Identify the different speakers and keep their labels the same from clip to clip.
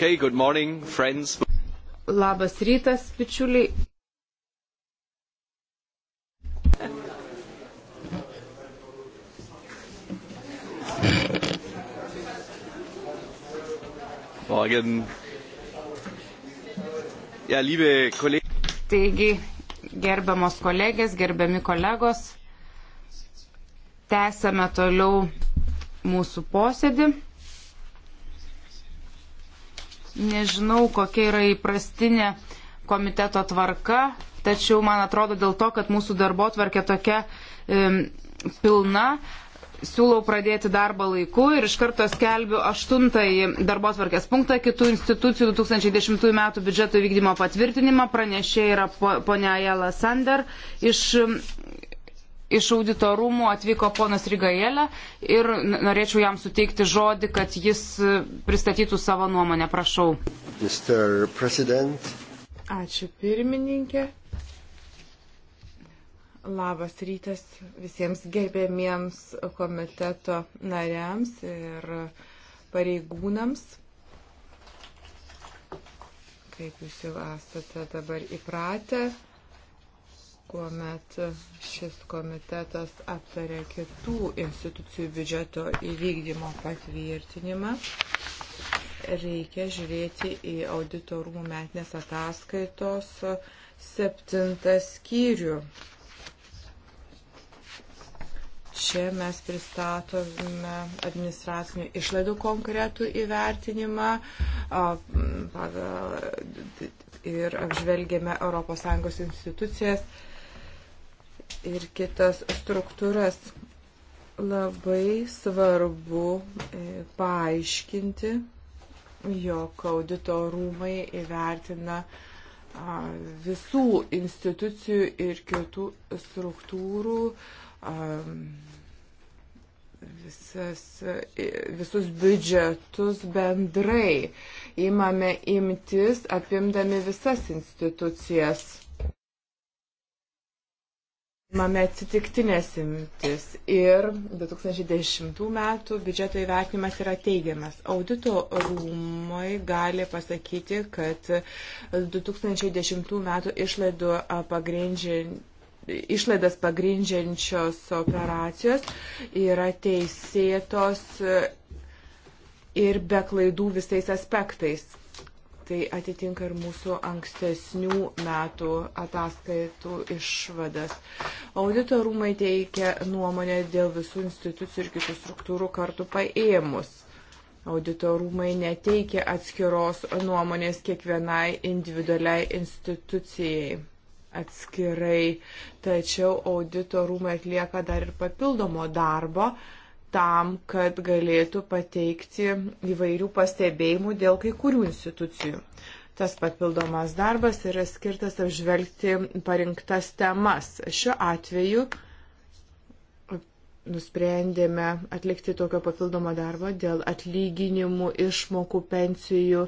Speaker 1: Okay, good morning, friends.
Speaker 2: Labas rytas, bičiuliai. Morgen. Ja, liebe Kollegen. Taigi, gerbiamos kolegės, gerbiami kolegos, tęsame toliau mūsų posėdį. Nežinau, kokia yra įprastinė komiteto tvarka, tačiau man atrodo dėl to, kad mūsų darbo tvarkė tokia e, pilna, siūlau pradėti darbą laiku ir iš karto skelbiu aštuntąjį darbo tvarkės punktą kitų institucijų 2010 m. biudžeto vykdymo patvirtinimą. Pranešė yra ponia Jela Sander iš iš audito rūmų atvyko ponas Rigaėlė ir norėčiau jam suteikti žodį, kad jis e, pristatytų savo nuomonę. Prašau. Ačiū
Speaker 1: pirmininkė. Labas rytas visiems gerbėmiems komiteto nariams ir pareigūnams. Kaip jūs jau esate dabar įpratę, kuomet šis komitetas aptarė kitų institucijų biudžeto įvykdymo patvirtinimą, reikia žiūrėti į auditorumų metinės ataskaitos septintą skyrių. Čia mes pristatome administracinių išlaidų konkretų įvertinimą ir apžvelgėme ES institucijas ir kitas struktūras. Labai svarbu e, paaiškinti, jog audito rūmai įvertina visų institucijų ir kitų struktūrų visas, e, visus biudžetus bendrai. Įmame imtis apimdami visas institucijas Mame atsitiktinės imtis ir 2010 metų biudžeto įvertinimas yra teigiamas. Audito rūmai gali pasakyti, kad 2010 metų išlaidų pagrindžiant išlaidas pagrindžiančios operacijos yra teisėtos ir be klaidų visais aspektais tai atitinka ir mūsų ankstesnių metų ataskaitų išvadas. Audito rūmai teikia nuomonę dėl visų institucijų ir kitų struktūrų kartu paėmus. Audito rūmai neteikia atskiros nuomonės kiekvienai individualiai institucijai atskirai, tačiau audito rūmai atlieka dar ir papildomo darbo, uh, tam, kad galėtų pateikti įvairių pastebėjimų dėl kai kurių institucijų. Tas papildomas darbas yra skirtas apžvelgti parinktas temas. Šiuo atveju nusprendėme atlikti tokio papildomo darbo dėl atlyginimų, išmokų, pensijų,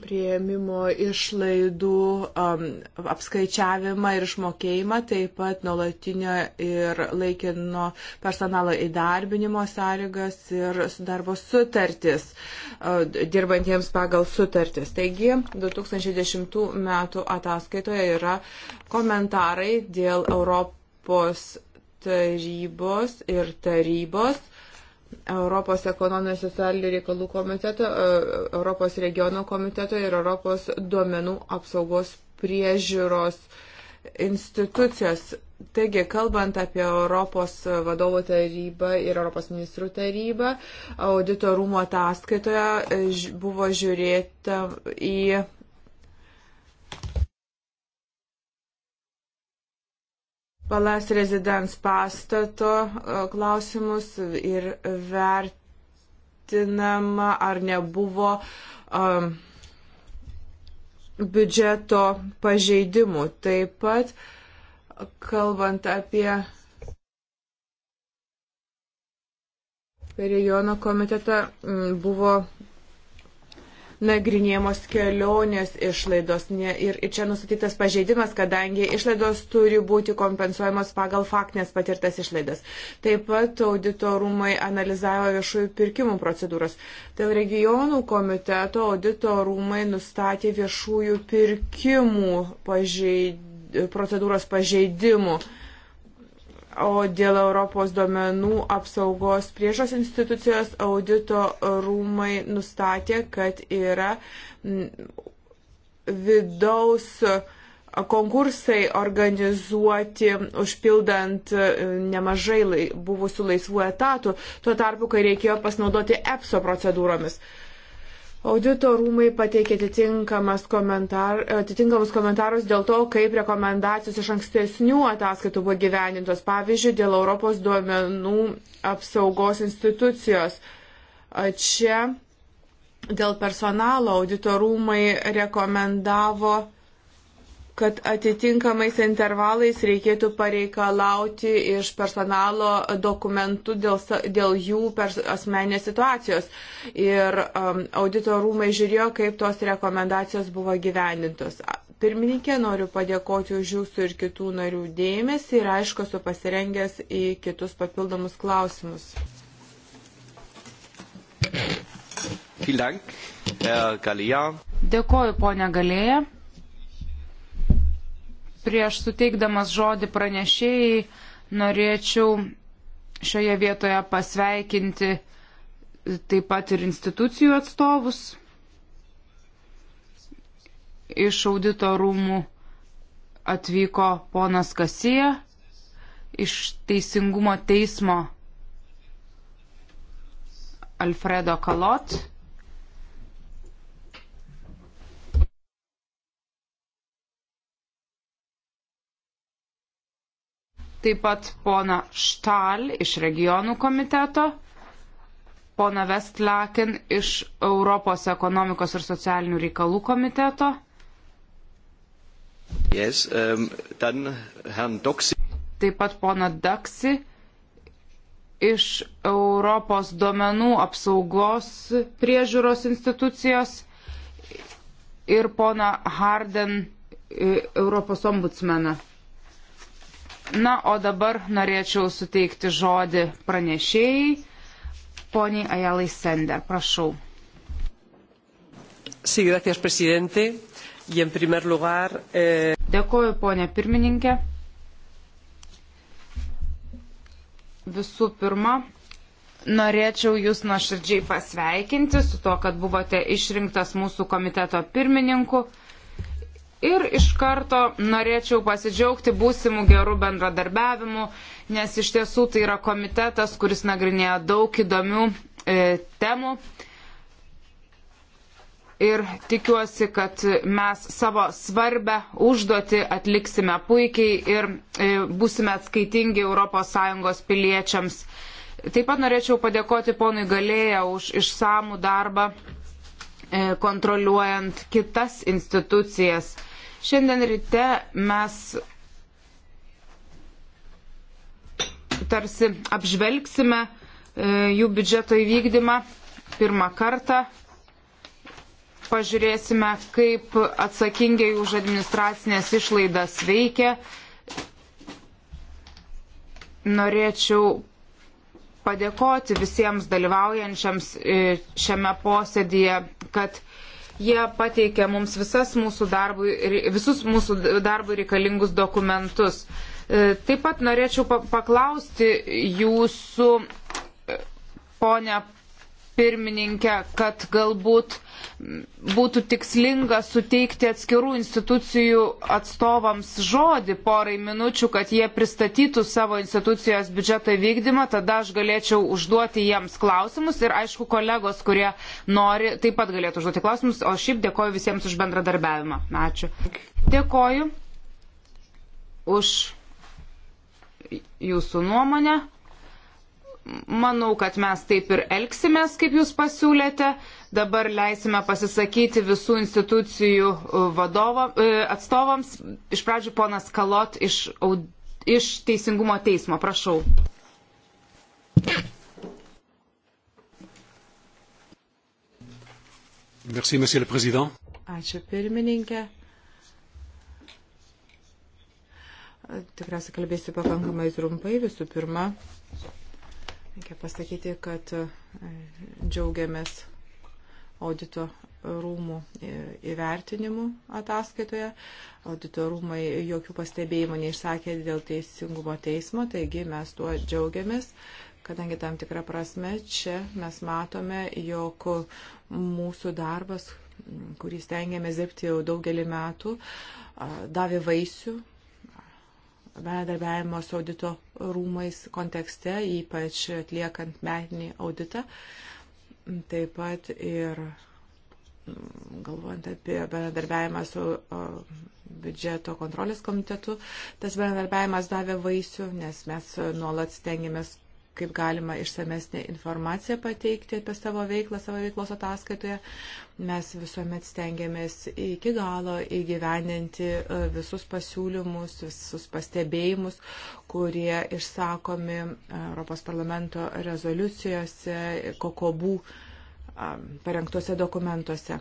Speaker 1: prieimimo išlaidų um, apskaičiavimą ir išmokėjimą, taip pat nuolatinio ir laikino personalo įdarbinimo sąlygas ir darbo sutartis, uh, dirbantiems pagal sutartis. Taigi, 2010 metų ataskaitoje yra komentarai dėl Europos tarybos ir tarybos Europos ekonominio socialinių reikalų komiteto, e, Europos regiono komiteto ir Europos duomenų apsaugos priežiūros institucijos. Taigi, kalbant apie Europos vadovų tarybą ir Europos ministrų tarybą, audito rūmo ataskaitoje e, buvo žiūrėta į Palas rezidens pastato e, klausimus ir vertinama, ar nebuvo um, biudžeto pažeidimų. Taip pat, kalbant apie regiono komitetą, buvo nagrinėjamos kelionės išlaidos. Ne, ir, ir čia nustatytas pažeidimas, kadangi išlaidos turi būti kompensuojamos pagal faktinės patirtas išlaidas. Taip pat auditorumai analizavo viešųjų pirkimų procedūros. Dėl regionų komiteto auditorumai nustatė viešųjų pirkimų pažeid, procedūros pažeidimų. Uh, O dėl Europos duomenų apsaugos priežos institucijos audito rūmai nustatė, kad yra vidaus konkursai organizuoti, užpildant e, nemažai lai, buvusių laisvų etatų, tuo tarpu, kai reikėjo pasinaudoti EPSO procedūromis. Uh, Audito rūmai pateikė komentar, atitinkamus komentarus dėl to, kaip rekomendacijos iš ankstesnių ataskaitų buvo gyvenintos, pavyzdžiui, dėl Europos duomenų apsaugos institucijos. Čia dėl personalo audito rūmai rekomendavo kad atitinkamais intervalais reikėtų pareikalauti iš personalo dokumentų dėl, dėl jų asmenės situacijos. Ir um, audito rūmai žiūrėjo, kaip tos rekomendacijos buvo gyvenintos. Pirmininkė, noriu padėkoti už jūsų ir kitų narių dėmesį ir aišku, esu pasirengęs į kitus papildomus klausimus. Dėkoju, ponia Galėja
Speaker 2: prieš suteikdamas žodį pranešėjai norėčiau šioje vietoje pasveikinti taip pat ir institucijų atstovus iš audito rūmų atvyko ponas Kasija iš Teisingumo teismo Alfredo Kalot. taip pat pona Štal iš regionų komiteto, pona Vestlaken iš Europos ekonomikos ir socialinių reikalų komiteto.
Speaker 1: Yes, um, dann Herrn Doxi. Taip pat
Speaker 2: pona Daksi iš Europos duomenų apsaugos priežiūros institucijos ir pona Harden e, Europos ombudsmeną. Na, o dabar norėčiau suteikti žodį pranešėjai, poniai Ajalai Sender, prašau.
Speaker 3: Sí, gracias, presidente. Y en
Speaker 2: primer lugar. Eh... Dėkoju, ponė pirmininkė. Visų pirma, norėčiau Jūs nuoširdžiai pasveikinti su to, kad buvote išrinktas mūsų komiteto pirmininku. Ir iš karto norėčiau pasidžiaugti būsimų gerų bendradarbiavimų, nes iš tiesų tai yra komitetas, kuris nagrinėja daug įdomių e, temų. Ir tikiuosi, kad mes savo svarbę užduotį atliksime puikiai ir e, būsime atskaitingi ES piliečiams. Taip pat norėčiau padėkoti ponui Galėja už išsamų darbą e, kontroliuojant kitas institucijas. Šiandien ryte mes tarsi apžvelgsime e, jų biudžeto įvykdymą pirmą kartą. Pažiūrėsime, kaip atsakingai už administracinės išlaidas veikia. Norėčiau padėkoti visiems dalyvaujančiams e, šiame posėdėje, kad Jie pateikė mums mūsų darbų, visus mūsų darbų reikalingus dokumentus. E, taip pat norėčiau paklausti jūsų, e, ponia pirmininkė, kad galbūt būtų tikslinga suteikti atskirų institucijų atstovams žodį porai minučių, kad jie pristatytų savo institucijos biudžeto vykdymą, tada aš galėčiau užduoti jiems klausimus ir aišku kolegos, kurie nori, taip pat galėtų užduoti klausimus, o šiaip dėkoju visiems už bendradarbiavimą. Ačiū. Dėkoju už jūsų nuomonę manau, kad mes taip ir elgsimės, kaip jūs pasiūlėte. Dabar leisime pasisakyti visų institucijų e, vadovo, e, atstovams. Iš pradžių ponas Kalot iš, iš Teisingumo teismo. Prašau.
Speaker 3: Merci, monsieur le président.
Speaker 1: Ačiū pirmininkė. Tikriausiai kalbėsiu pakankamai trumpai visų pirma. Reikia pasakyti, kad e, džiaugiamės audito rūmų e, įvertinimų ataskaitoje. Audito rūmai jokių pastebėjimų neišsakė dėl teisingumo teismo, taigi mes tuo džiaugiamės, kadangi tam tikrą prasme čia mes matome, jog mūsų darbas, kurį stengiamės dirbti jau daugelį metų, davė vaisių, bendarbiavimo su audito rūmais kontekste, ypač atliekant metinį auditą, taip pat ir mm, galvojant apie bendarbiavimą su biudžeto kontrolės komitetu, tas bendarbiavimas davė vaisių, nes mes nuolat stengiamės kaip galima išsamesnė informacija pateikti apie savo veiklą, savo veiklos ataskaitoje. Mes visuomet stengiamės iki galo įgyveninti e, visus pasiūlymus, visus pastebėjimus, kurie išsakomi e, Europos parlamento rezoliucijose, kokobų e, parengtuose dokumentuose.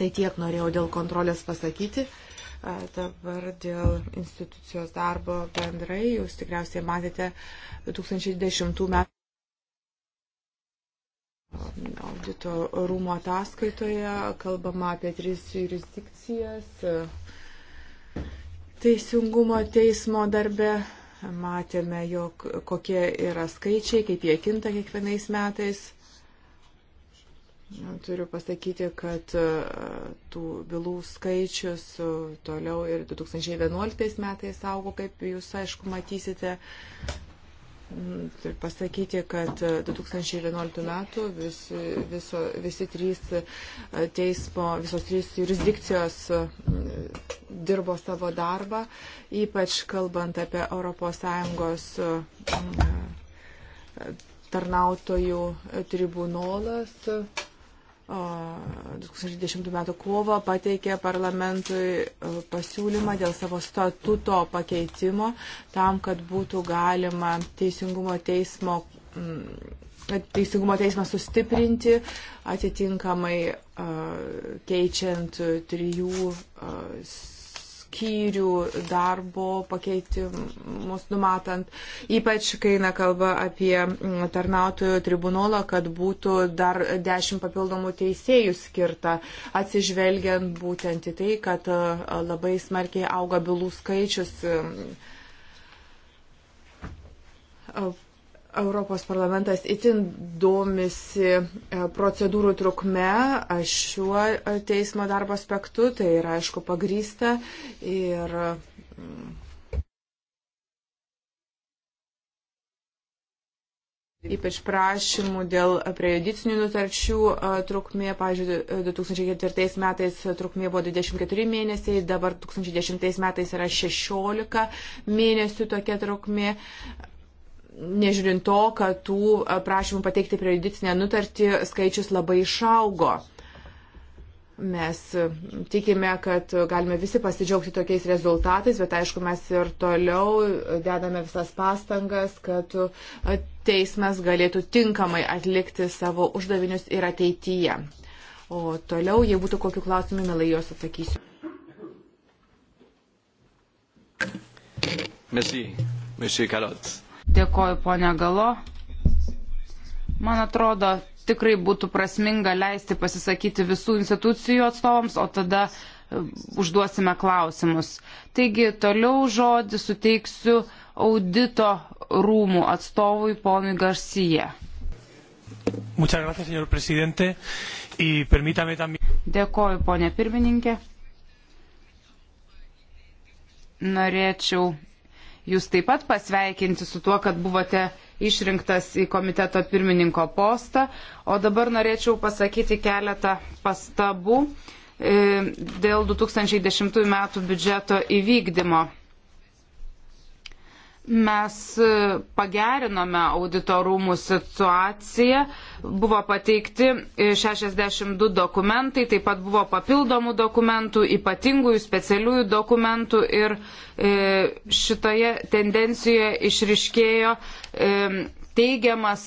Speaker 1: Tai tiek norėjau dėl kontrolės pasakyti. Dabar dėl institucijos darbo bendrai, jūs tikriausiai matėte 2010 metų audito rūmo ataskaitoje kalbama apie tris jurisdikcijas. Teisingumo teismo darbe matėme, jog kokie yra skaičiai, kaip jie kinta kiekvienais metais. Turiu pasakyti, kad e, tų bylų skaičius e, toliau ir 2011 metais augo, kaip jūs aišku matysite. Mm, turiu pasakyti, kad 2011 e, metų vis, viso, visi trys teismo, visos trys jurisdikcijos dirbo savo darbą, ypač kalbant apie ES mm, tarnautojų tribunolas 2010 m. kovo pateikė parlamentui e, pasiūlymą dėl savo statuto pakeitimo tam, kad būtų galima teisingumo teismo mm, teisingumo teismą sustiprinti, atitinkamai e, keičiant trijų e, skyrių darbo pakeitimus numatant, ypač kai eina kalba apie mm, tarnautojų tribunolą, kad būtų dar dešimt papildomų teisėjų skirta, atsižvelgiant būtent į tai, kad e, labai smarkiai auga bylų skaičius mm, e, Europos parlamentas itin domisi e, procedūrų trukme šiuo e, teismo darbo aspektu, tai yra aišku pagrysta ir. Mm, ypač prašymų dėl prejudicinių nutarčių e, trukmė, pavyzdžiui, 2004 metais trukmė buvo 24 mėnesiai, dabar 2010 metais yra 16 mėnesių tokia trukmė nežiūrint to, kad tų e, prašymų pateikti prejudicinę nutartį skaičius labai išaugo. Mes e, tikime, kad galime visi pasidžiaugti tokiais rezultatais, bet aišku, mes ir toliau dedame visas pastangas, kad e, teismas galėtų tinkamai atlikti savo uždavinius ir ateityje. O toliau, jei būtų kokiu klausimu, mielai juos atsakysiu. Merci, monsieur Kalot.
Speaker 2: Dėkoju, ponia Galo. Man atrodo, tikrai būtų prasminga leisti pasisakyti visų institucijų atstovams, o tada e, užduosime klausimus. Taigi, toliau žodį suteiksiu audito rūmų atstovui ponui Garcija. Dėkoju, ponė pirmininkė. Norėčiau jūs taip pat pasveikinti su tuo, kad buvote išrinktas į komiteto pirmininko postą. O dabar norėčiau pasakyti keletą pastabų e, dėl 2010 metų biudžeto įvykdymo. Mes e, pagerinome auditorumų situaciją, buvo pateikti 62 e, dokumentai, taip pat buvo papildomų dokumentų, ypatingųjų specialiųjų dokumentų ir e, šitoje tendencijoje išriškėjo teigiamas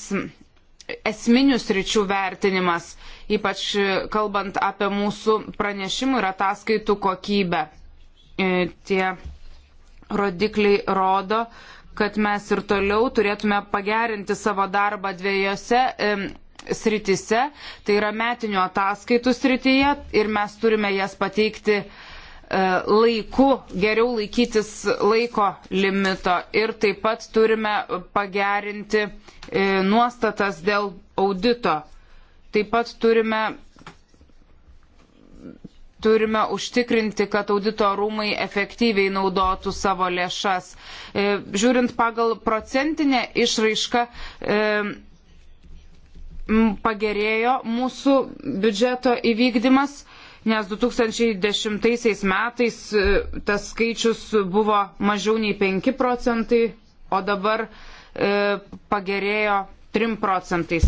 Speaker 2: esminių sričių vertinimas, ypač kalbant apie mūsų pranešimų ir ataskaitų kokybę. Tie rodikliai rodo, kad mes ir toliau turėtume pagerinti savo darbą dviejose e, sritise, tai yra metinio ataskaitų srityje ir mes turime jas pateikti e, laiku, geriau laikytis laiko limito ir taip pat turime pagerinti e, nuostatas dėl audito. Taip pat turime turime užtikrinti, kad audito rūmai efektyviai naudotų savo lėšas. E, žiūrint pagal procentinę išraišką, e, pagerėjo mūsų biudžeto įvykdymas, nes 2010 metais e, tas skaičius buvo mažiau nei 5 procentai, o dabar pagerėjo 3 procentais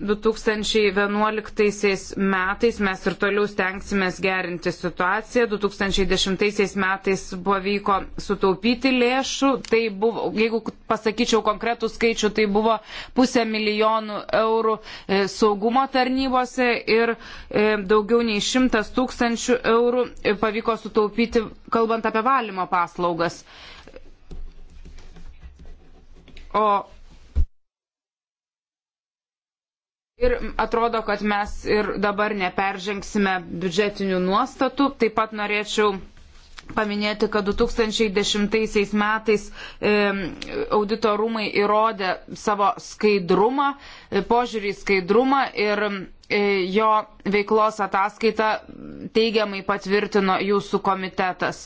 Speaker 2: 2011 metais mes ir toliau stengsimės gerinti situaciją. 2010 metais buvo vyko sutaupyti lėšų. Tai buvo, jeigu pasakyčiau konkretų skaičių, tai buvo pusę milijonų eurų e, saugumo tarnybose ir e, daugiau nei šimtas tūkstančių eurų e, pavyko sutaupyti, kalbant apie valymo paslaugas. O Ir atrodo, kad mes ir dabar neperžengsime biudžetinių nuostatų. Taip pat norėčiau paminėti, kad 2010 metais e, auditorumai įrodė savo skaidrumą, e, požiūrį į skaidrumą ir e, jo veiklos ataskaitą teigiamai patvirtino jūsų komitetas.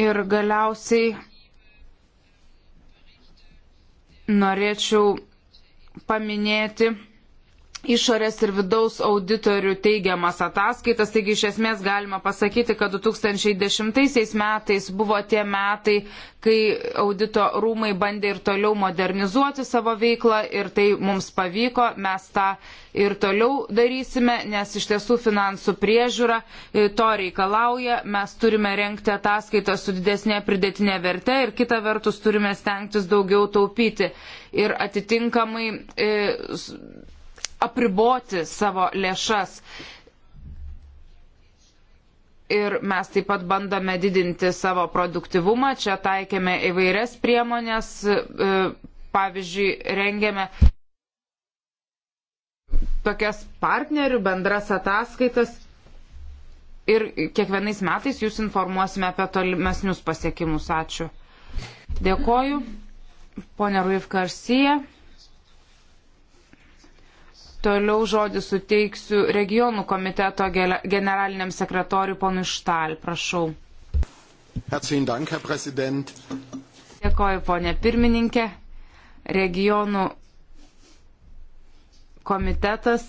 Speaker 2: Ir galiausiai norėčiau paminėti išorės ir vidaus auditorių teigiamas ataskaitas. Taigi iš esmės galima pasakyti, kad 2010 metais buvo tie metai, kai audito rūmai bandė ir toliau modernizuoti savo veiklą ir tai mums pavyko. Mes tą ir toliau darysime, nes iš tiesų finansų priežiūra e, to reikalauja. Mes turime renkti ataskaitą su didesnė pridėtinė verte ir kita vertus turime stengtis daugiau taupyti. Ir atitinkamai. E, apriboti savo lėšas. Ir mes taip pat bandome didinti savo produktivumą. Čia taikėme įvairias priemonės. E, pavyzdžiui, rengėme tokias partnerių bendras ataskaitas ir kiekvienais metais jūs informuosime apie tolimesnius pasiekimus. Ačiū. Dėkoju. Pone Ruif Karsija. Toliau žodį suteiksiu regionų komiteto generaliniam sekretoriu ponui Štal, prašau. Dėkoju, ponė pirmininkė. Regionų komitetas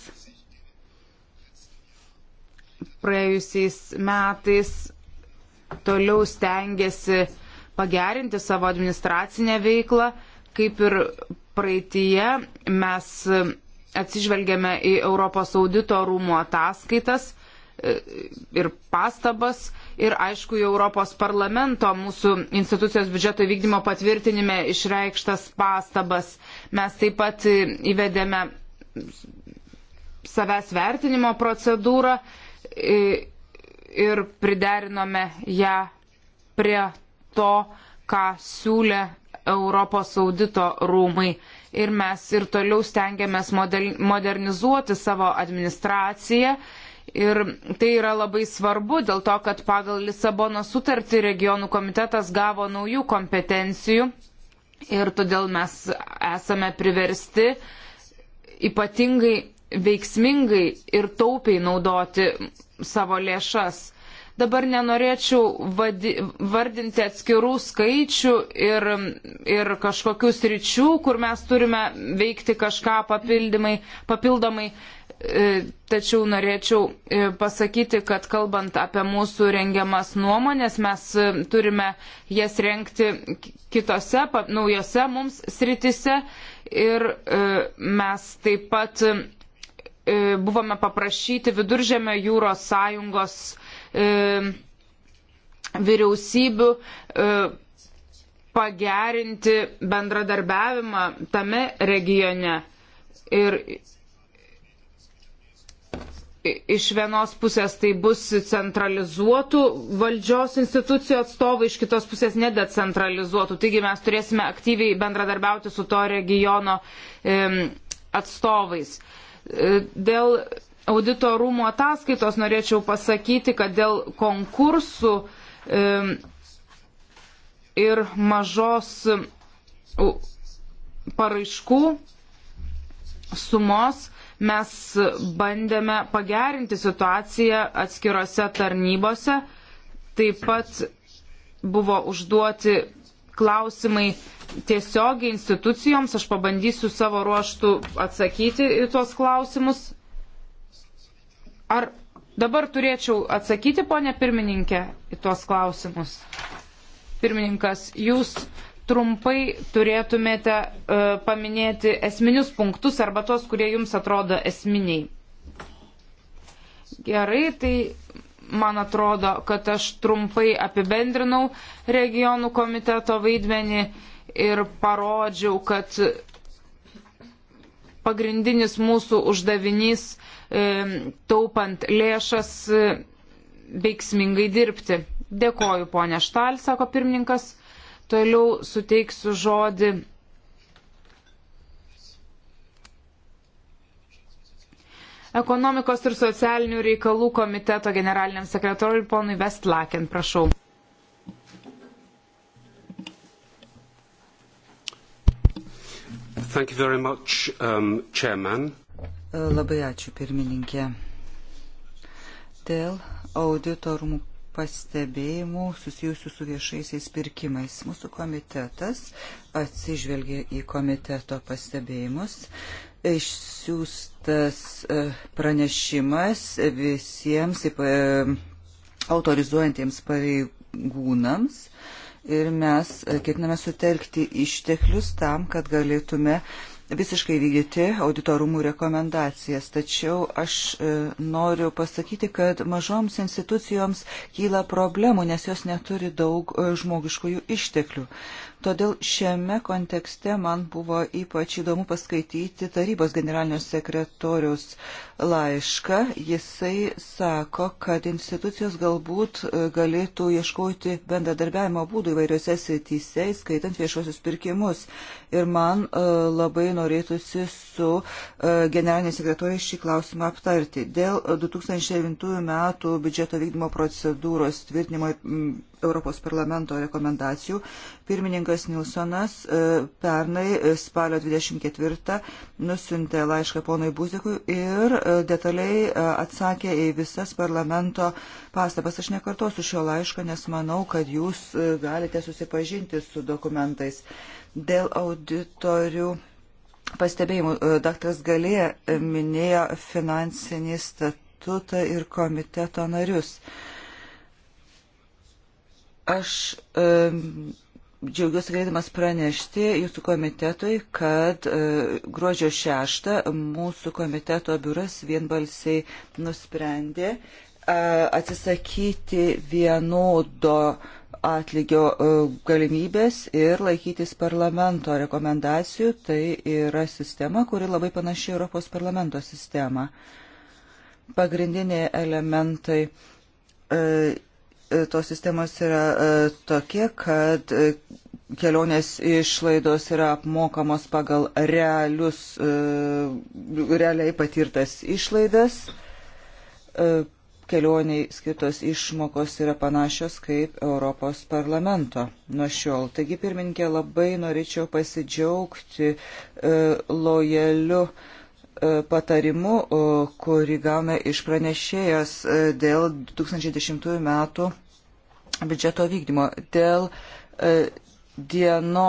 Speaker 2: praėjusiais metais toliau stengiasi pagerinti savo administracinę veiklą, kaip ir praeitie mes atsižvelgiame į Europos audito rūmų ataskaitas e, ir pastabas ir aišku į Europos parlamento mūsų institucijos biudžeto vykdymo patvirtinime išreikštas pastabas. Mes taip pat e, įvedėme savęs vertinimo procedūrą e, ir priderinome ją prie to, ką siūlė Europos audito rūmai ir mes ir toliau stengiamės modernizuoti savo administraciją. Ir tai yra labai svarbu dėl to, kad pagal Lisabono sutartį regionų komitetas gavo naujų kompetencijų ir todėl mes esame priversti ypatingai veiksmingai ir taupiai naudoti savo lėšas. Dabar nenorėčiau vadi, vardinti atskirų skaičių ir, ir kažkokių sričių, kur mes turime veikti kažką papildomai. E, tačiau norėčiau e, pasakyti, kad kalbant apie mūsų rengiamas nuomonės, mes e, turime jas renkti kitose, naujose mums sritise ir mes taip pat buvome paprašyti Viduržėmio jūros sąjungos E, vyriausybių e, pagerinti bendradarbiavimą tame regione. Ir iš vienos pusės tai bus centralizuotų valdžios institucijų atstovai, iš kitos pusės nedecentralizuotų. Taigi mes turėsime aktyviai bendradarbiauti su to regiono atstovais. E, dėl audito rūmų ataskaitos norėčiau pasakyti, kad dėl konkursų ir mažos paraiškų sumos mes bandėme pagerinti situaciją atskirose tarnybose. Taip pat buvo užduoti klausimai tiesiogiai institucijoms. Aš pabandysiu savo ruoštų atsakyti į tuos klausimus Ar dabar turėčiau atsakyti, ponė pirmininkė, į tuos klausimus? Pirmininkas, jūs trumpai turėtumėte e, paminėti esminius punktus arba tos, kurie jums atrodo esminiai. Gerai, tai man atrodo, kad aš trumpai apibendrinau regionų komiteto vaidmenį ir parodžiau, kad pagrindinis mūsų uždavinys e, taupant lėšas e, veiksmingai dirbti. Dėkoju, ponė Štal, sako pirmininkas. Toliau suteiksiu žodį. Ekonomikos ir socialinių reikalų komiteto generaliniam sekretoriui ponui Vestlaken, prašau.
Speaker 1: Thank you very much,
Speaker 2: um, chairman.
Speaker 3: Labai ačiū, pirmininkė. Dėl auditorumų pastebėjimų susijusių su viešaisiais pirkimais. Mūsų komitetas atsižvelgia į komiteto pastebėjimus. Išsiųstas e, pranešimas visiems e, autorizuojantiems pareigūnams ir mes e, ketiname sutelkti išteklius tam, kad galėtume visiškai vykdyti auditorumų rekomendacijas. Tačiau aš e, noriu pasakyti, kad mažoms institucijoms kyla problemų, nes jos neturi daug e, žmogiškųjų išteklių. Todėl šiame kontekste man buvo ypač įdomu paskaityti tarybos generalinio sekretorius laišką. Jisai sako, kad institucijos galbūt e, galėtų ieškoti bendradarbiavimo būdų įvairiose srityse, skaitant viešuosius pirkimus ir man e, labai norėtųsi su e, generalinė sekretorija šį klausimą aptarti. Dėl 2009 e, metų biudžeto vykdymo procedūros tvirtinimo Europos parlamento rekomendacijų. Pirmininkas Nilsonas pernai spalio 24 nusintė laišką ponui Buzikui ir detaliai atsakė į visas parlamento pastabas. Aš nekartosiu šio laiško, nes manau, kad jūs galite susipažinti su dokumentais. Dėl auditorių pastebėjimų, e, daktaras Galėja minėjo finansinį statutą ir komiteto narius. Aš um, džiaugiuosi galėdamas pranešti jūsų komitetui, kad e, gruodžio 6 mūsų komiteto biuras vienbalsiai nusprendė atsisakyti vienodo atlygio e, galimybės ir laikytis parlamento rekomendacijų. Tai yra sistema, kuri labai panaši Europos parlamento sistema. Pagrindiniai elementai e, e, tos sistemos yra tokie, kad kelionės išlaidos yra apmokamos pagal realius, realiai patirtas išlaidas kelioniai skirtos išmokos yra panašios kaip Europos parlamento nuo šiol. Taigi, pirmininkė, labai norėčiau pasidžiaugti e, lojaliu e, patarimu, e, kurį gavome iš pranešėjos e, dėl 2010 metų biudžeto vykdymo, dėl e, dieno,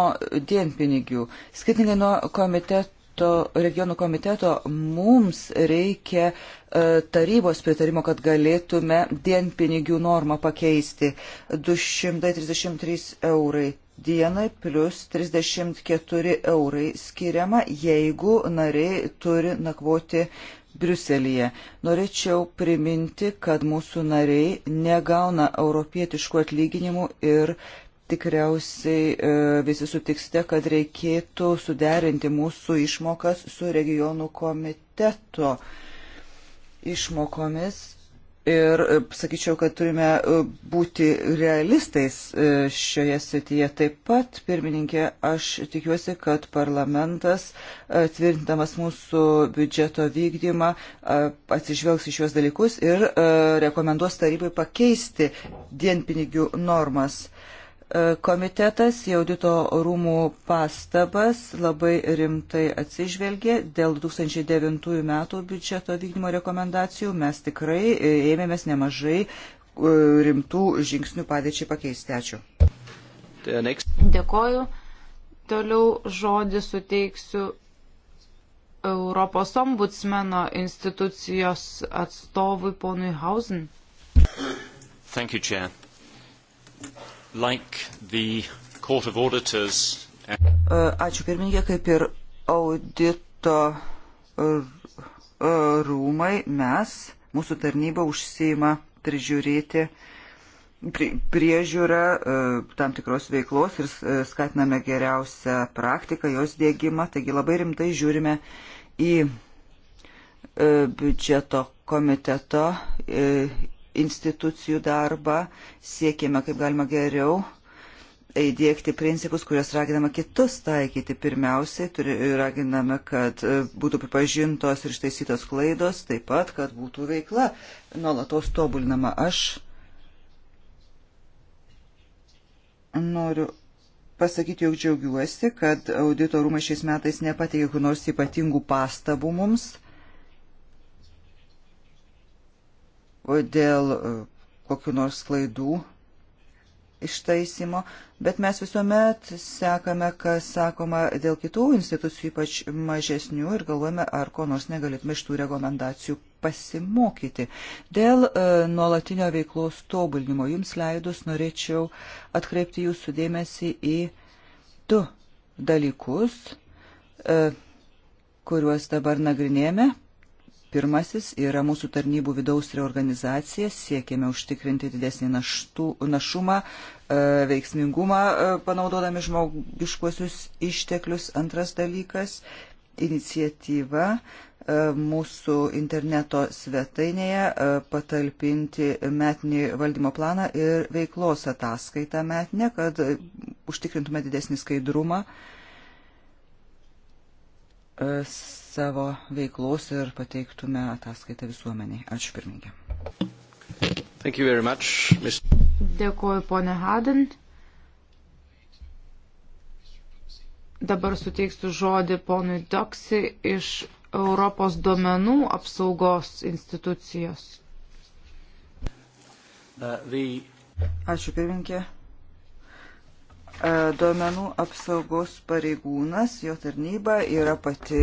Speaker 3: dienpinigių. Skirtingai nuo komitetų regionų komiteto mums reikia e, tarybos pritarimo, kad galėtume dienpinigių normą pakeisti. 233 eurai dienai plus 34 eurai skiriama, jeigu nariai turi nakvoti Briuselėje. Norėčiau priminti, kad mūsų nariai negauna europietiškų atlyginimų ir tikriausiai e, visi sutiksite, kad reikėtų suderinti mūsų išmokas su regionų komiteto išmokomis. Ir e, sakyčiau, kad turime e, būti realistais šioje srityje. Taip pat, pirmininkė, aš tikiuosi, kad parlamentas, tvirtintamas mūsų biudžeto vykdymą, atsižvelgs į šios dalykus ir rekomenduos tarybai pakeisti dienpinigių normas. Uh, Komitetas į audito rūmų pastabas labai rimtai atsižvelgė dėl 2009 metų biudžeto vykdymo rekomendacijų. Mes tikrai e, ėmėmės nemažai e, rimtų žingsnių padėčiai pakeisti. Ačiū.
Speaker 2: Dėkoju. Toliau žodį suteiksiu Europos ombudsmeno institucijos atstovui ponui Hausen.
Speaker 3: Thank you, Chair like the Court of Auditors. E, ačiū pirmininkė, kaip ir audito e, rūmai, mes, mūsų tarnyba užsima prižiūrėti priežiūrą e, tam tikros veiklos ir skatiname geriausią praktiką, jos dėgymą. Taigi labai rimtai žiūrime į biudžeto komiteto institucijų darbą, siekėme kaip galima geriau įdėkti principus, kuriuos raginame kitus taikyti. Pirmiausiai turi, raginame, kad e, būtų pripažintos ir ištaisytos klaidos, taip pat, kad būtų veikla nuolatos tobulinama. Aš noriu pasakyti, jog džiaugiuosi, kad audito rūmai šiais metais nepateikė kokių nors ypatingų pastabų mums. dėl e, kokiu nors klaidų ištaisimo, bet mes visuomet sekame, kas sakoma dėl kitų institucijų, ypač mažesnių, ir galvojame, ar ko nors negalėtume iš tų rekomendacijų pasimokyti. Dėl e, nuolatinio veiklos tobulinimo jums leidus norėčiau atkreipti jūsų dėmesį į du dalykus, e, kuriuos dabar nagrinėjame Pirmasis yra mūsų tarnybų vidaus reorganizacija, siekiame užtikrinti didesnį naštų, našumą, e, veiksmingumą e, panaudodami žmogiškuosius išteklius. Antras dalykas - iniciatyva e, mūsų interneto svetainėje patalpinti metinį valdymo planą ir veiklos ataskaitą metinę, kad užtikrintume didesnį skaidrumą. Uh, E, savo veiklos ir pateiktume ataskaitą visuomeniai. Ačiū pirmininkė.
Speaker 2: Dėkuoju, ponė Haden. Dabar suteiksiu žodį ponui Doksi iš Europos duomenų apsaugos institucijos. Uh,
Speaker 3: Ačiū pirmininkė. E, duomenų apsaugos pareigūnas, jo tarnyba yra pati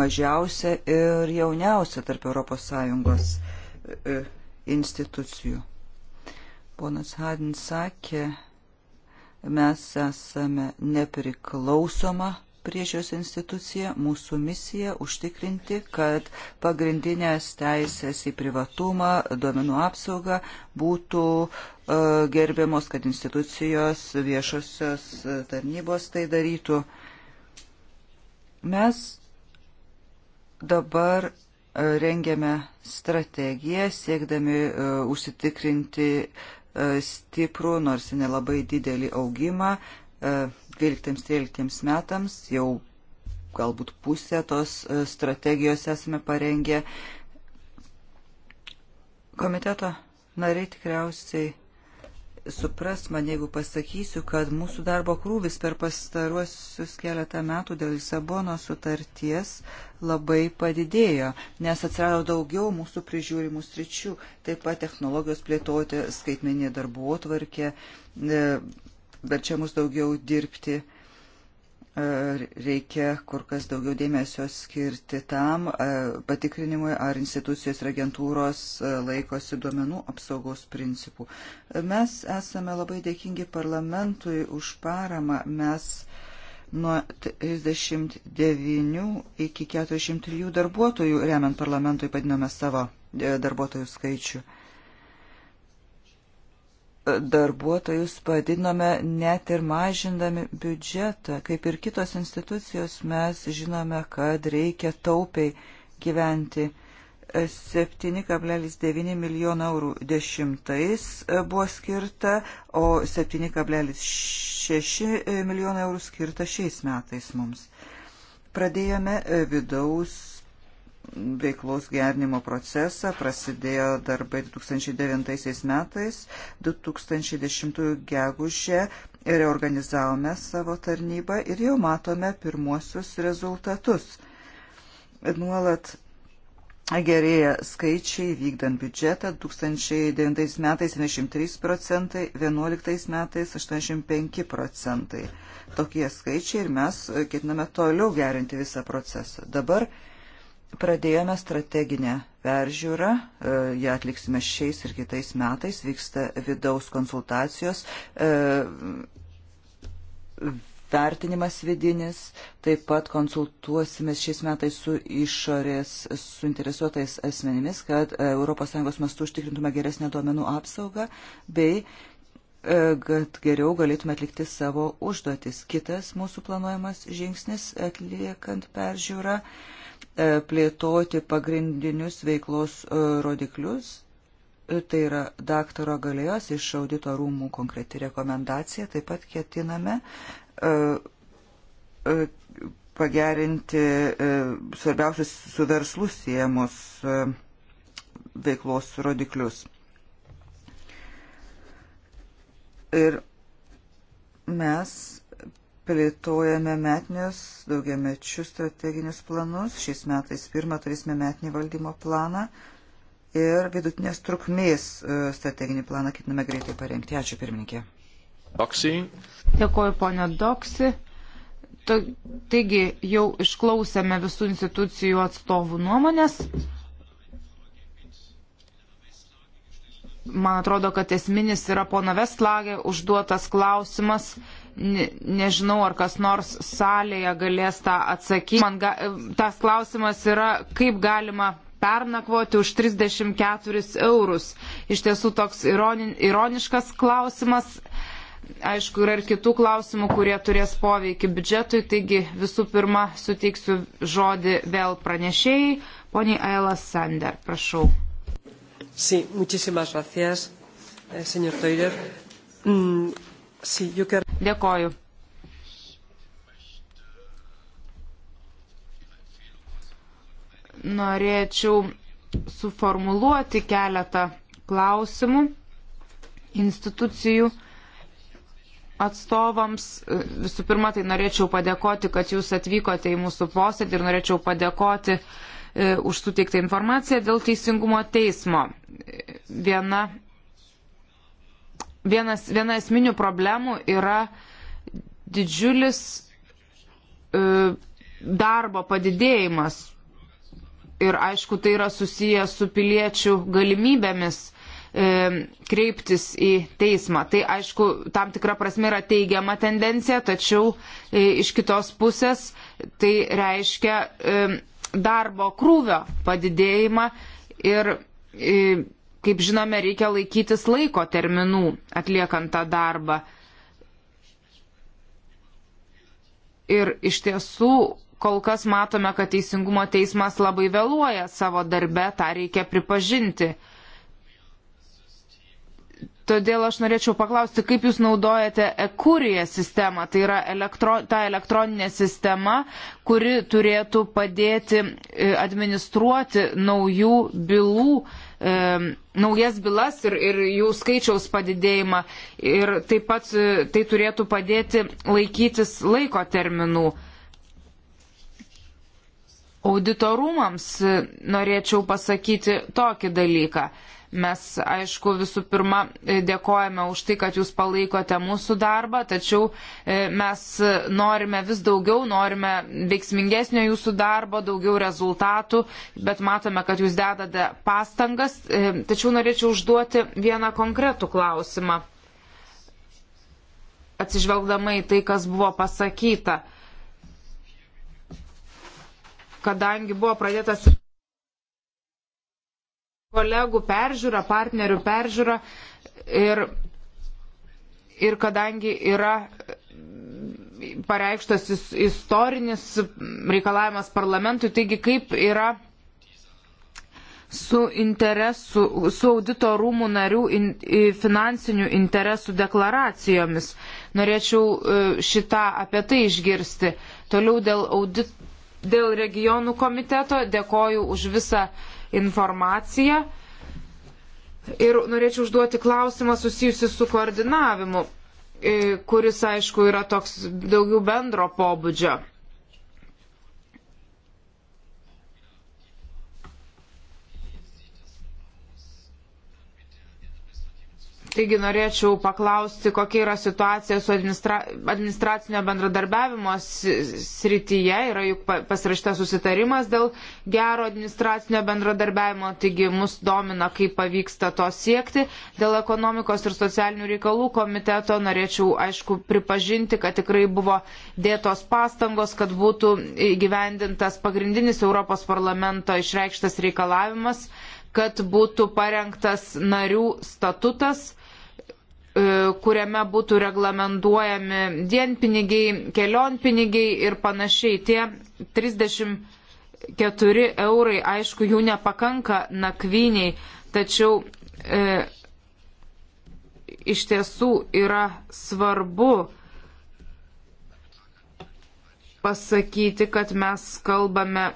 Speaker 3: mažiausia ir jauniausia tarp ES e, institucijų. Ponas Hadin sakė, mes esame nepriklausoma priežios institucija, mūsų misija užtikrinti, kad pagrindinės teisės į privatumą, duomenų apsaugą būtų e, gerbiamos, kad institucijos viešosios e, tarnybos tai darytų. Mes dabar e, rengiame strategiją siekdami užsitikrinti stiprų, nors nelabai didelį augimą 12-13 metams, jau galbūt pusę tos e, strategijos esame parengę. Komiteto nariai tikriausiai supras man, jeigu pasakysiu, kad mūsų darbo krūvis per pastaruosius keletą metų dėl Lisabono sutarties labai padidėjo, nes atsirado daugiau mūsų prižiūrimų sričių, taip pat technologijos plėtoti, skaitmeninė darbuotvarkė, e, verčia mus daugiau dirbti. Reikia kur kas daugiau dėmesio skirti tam patikrinimui, ar institucijos ir agentūros laikosi duomenų apsaugos principų. Mes esame labai dėkingi parlamentui už paramą. Mes nuo 39 iki 403 darbuotojų, remiant parlamentui, padinome savo e, darbuotojų skaičių darbuotojus padidinome net ir mažindami biudžetą. Kaip ir kitos institucijos mes žinome, kad reikia taupiai gyventi. 7,9 milijono eurų dešimtais buvo skirta, o 7,6 milijono eurų skirta šiais metais mums. Pradėjome vidaus veiklos gernimo procesą. Prasidėjo darbai 2009 metais, 2010 gegužė reorganizavome savo tarnybą ir jau matome pirmuosius rezultatus. Nuolat gerėja skaičiai vykdant biudžetą 2009 metais 73 procentai, 2011 metais 85 procentai. Tokie skaičiai ir mes ketiname toliau gerinti visą procesą. Dabar Pradėjome strateginę peržiūrą, e, ją atliksime šiais ir kitais metais, vyksta vidaus konsultacijos, e, vertinimas vidinis, taip pat konsultuosime šiais metais su išorės suinteresuotais asmenimis, kad e, ES mastu užtikrintume geresnę duomenų apsaugą bei kad geriau galėtume atlikti savo užduotis. Kitas mūsų planuojamas žingsnis atliekant peržiūrą E, plėtoti pagrindinius veiklos e, rodiklius. E, tai yra daktaro galėjos iš audito rūmų konkreti rekomendacija. Taip pat ketiname pagerinti svarbiausius su verslu siejamos veiklos rodiklius. Ir mes plėtojame metinius daugiamečius strateginius planus. Šiais metais pirmą turėsime metinį valdymo planą ir vidutinės trukmės e, strateginį planą ketiname greitai parengti. Ačiū pirmininkė. Doksi. Dėkuoju,
Speaker 2: ponė Doksi. Taigi jau išklausėme visų institucijų atstovų nuomonės. Man atrodo, kad esminis yra pono Vestlagė užduotas klausimas Ne, nežinau, ar kas nors salėje galės tą atsakyti. Man ga, tas klausimas yra, kaip galima pernakvoti už 34 eurus. Iš tiesų toks ironi, ironiškas klausimas. Aišku, yra ir kitų klausimų, kurie turės poveikį biudžetui, taigi visų pirma suteiksiu žodį vėl pranešėjai. Poniai Ailas Sander, prašau. Sí, muchísimas
Speaker 3: gracias, eh, señor Toiler. Mm, sí, yo quiero... Dėkoju.
Speaker 2: Norėčiau suformuluoti keletą klausimų institucijų atstovams. Visų pirma, tai norėčiau padėkoti, kad jūs atvykote į mūsų posėdį ir norėčiau padėkoti e, už suteiktą informaciją dėl teisingumo teismo. Viena vienas, viena esminių problemų yra didžiulis e, darbo padidėjimas. Ir aišku, tai yra susijęs su piliečių galimybėmis e, kreiptis į teismą. Tai aišku, tam tikra prasme yra teigiama tendencija, tačiau e, iš kitos pusės tai reiškia e, darbo krūvio padidėjimą ir e, kaip žinome, reikia laikytis laiko terminų atliekant tą darbą. Ir iš tiesų, kol kas matome, kad Teisingumo teismas labai vėluoja savo darbe, tą reikia pripažinti. Todėl aš norėčiau paklausti, kaip Jūs naudojate ekūriją sistemą, tai yra elektro, ta elektroninė sistema, kuri turėtų padėti e, administruoti naujų bylų e, naujas bylas ir, ir jų skaičiaus padidėjimą. Ir taip pat e, tai turėtų padėti laikytis laiko terminų. Auditorumams e, norėčiau pasakyti tokį dalyką. Mes, aišku, visų pirma e, dėkojame už tai, kad jūs palaikote mūsų darbą, tačiau e, mes norime vis daugiau, norime veiksmingesnio jūsų darbo, daugiau rezultatų, bet matome, kad jūs dedate pastangas. E, tačiau norėčiau užduoti vieną konkretų klausimą, atsižvelgdama į tai, kas buvo pasakyta. Kadangi buvo pradėtas kolegų peržiūra, partnerių peržiūra ir, ir kadangi yra pareikštas istorinis reikalavimas parlamentui, taigi kaip yra su, interesu, su audito rūmų narių in, finansinių interesų deklaracijomis. Norėčiau e, šitą apie tai išgirsti. Toliau dėl, audit, dėl regionų komiteto dėkoju už visą uh, informaciją. Ir norėčiau užduoti klausimą susijusi su koordinavimu, e, kuris, aišku, yra toks daugiau bendro pobūdžio. taigi norėčiau paklausti, kokia yra situacija su administra, administracinio bendradarbiavimo srityje. Yra juk pasirašta susitarimas dėl gero administracinio bendradarbiavimo, taigi mus domina, kaip pavyksta to siekti. Dėl ekonomikos ir socialinių reikalų komiteto norėčiau, aišku, pripažinti, kad tikrai buvo dėtos pastangos, kad būtų įgyvendintas pagrindinis Europos parlamento išreikštas reikalavimas kad būtų parengtas narių statutas, E, kuriame būtų reglamentuojami dienpinigiai, kelionpinigiai ir panašiai. Tie 34 eurai, aišku, jų nepakanka nakviniai, tačiau e, iš tiesų yra svarbu pasakyti, kad mes kalbame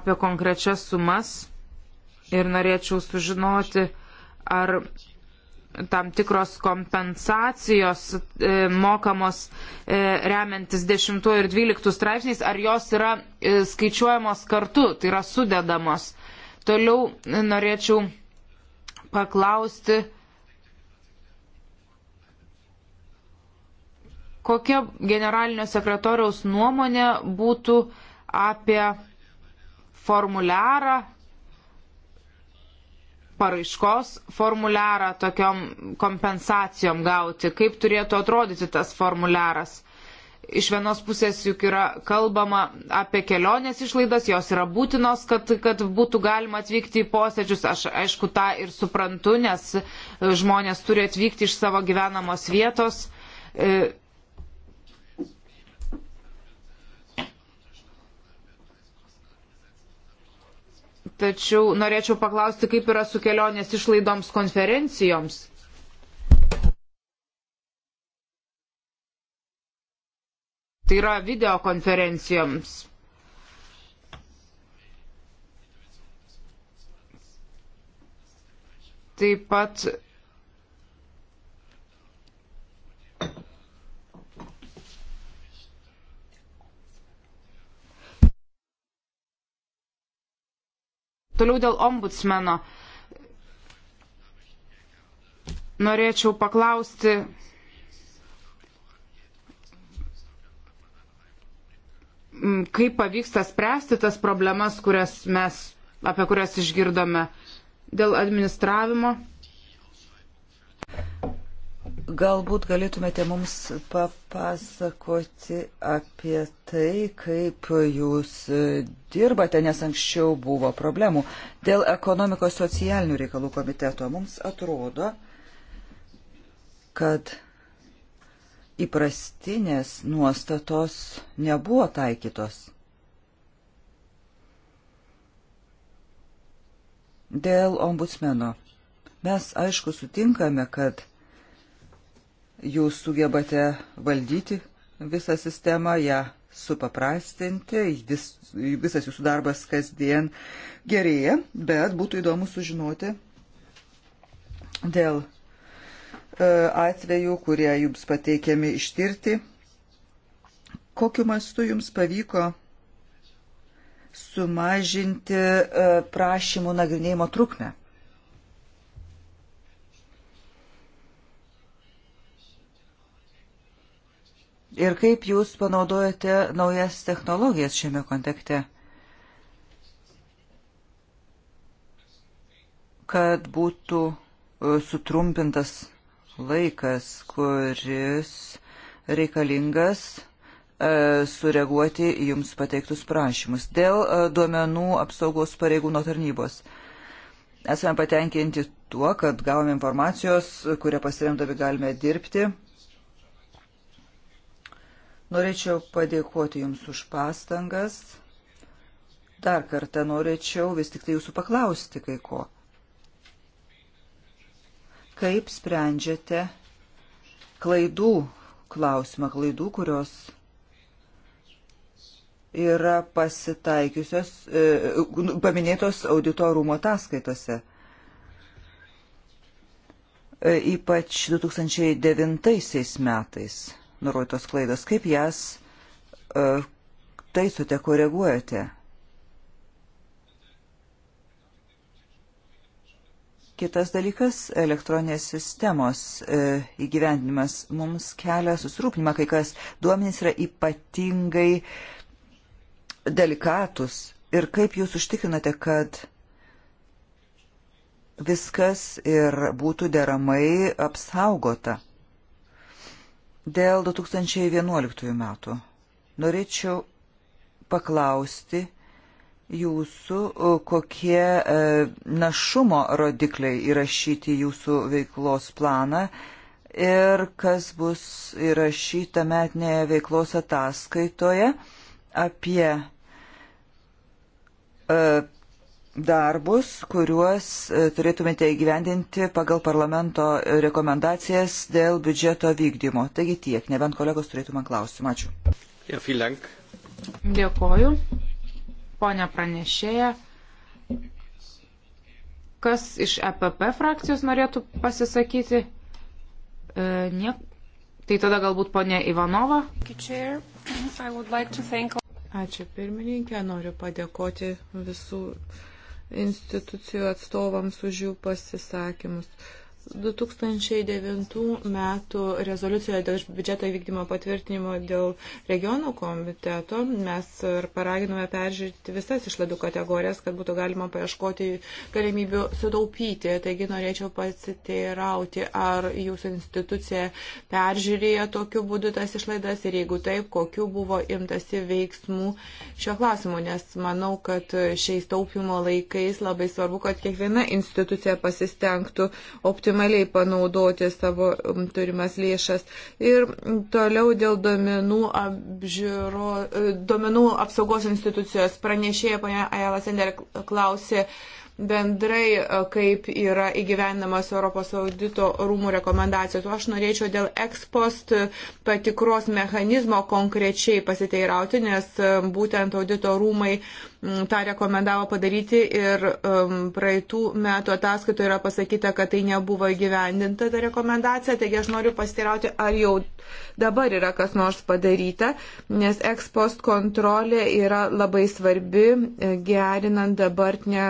Speaker 2: apie konkrečias sumas ir norėčiau sužinoti, ar tam tikros kompensacijos e, mokamos e, remiantis 10 ir 12 straipsniais, ar jos yra e, skaičiuojamos kartu, tai yra sudedamos. Toliau e, norėčiau paklausti, kokia generalinio sekretoriaus nuomonė būtų apie formuliarą paraiškos formuliarą tokiom kompensacijom gauti, kaip turėtų atrodyti tas formuliaras. Iš vienos pusės juk yra kalbama apie kelionės išlaidas, jos yra būtinos, kad, kad būtų galima atvykti į posėdžius. Aš aišku tą ir suprantu, nes žmonės turi atvykti iš savo gyvenamos vietos. E, Tačiau norėčiau paklausti, kaip yra su kelionės išlaidoms konferencijoms. Tai yra videokonferencijoms. Taip pat Toliau dėl ombudsmeno. Norėčiau paklausti. Kaip pavyksta spręsti tas problemas, kurias mes, apie kurias išgirdome
Speaker 3: dėl administravimo? Galbūt galėtumėte mums papasakoti apie tai, kaip jūs e, dirbate, nes anksčiau buvo problemų. Dėl ekonomikos socialinių reikalų komiteto mums atrodo, kad įprastinės nuostatos nebuvo taikytos. Dėl ombudsmeno. Mes aišku sutinkame, kad jūs sugebate valdyti visą sistemą, ją supaprastinti, vis, visas jūsų darbas kasdien gerėja, bet būtų įdomu sužinoti dėl e, atvejų, kurie jums pateikiami ištirti, kokiu mastu jums pavyko sumažinti e, prašymų nagrinėjimo trukmę. ir kaip jūs panaudojate naujas technologijas šiame kontekste, kad būtų e, sutrumpintas laikas, kuris reikalingas e, sureaguoti jums pateiktus prašymus. Dėl e, duomenų apsaugos pareigūno tarnybos. Esame patenkinti tuo, kad gavome informacijos, kurią pasiremdami galime dirbti Norėčiau padėkoti Jums už pastangas. Dar kartą norėčiau vis tik tai Jūsų paklausti kai ko. Kaip sprendžiate klaidų klausimą, klaidų, kurios yra pasitaikiusios, e, nu, paminėtos auditorumo ataskaitose. E, ypač 2009 metais nurodytos klaidos, kaip jas uh, e, taisote, koreguojate. Kitas dalykas - elektroninės sistemos uh, įgyvendinimas mums kelia susirūpinimą, kai kas duomenys yra ypatingai delikatus. Ir kaip jūs užtikrinate, kad viskas ir būtų deramai apsaugota. Dėl 2011 metų norėčiau paklausti jūsų, kokie e, našumo rodikliai įrašyti jūsų veiklos planą ir kas bus įrašyta metinėje veiklos ataskaitoje apie e, darbus, kuriuos e, turėtumėte įgyvendinti pagal parlamento rekomendacijas dėl biudžeto vykdymo. Taigi tiek, nebent kolegos turėtų man klausimą. Ačiū.
Speaker 1: Ja, Dėkoju.
Speaker 2: Pone pranešėja, kas iš EPP frakcijos norėtų pasisakyti? E, nie...
Speaker 1: Tai tada galbūt ponė Ivanova. Ačiū pirmininkė, noriu padėkoti visų institucijų atstovams už jų pasisakymus. 2009 metų rezoliucijoje dėl biudžeto įvykdymo patvirtinimo dėl regionų komiteto mes ir paraginome peržiūrėti visas išlaidų kategorijas, kad būtų galima paieškoti galimybių sutaupyti. Taigi norėčiau pasiteirauti, ar jūsų institucija peržiūrėjo tokiu būdu tas išlaidas ir jeigu taip, kokiu buvo imtasi veiksmų šio klausimu, nes manau, kad šiais taupimo laikais labai svarbu, kad kiekviena institucija pasistengtų optimizuoti optimaliai panaudoti savo turimas lėšas. Ir toliau dėl domenų, apžiūro, e, domenų apsaugos institucijos pranešėja, ponia Ajala Sender, klausė bendrai, e, kaip yra įgyvenamas Europos audito rūmų rekomendacijos. O aš norėčiau dėl ekspost patikros mechanizmo konkrečiai pasiteirauti, nes e, būtent audito rūmai tą rekomendavo padaryti ir praeitų metų ataskaitoje yra pasakyta, kad tai nebuvo įgyvendinta ta rekomendacija. Taigi aš noriu pastirauti, ar jau dabar yra kas nors padaryta, nes ekspost kontrolė yra labai svarbi e, gerinant dabartinę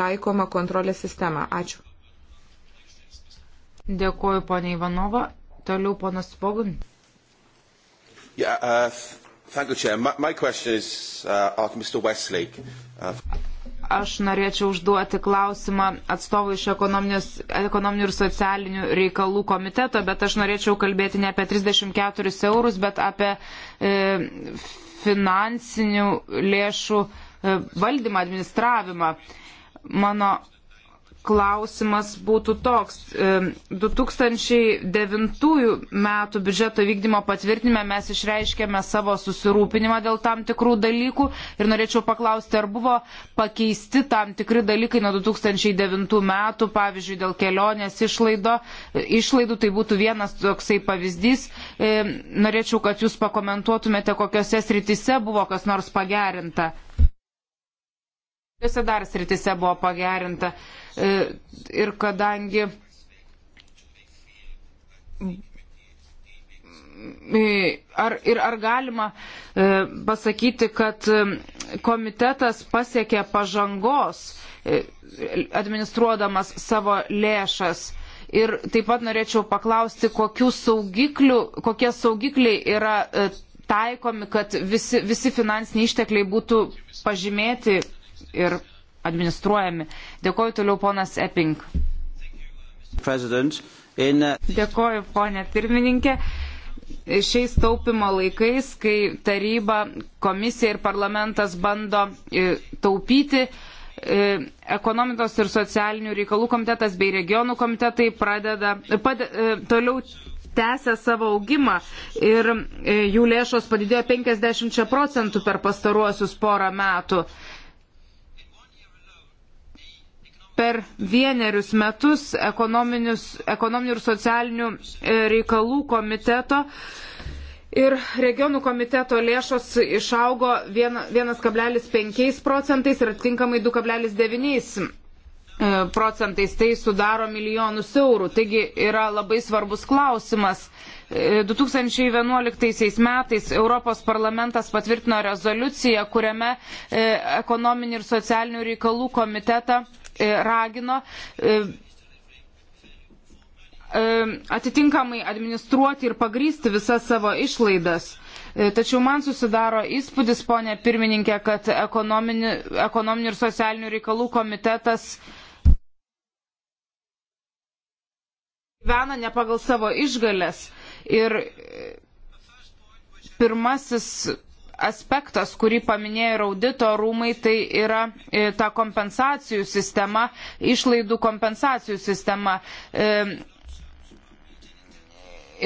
Speaker 1: taikomą kontrolės sistemą. Ačiū.
Speaker 2: Dėkuoju, ponia Ivanova. Toliau ponas Vogun.
Speaker 3: Yeah, uh, Thank you, Chair. My, my question is uh, of Mr. Westlake. Uh,
Speaker 2: Aš norėčiau užduoti klausimą atstovui iš ekonominių ir socialinių reikalų komiteto, bet aš norėčiau kalbėti ne apie 34 eurus, bet apie e, finansinių lėšų e, valdymą, administravimą. Mano klausimas būtų toks. 2009 metų biudžeto vykdymo patvirtinime mes išreiškėme savo susirūpinimą dėl tam tikrų dalykų ir norėčiau paklausti, ar buvo pakeisti tam tikri dalykai nuo 2009 metų, pavyzdžiui, dėl kelionės išlaido, išlaidų, tai būtų vienas toksai pavyzdys. Norėčiau, kad jūs pakomentuotumėte, kokiose sritise buvo kas nors pagerinta. Visose dar sritise buvo pagerinta e, ir kadangi e, ar, ir ar galima e, pasakyti, kad e, komitetas pasiekė pažangos e, administruodamas savo lėšas? Ir taip pat norėčiau paklausti, kokie saugikliai yra e, taikomi, kad visi, visi finansiniai ištekliai būtų pažymėti ir administruojami. Dėkoju toliau ponas Epping. In... Uh, Dėkoju ponė pirmininkė. Šiais taupimo laikais, kai taryba, komisija ir parlamentas bando e, taupyti, e, ekonomikos ir socialinių reikalų komitetas bei regionų komitetai pradeda, pade, e, toliau tęsia savo augimą ir jų lėšos padidėjo 50 procentų per pastaruosius porą metų per vienerius metus ekonominių ir socialinių e, reikalų komiteto Ir regionų komiteto lėšos išaugo 1,5 procentais ir atitinkamai 2,9 e, procentais. Tai sudaro milijonus eurų. Taigi yra labai svarbus klausimas. 2011 e, metais Europos parlamentas patvirtino rezoliuciją, kuriame ekonominį ir socialinių reikalų komitetą E, ragino e, e, atitinkamai administruoti ir pagrysti visas savo išlaidas. Tačiau man susidaro įspūdis, ponė pirmininkė, kad ekonominių, ekonominių ir socialinių reikalų komitetas gyvena ne pagal savo išgalės. Ir pirmasis aspektas, kurį paminėjo ir audito rūmai, tai yra e, ta kompensacijų sistema, išlaidų kompensacijų sistema. E,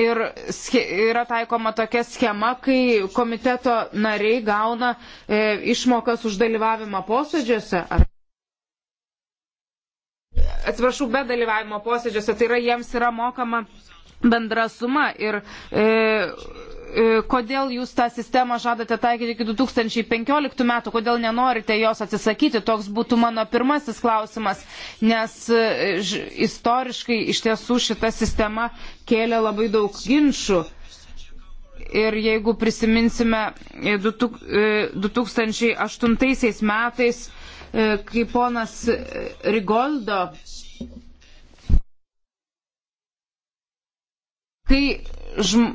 Speaker 2: ir yra taikoma tokia schema, kai komiteto nariai gauna e, išmokas už dalyvavimą posėdžiuose. Ar atsiprašau, be dalyvavimo posėdžiuose, tai yra jiems yra mokama bendra suma ir e, E, kodėl jūs tą sistemą žadate taikyti iki 2015 metų, kodėl nenorite jos atsisakyti, toks būtų mano pirmasis klausimas, nes e, istoriškai iš tiesų šita sistema kėlė labai daug ginčių. Ir jeigu prisiminsime 2008 e, metais, kai ponas Rigoldo kai žm...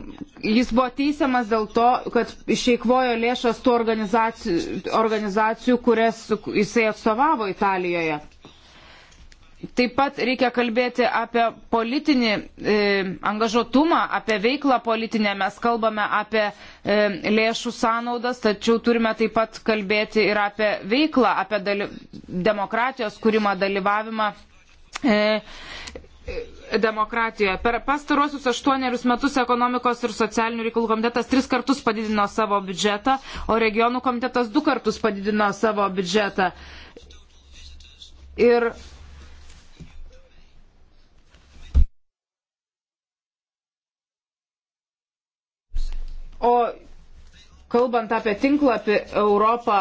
Speaker 2: jis buvo teisiamas dėl to, kad išeikvojo lėšas tų organizacijų, organizacijų kurias jisai atstovavo Italijoje. Taip pat reikia kalbėti apie politinį e, angažuotumą, apie veiklą politinę. Mes kalbame apie e, lėšų sąnaudas, tačiau turime taip pat kalbėti ir apie veiklą, apie dali, demokratijos kūrimą, dalyvavimą. E, demokratijoje. Per pastaruosius aštuonerius metus ekonomikos ir socialinių reikalų komitetas tris kartus padidino savo biudžetą, o regionų komitetas du kartus padidino savo biudžetą. Ir O kalbant apie tinklapį Europą,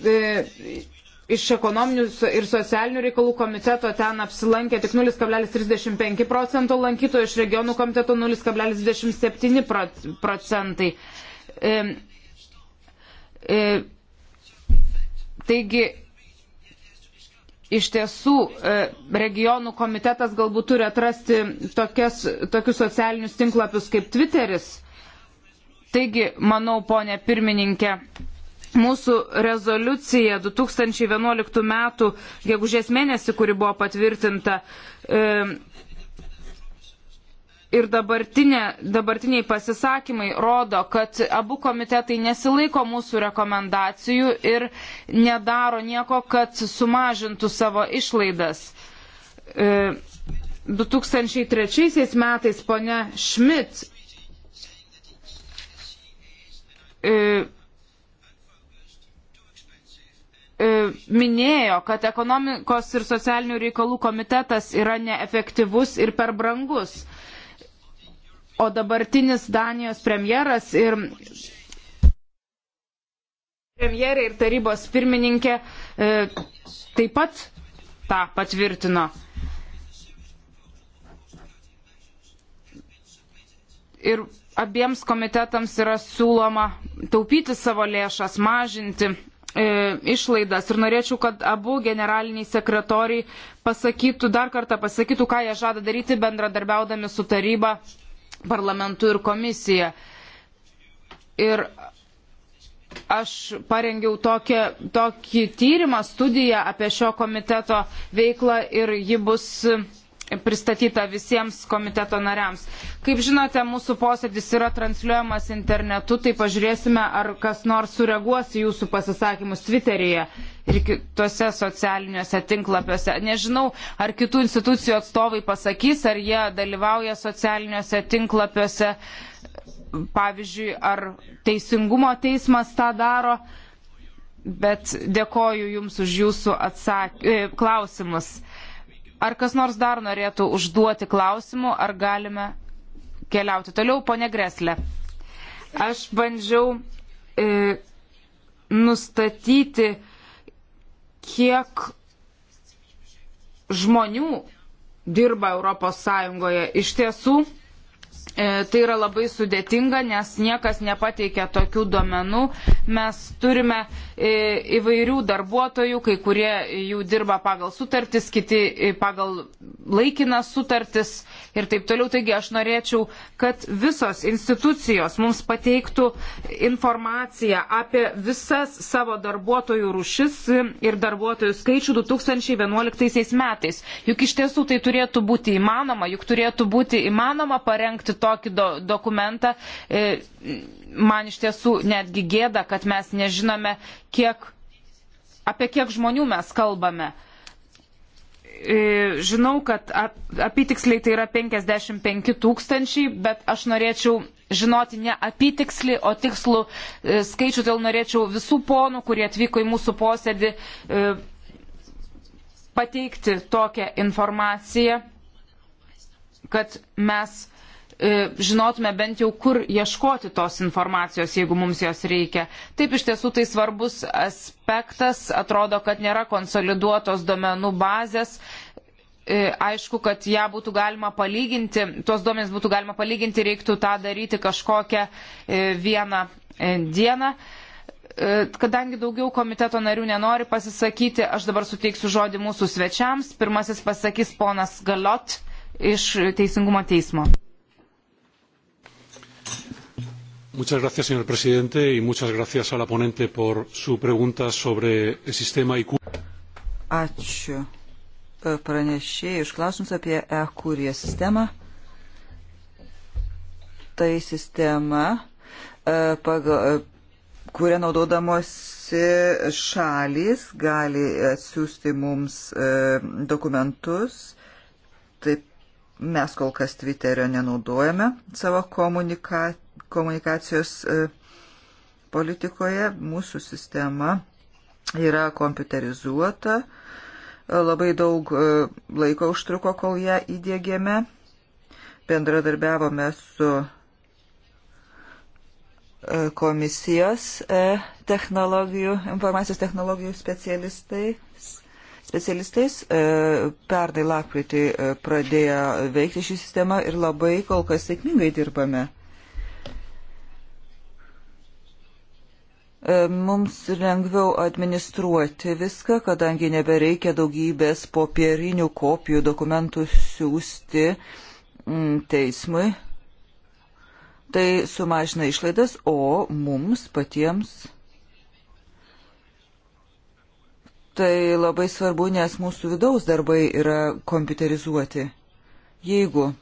Speaker 2: e, iš ekonominių ir socialinių reikalų komiteto ten apsilankė tik 0,35 procentų lankytojų, iš regionų komiteto 0,27 procentai. E, e, taigi, iš tiesų e, regionų komitetas galbūt turi atrasti tokias, tokius socialinius tinklapius kaip Twitteris. Taigi, manau, ponė pirmininkė, mūsų rezoliucija 2011 metų gegužės mėnesį, kuri buvo patvirtinta. E, Ir dabartiniai pasisakymai rodo, kad abu komitetai nesilaiko mūsų rekomendacijų ir nedaro nieko, kad sumažintų savo išlaidas. E, 2003 metais ponia Šmit e, E, minėjo, kad ekonomikos ir socialinių reikalų komitetas yra neefektyvus ir per brangus. O dabartinis Danijos premjeras ir premjerė ir tarybos pirmininkė e, taip pat tą patvirtino. Ir abiems komitetams yra siūloma taupyti savo lėšas, mažinti E, išlaidas ir norėčiau, kad abu generaliniai sekretoriai pasakytų, dar kartą pasakytų, ką jie žada daryti bendradarbiaudami su taryba, parlamentu ir komisija. Ir aš parengiau tokią, tokį tyrimą, studiją apie šio komiteto veiklą ir ji bus pristatyta visiems komiteto nariams. Kaip žinote, mūsų posėdis yra transliuojamas internetu, tai pažiūrėsime, ar kas nors sureaguos į jūsų pasisakymus Twitteryje ir kitose socialiniuose tinklapiuose. Nežinau, ar kitų institucijų atstovai pasakys, ar jie dalyvauja socialiniuose tinklapiuose, pavyzdžiui, ar teisingumo teismas tą daro. Bet dėkoju Jums už Jūsų atsak... E, klausimus. Ar kas nors dar norėtų užduoti klausimų, ar galime keliauti toliau, ponė Greslė? Aš bandžiau e, nustatyti, kiek žmonių dirba Europos Sąjungoje. Iš tiesų, e, Tai yra labai sudėtinga, nes niekas nepateikia tokių duomenų. Mes turime E, įvairių darbuotojų, kai kurie jų dirba pagal sutartis, kiti e, pagal laikinas sutartis ir taip toliau. Taigi aš norėčiau, kad visos institucijos mums pateiktų informaciją apie visas savo darbuotojų rušis ir darbuotojų skaičių 2011 metais. Juk iš tiesų tai turėtų būti įmanoma, juk turėtų būti įmanoma parengti tokį do dokumentą. E, man iš tiesų netgi gėda, kad mes nežinome, kiek, apie kiek žmonių mes kalbame. E, žinau, kad ap, apitiksliai tai yra 55 tūkstančiai, bet aš norėčiau žinoti ne apitiksli, o tikslų e, skaičių, todėl norėčiau visų ponų, kurie atvyko į mūsų posėdį, e, pateikti tokią informaciją, kad mes E, žinotume bent jau, kur ieškoti tos informacijos, jeigu mums jos reikia. Taip iš tiesų tai svarbus aspektas, atrodo, kad nėra konsoliduotos duomenų bazės, e, aišku, kad ją būtų galima palyginti, tuos duomenys būtų galima palyginti, reiktų tą daryti kažkokią e, vieną dieną. Kadangi daugiau komiteto narių nenori pasisakyti, aš dabar suteiksiu žodį mūsų svečiams. Pirmasis pasakys ponas Galot iš Teisingumo teismo.
Speaker 3: Muchas gracias, señor presidente, y muchas gracias a la ponente por su pregunta sobre el sistema IQ. Ačiū e, pranešėjai iš klausimus apie e-kūrė sistemą. Tai sistema, e, e, kurią naudodamosi šalis gali atsiųsti mums dokumentus. Taip mes kol kas Twitterio nenaudojame savo komunikatą komunikacijos e, politikoje. Mūsų sistema yra kompiuterizuota. E, labai daug e, laiko užtruko, kol ją įdėgėme. Bendradarbiavome su komisijos technologijų, informacijos technologijų specialistais specialistais. Pernai lapkritį pradėjo veikti šį sistemą ir labai kol kas sėkmingai dirbame. E, mums lengviau administruoti viską, kadangi nebereikia daugybės popierinių kopijų dokumentų siūsti mm, teismui. Tai sumažina išlaidas, o mums patiems tai labai svarbu, nes mūsų vidaus darbai yra kompiuterizuoti. Jeigu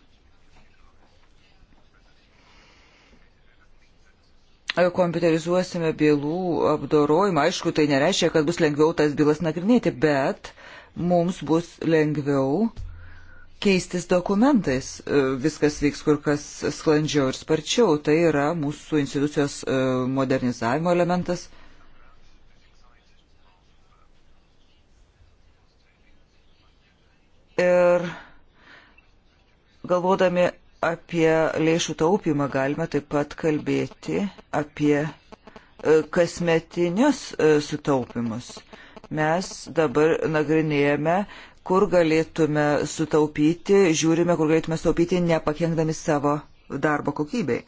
Speaker 3: kompiuterizuosime bylų apdorojimą, aišku, tai nereiškia, kad bus lengviau tas bylas nagrinėti, bet mums bus lengviau keistis dokumentais. E, viskas vyks kur kas sklandžiau ir sparčiau. Tai yra mūsų institucijos e, modernizavimo elementas. Ir galvodami apie lėšų taupimą galime taip pat kalbėti apie e, kasmetinius e, sutaupimus. Mes dabar nagrinėjame, kur galėtume sutaupyti, žiūrime, kur galėtume sutaupyti, nepakengdami savo darbo kokybei.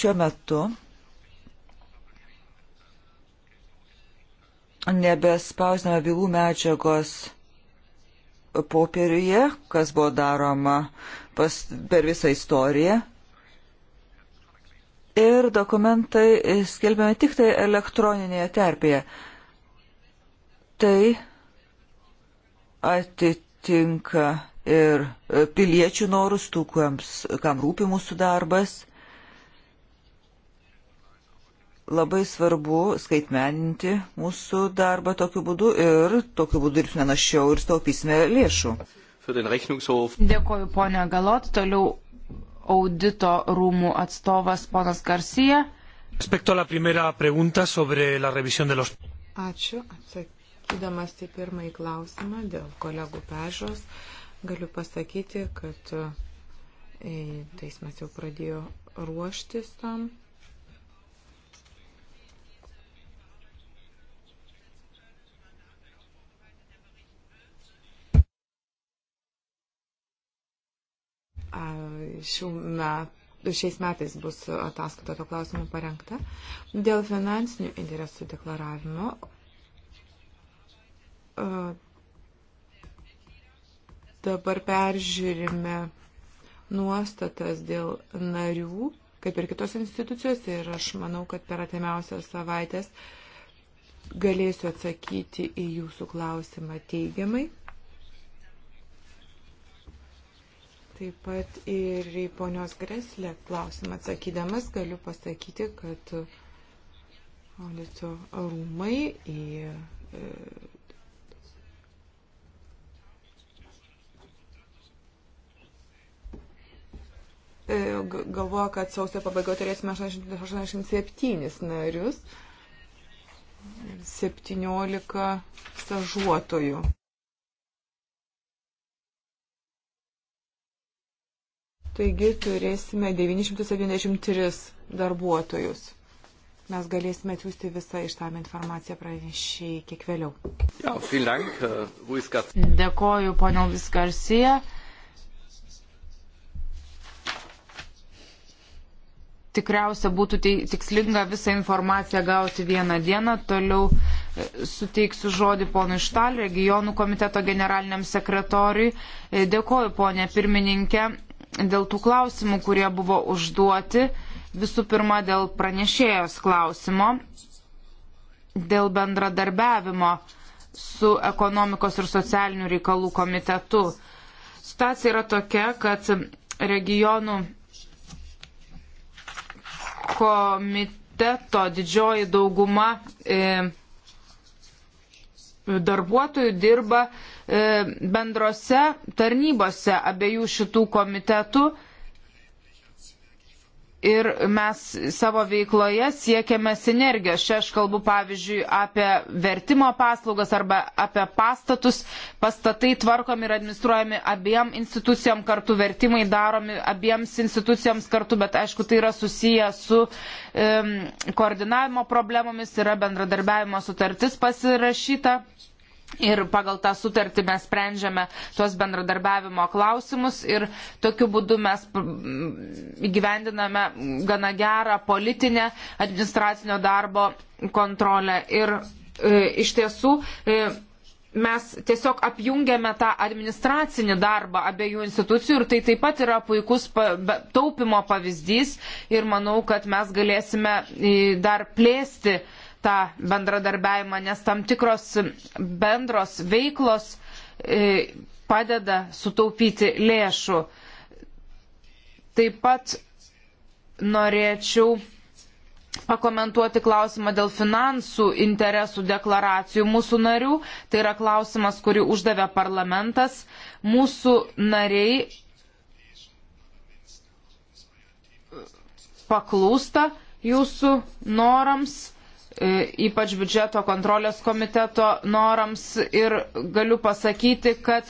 Speaker 3: Šiuo metu nebespausdame bylų medžiagos popieriuje, kas buvo daroma pas, per visą istoriją. Ir dokumentai skelbiami tik tai elektroninėje terpėje. Tai atitinka ir piliečių norus, tų, kam rūpi mūsų darbas labai svarbu skaitmeninti mūsų darbą tokiu būdu ir tokiu būdu dirbsime našiau ir staupysime lėšų. Dėkoju ponia Galot, toliau
Speaker 2: audito rūmų atstovas ponas Garcia. Los...
Speaker 1: Ačiū, atsakydamas į pirmąjį klausimą dėl kolegų pežos, galiu pasakyti, kad e, teismas jau pradėjo ruoštis tam šių metų šiais metais bus ataskaita to klausimu parengta. Dėl finansinių interesų deklaravimo dabar peržiūrime nuostatas dėl narių, kaip ir kitos institucijos, ir aš manau, kad per atėmiausias savaitės galėsiu atsakyti į jūsų klausimą teigiamai. Taip pat ir į ponios Greslę klausimą atsakydamas galiu pasakyti, kad audito rūmai į e, galvoja, kad sausio pabaigoje turėsime 87 narius, 17 stažuotojų. Taigi turėsime 973 darbuotojus. Mes galėsime atsiųsti visą ištamę informaciją pranešiai kiek vėliau. Ja, dank, uh, Dėkoju, ponia Luis Garcia.
Speaker 2: tikriausia būtų tikslinga visą informaciją gauti vieną dieną. Toliau e, suteiksiu žodį ponui Štal, regionų komiteto generaliniam sekretoriui. E, dėkoju, ponė pirmininkė dėl tų klausimų, kurie buvo užduoti. Visų pirma, dėl pranešėjos klausimo, dėl bendradarbiavimo su ekonomikos ir socialinių reikalų komitetu. Situacija yra tokia, kad regionų komiteto didžioji dauguma e, darbuotojų dirba e, E, bendrose tarnybose abiejų šitų komitetų ir mes savo veikloje siekiame sinergijos. Čia aš kalbu pavyzdžiui apie vertimo paslaugas arba apie pastatus. Pastatai tvarkomi ir administruojami abiem institucijom kartu, vertimai daromi abiems institucijoms kartu, bet aišku, tai yra susiję su um, koordinavimo problemomis, yra bendradarbiavimo sutartis pasirašyta Ir pagal tą sutartį mes sprendžiame tuos bendradarbiavimo klausimus ir tokiu būdu mes gyvendiname gana gerą politinę administracinio darbo kontrolę. Ir e, iš tiesų. E, mes tiesiog apjungiame tą administracinį darbą abiejų institucijų ir tai taip pat yra puikus taupimo pavyzdys ir manau, kad mes galėsime e, dar plėsti uh, tą bendradarbiavimą, nes tam tikros bendros veiklos e, padeda sutaupyti lėšų. Taip pat norėčiau pakomentuoti klausimą dėl finansų interesų deklaracijų mūsų narių. Tai yra klausimas, kurį uždavė parlamentas. Mūsų nariai paklūsta jūsų norams E, ypač biudžeto kontrolės komiteto norams ir galiu pasakyti, kad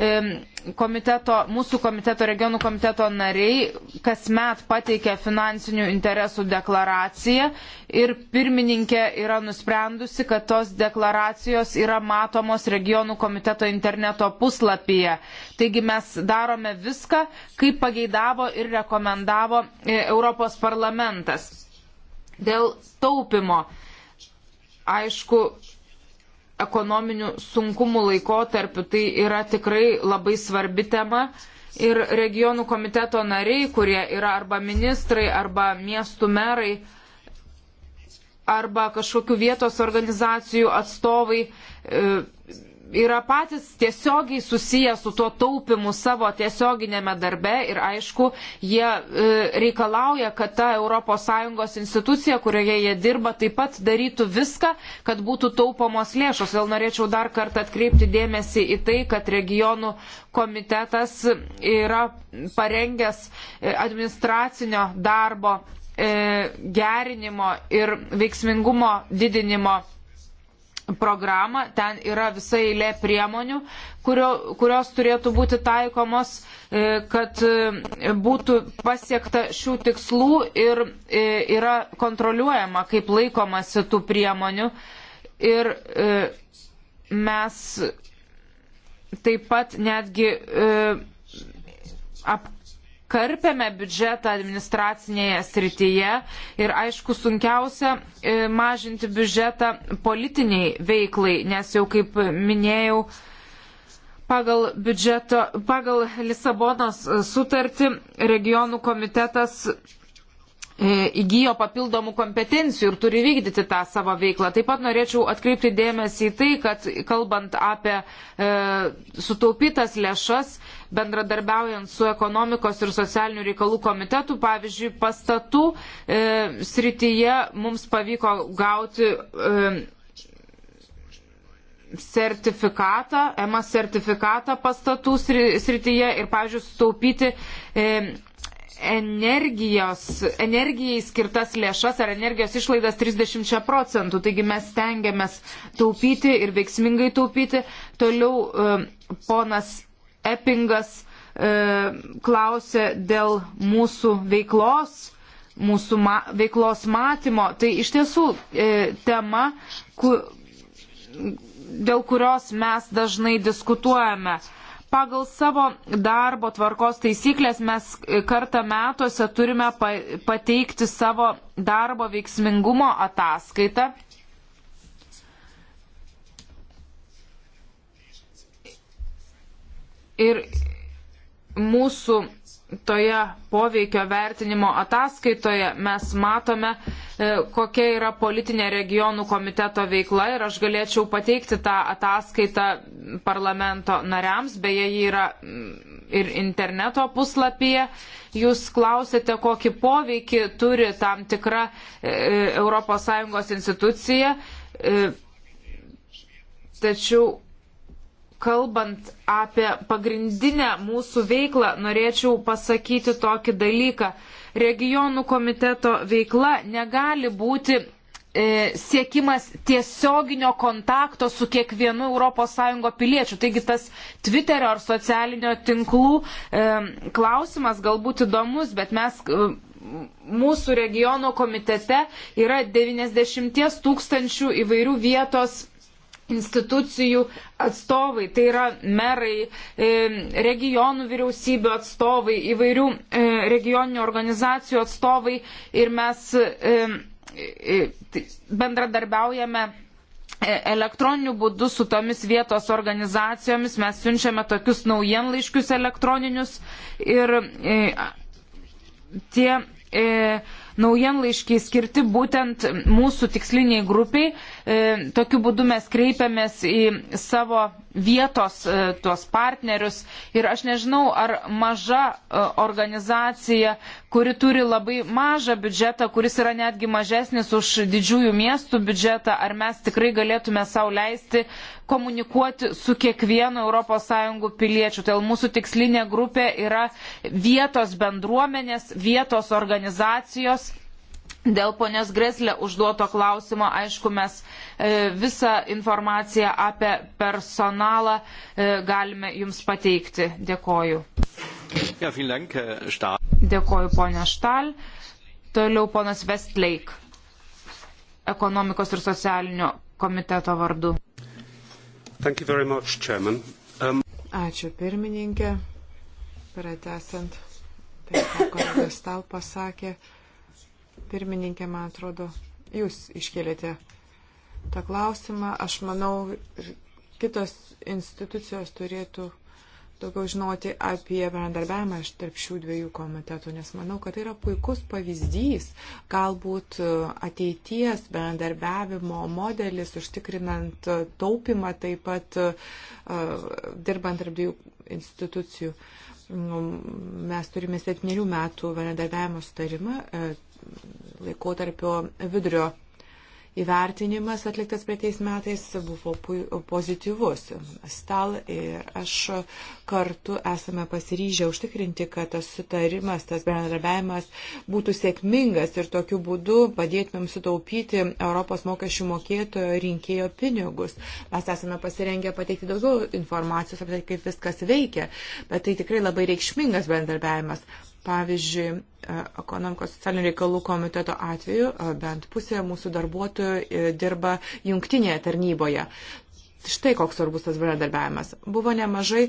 Speaker 2: e, komiteto, mūsų komiteto, regionų komiteto nariai kasmet pateikia finansinių interesų deklaraciją ir pirmininkė yra nusprendusi, kad tos deklaracijos yra matomos regionų komiteto interneto puslapyje. Taigi mes darome viską, kaip pageidavo ir rekomendavo e, Europos parlamentas. Dėl taupimo aišku, ekonominių sunkumų laikotarpiu tai yra tikrai labai svarbi tema. Ir regionų komiteto nariai, kurie yra arba ministrai, arba miestų merai, arba kažkokių vietos organizacijų atstovai, e, yra patys tiesiogiai susiję su tuo taupimu savo tiesioginėme darbe ir aišku, jie e, reikalauja, kad ta ES institucija, kurioje jie dirba, taip pat darytų viską, kad būtų taupomos lėšos. Vėl norėčiau dar kartą atkreipti dėmesį į tai, kad regionų komitetas yra parengęs e, administracinio darbo e, gerinimo ir veiksmingumo didinimo programą, ten yra visa eilė priemonių, kurio, kurios turėtų būti taikomos, e, kad e, būtų pasiekta šių tikslų ir e, yra kontroliuojama, kaip laikomasi tų priemonių. Ir mes taip pat netgi apkalbėjome karpėme biudžetą administracinėje srityje ir aišku sunkiausia e, mažinti biudžetą politiniai veiklai, nes jau kaip minėjau, pagal, biudžeto, pagal Lisabonos e, sutartį regionų komitetas e, įgyjo papildomų kompetencijų ir turi vykdyti tą savo veiklą. Taip pat norėčiau atkreipti dėmesį į tai, kad kalbant apie e, sutaupytas lėšas, bendradarbiaujant su ekonomikos ir socialinių reikalų komitetu, pavyzdžiui, pastatų e, srityje mums pavyko gauti e, sertifikatą, EMA sertifikatą pastatų srityje ir, pavyzdžiui, sutaupyti e, energijos, energijai skirtas lėšas ar energijos išlaidas 30 procentų. Taigi mes stengiamės taupyti ir veiksmingai taupyti. Toliau e, ponas Eppingas e, klausė dėl mūsų veiklos, mūsų ma veiklos matymo. Tai iš tiesų e, tema, ku dėl kurios mes dažnai diskutuojame. Pagal savo darbo tvarkos taisyklės mes e, kartą metuose turime pateikti savo darbo veiksmingumo ataskaitą Ir mūsų toje poveikio vertinimo ataskaitoje mes matome, e, kokia yra politinė regionų komiteto veikla ir aš galėčiau pateikti tą ataskaitą parlamento nariams, beje, ji yra mm, ir interneto puslapyje. Jūs klausėte, kokį poveikį turi tam tikra ES e, institucija. E, tačiau kalbant apie pagrindinę mūsų veiklą, norėčiau pasakyti tokį dalyką. Regionų komiteto veikla negali būti e, siekimas tiesioginio kontakto su kiekvienu ES piliečiu. Taigi tas Twitterio ar socialinio tinklų e, klausimas galbūt įdomus, bet mes. E, Mūsų regiono komitete yra 90 tūkstančių įvairių vietos institucijų atstovai, tai yra merai, e, regionų vyriausybių atstovai, įvairių e, regioninių organizacijų atstovai ir mes e, tai bendradarbiaujame elektroniniu būdu su tomis vietos organizacijomis, mes siunčiame tokius naujienlaiškius elektroninius ir tie naujienlaiškiai skirti būtent mūsų tiksliniai grupiai. E, tokiu būdu mes kreipiamės į savo vietos e, tuos partnerius. Ir aš nežinau, ar maža e, organizacija, kuri turi labai mažą biudžetą, kuris yra netgi mažesnis už didžiųjų miestų biudžetą, ar mes tikrai galėtume savo leisti komunikuoti su kiekvienu ES piliečiu. Tai mūsų tikslinė grupė yra vietos bendruomenės, vietos organizacijos Dėl ponios Greslė užduoto klausimo, aišku, mes e, visą informaciją apie personalą e, galime jums pateikti. Dėkoju. Ja, Dank, Dėkoju, ponia Štal. Toliau ponas Westlake, ekonomikos ir socialinio komiteto vardu. Much, chairman.
Speaker 3: um...
Speaker 1: Ačiū pirmininkė, pratesant tai, ką kolegas tau pasakė pirmininkė, man atrodo, jūs iškėlėte tą klausimą. Aš manau, kitos institucijos turėtų daugiau žinoti apie bendradarbiavimą tarp šių dviejų komitetų, nes manau, kad tai yra puikus pavyzdys, galbūt e, ateities bendradarbiavimo modelis, užtikrinant e, taupimą taip pat e, dirbant tarp dviejų institucijų. Uh, Nu, mes turime septyniarių metų bendradarbiavimo sutarimą e, laikotarpio vidurio įvertinimas atliktas praeitais metais buvo pozityvus. Stal ir aš kartu esame pasiryžę užtikrinti, kad tas sutarimas, tas bendradarbiavimas būtų sėkmingas ir tokiu būdu padėtumėm sutaupyti Europos mokesčių mokėtojo rinkėjo pinigus. Mes esame pasirengę pateikti daugiau informacijos apie tai, kaip viskas veikia, bet tai tikrai labai reikšmingas bendradarbiavimas. Pavyzdžiui, e, ekonomikos socialinių reikalų komiteto atveju e, bent pusė mūsų darbuotojų e, dirba jungtinėje tarnyboje. Štai koks svarbus tas bendradarbiavimas. Buvo nemažai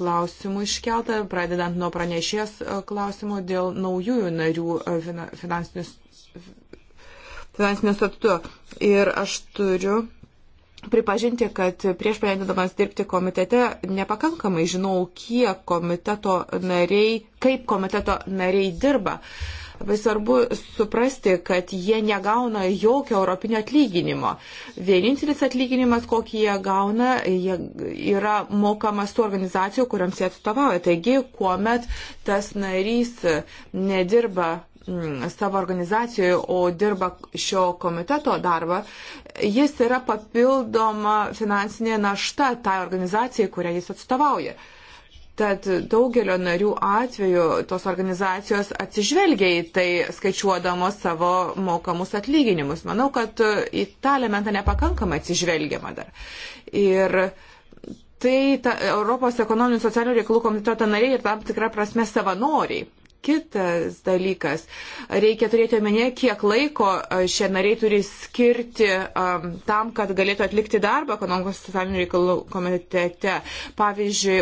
Speaker 1: klausimų iškelta, pradedant nuo pranešės klausimų dėl naujųjų narių
Speaker 3: finansinių
Speaker 1: statutų. Ir aš turiu pripažinti, kad prieš pradėdamas dirbti komitete nepakankamai žinau, kiek komiteto nariai, kaip komiteto nariai dirba. Labai svarbu suprasti, kad jie negauna jokio europinio atlyginimo. Vienintelis atlyginimas, kokį jie gauna, jie yra mokamas tų organizacijų, kuriams jie atstovauja. Taigi, kuomet tas narys nedirba Mm, savo organizacijoje, o dirba šio komiteto darbą, jis yra papildoma finansinė našta tai organizacijai, kurią jis atstovauja. Tad daugelio narių atveju tos organizacijos atsižvelgia į tai, skaičiuodamos savo mokamus atlyginimus. Manau, kad į tą elementą nepakankamai atsižvelgiama dar. Ir tai ta, Europos ekonominių socialinių reikalų komiteto nariai ir tam tikrą prasme savanoriai. Kitas dalykas, reikia turėti omenyje, kiek laiko šie nariai turi skirti um, tam, kad galėtų atlikti darbą ekonomikos socialinių reikalų komitete. Pavyzdžiui,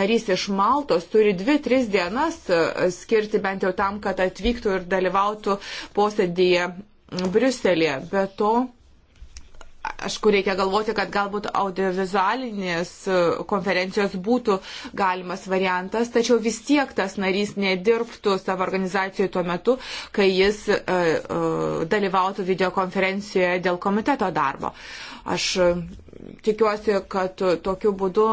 Speaker 1: narys iš Maltos turi 2-3 dienas skirti bent jau tam, kad atvyktų ir dalyvautų posėdėje Briuselėje. Be to, Aišku, reikia galvoti, kad galbūt audiovizualinės e, konferencijos būtų galimas variantas, tačiau vis tiek tas narys nedirbtų savo organizacijoje tuo metu, kai jis uh, uh, dalyvautų videokonferencijoje dėl komiteto darbo. Aš uh, tikiuosi, kad tokiu būdu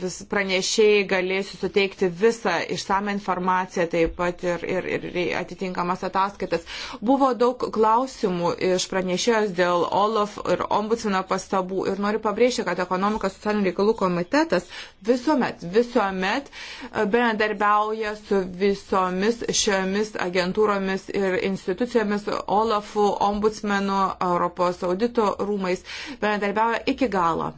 Speaker 1: vis pranešėjai galėsiu suteikti visą išsame informaciją, taip pat ir, ir, ir atitinkamas ataskaitas. Buvo daug klausimų iš pranešėjos dėl Olaf ir ombudsmino pastabų ir noriu pabrėžti, kad ekonomikos socialinių reikalų komitetas visuomet, visuomet e, bendarbiauja su visomis šiomis agentūromis ir institucijomis, Olafu, ombudsmenu, Europos audito rūmais. Bendarbiauja bendradarbiauja iki galo.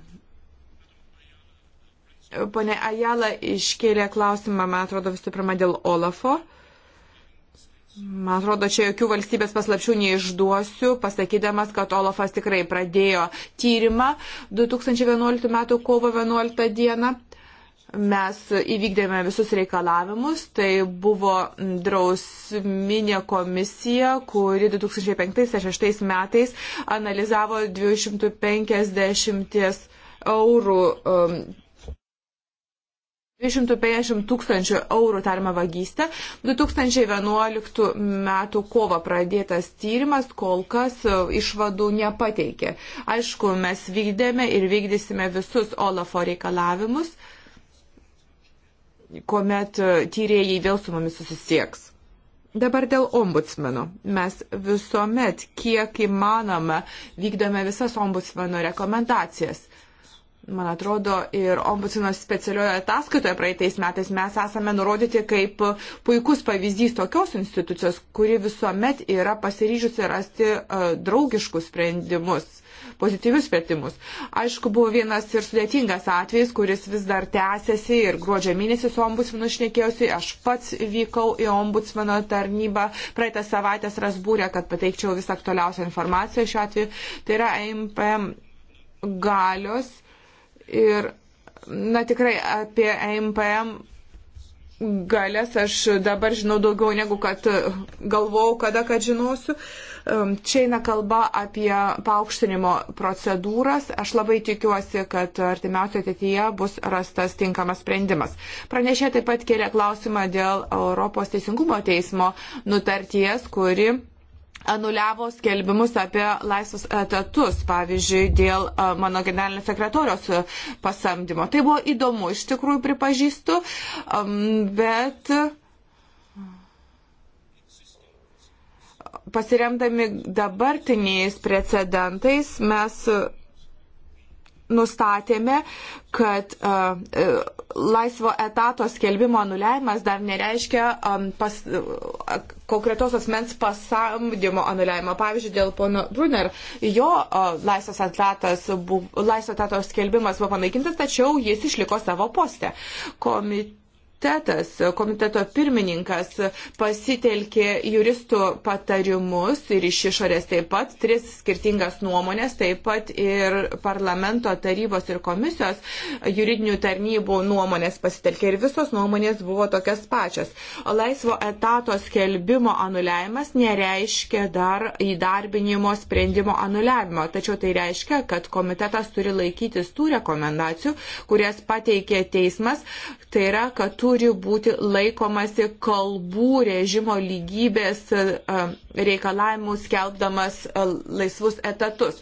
Speaker 1: Pone Ajala iškėlė klausimą, man atrodo, visų pirma, dėl Olafo. Man atrodo, čia jokių valstybės paslapčių neišduosiu, pasakydamas, kad Olafas tikrai pradėjo tyrimą 2011 m. kovo 11 d mes įvykdėme visus reikalavimus. Tai buvo drausminė komisija, kuri 2005-2006 metais analizavo 250 eurų. Um, 250 tūkstančių eurų tariamą vagystę. 2011 metų kovo pradėtas tyrimas kol kas uh, išvadų nepateikė. Aišku, mes vykdėme ir vykdysime visus Olafo reikalavimus kuomet e, tyrėjai vėl su mumis susisieks. Dabar dėl ombudsmenų. Mes visuomet, kiek įmanoma, vykdome visas ombudsmenų rekomendacijas. Man atrodo, ir ombudsmeno specialioje ataskaitoje praeitais metais mes esame nurodyti kaip puikus pavyzdys tokios institucijos, kuri visuomet yra pasiryžusi rasti uh, draugiškus sprendimus pozityvius sprendimus. Aišku, buvo vienas ir sudėtingas atvejis, kuris vis dar tęsiasi ir gruodžio mėnesį su ombudsmenu šnekėjausi. Aš pats vykau į ombudsmeno tarnybą praeitą savaitę Strasbūrę, kad pateikčiau visą aktualiausią informaciją šiuo atveju. Tai yra MPM galios ir, na tikrai, apie MPM galės aš dabar žinau daugiau negu kad galvau, kada kad žinosiu. Čia eina kalba apie paaukštinimo procedūras. Aš labai tikiuosi, kad artimiausioje ateityje bus rastas tinkamas sprendimas. Pranešė taip pat kėlė klausimą dėl Europos teisingumo teismo nutarties, kuri anuliavo skelbimus apie laisvus etatus, pavyzdžiui, dėl mano generalinio sekretorijos pasamdymo. Tai buvo įdomu, iš tikrųjų pripažįstu, bet pasiremdami dabartiniais precedentais mes nustatėme, kad uh, laisvo etato skelbimo anuliavimas dar nereiškia um, pas, uh, konkretos asmens pasamdymo anuliavimo. Pavyzdžiui, dėl pono Brunner, jo uh, laisvas etatas, buv, laisvo etato skelbimas buvo panaikintas, tačiau jis išliko savo poste. Komite komitetas, komiteto pirmininkas pasitelkė juristų patarimus ir iš išorės taip pat tris skirtingas nuomonės, taip pat ir parlamento tarybos ir komisijos juridinių tarnybų nuomonės pasitelkė ir visos nuomonės buvo tokias pačias. Laisvo etato skelbimo anuliavimas nereiškia dar įdarbinimo sprendimo anuliavimo, tačiau tai reiškia, kad komitetas turi laikytis tų rekomendacijų, kurias pateikė teismas, tai yra, kad tų turi būti laikomasi kalbų režimo lygybės e, reikalavimų skelbdamas e, laisvus etatus.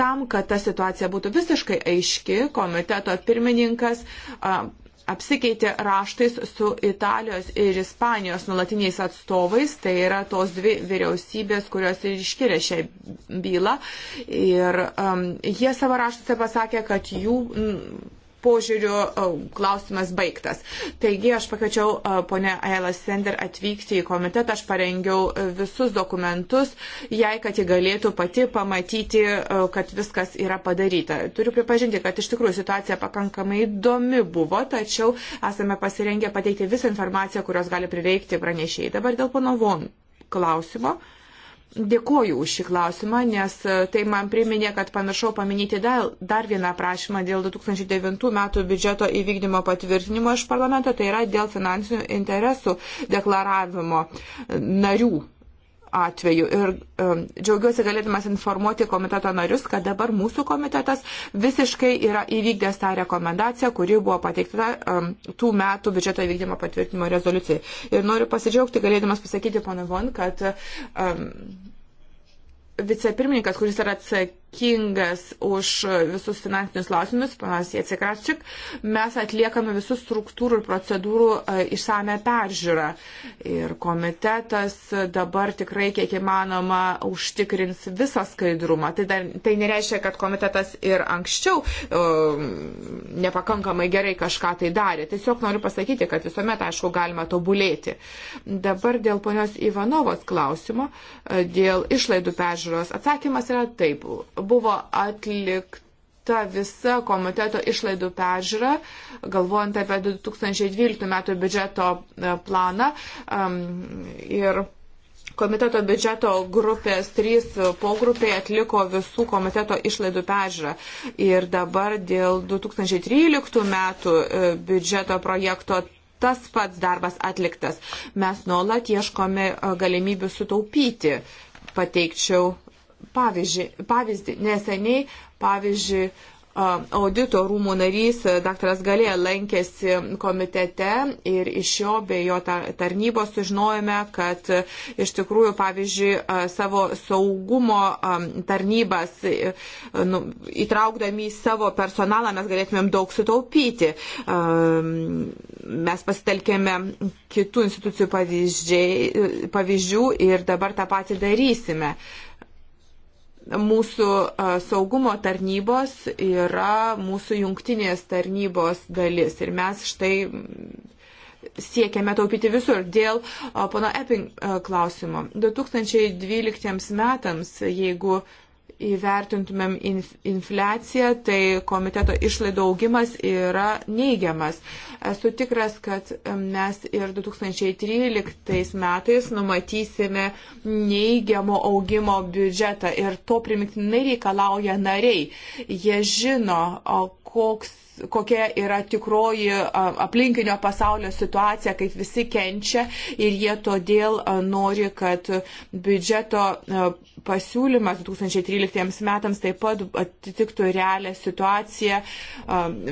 Speaker 1: Tam, kad ta situacija būtų visiškai aiški, komiteto pirmininkas e, apsikeitė raštais su Italijos ir Ispanijos nulatiniais atstovais, tai yra tos dvi vyriausybės, kurios ir iškiria šią bylą. Ir um, jie savo raštuose pasakė, kad jų. Mm, požiūriu e, klausimas baigtas. Taigi aš pakviečiau e, ponę Ailą Sender atvykti į komitetą, aš parengiau e, visus dokumentus, jai, kad ji galėtų pati pamatyti, kad viskas yra padaryta. Turiu pripažinti, kad iš tikrųjų situacija pakankamai įdomi buvo, tačiau esame pasirengę pateikti visą informaciją, kurios gali prireikti pranešėjai. Dabar dėl pono Von klausimo. Uh, Dėkoju už šį klausimą, nes e, tai man priminė, kad pamiršau paminėti dar, dar vieną prašymą dėl 2009 metų biudžeto įvykdymo patvirtinimo iš parlamento, tai yra dėl finansinių interesų deklaravimo narių atveju. Ir um, džiaugiuosi galėdamas informuoti komiteto narius, kad dabar mūsų komitetas visiškai yra įvykdęs tą rekomendaciją, kuri buvo pateikta um, tų metų biudžeto įvykdymo patvirtinimo rezoliucijai. Ir noriu pasidžiaugti galėdamas pasakyti, pana Von, kad um, vicepirmininkas, kuris yra atsakingas, atsakingas už visus finansinius klausimus, panas Jėcikraščik, mes atliekame visų struktūrų ir procedūrų e, išsame peržiūrą. Ir komitetas dabar tikrai, kiek įmanoma, užtikrins visą skaidrumą. Tai, dar, tai nereiškia, kad komitetas ir anksčiau uh, nepakankamai gerai kažką tai darė. Tiesiog noriu pasakyti, kad visuomet, aišku, galima tobulėti. Dabar dėl ponios Ivanovos klausimo, e, dėl išlaidų peržiūros atsakymas yra taip buvo atlikta visa komiteto išlaidų peržiūra, galvojant apie 2012 metų biudžeto e, planą. Ir Komiteto biudžeto grupės trys pogrupiai atliko visų komiteto išlaidų peržiūrą. Ir dabar dėl 2013 metų e, biudžeto projekto tas pats darbas atliktas. Mes nuolat ieškome e, galimybių sutaupyti. Pateikčiau pavyzdį, pavyzdį. Neseniai, pavyzdžiui, audito rūmų narys dr. Galėja lankėsi komitete ir iš jo bei jo tarnybos sužinojome, kad iš tikrųjų, pavyzdžiui, savo saugumo tarnybas nu, įtraukdami į savo personalą mes galėtumėm daug sutaupyti. Mes pasitelkėme kitų institucijų pavyzdžių ir dabar tą patį darysime mūsų saugumo tarnybos yra mūsų jungtinės tarnybos dalis. Ir mes štai siekiame taupyti visur. Dėl pono Epping klausimo. 2012 metams, jeigu įvertintumėm infliaciją, tai komiteto išlaidų augimas yra neigiamas. Esu tikras, kad mes ir 2013 metais numatysime neigiamo augimo biudžetą ir to primiktinai reikalauja nariai. Jie žino, koks kokia yra tikroji aplinkinio pasaulio situacija, kaip visi kenčia ir jie todėl nori, kad biudžeto pasiūlymas 2013 metams taip pat atitiktų realią situaciją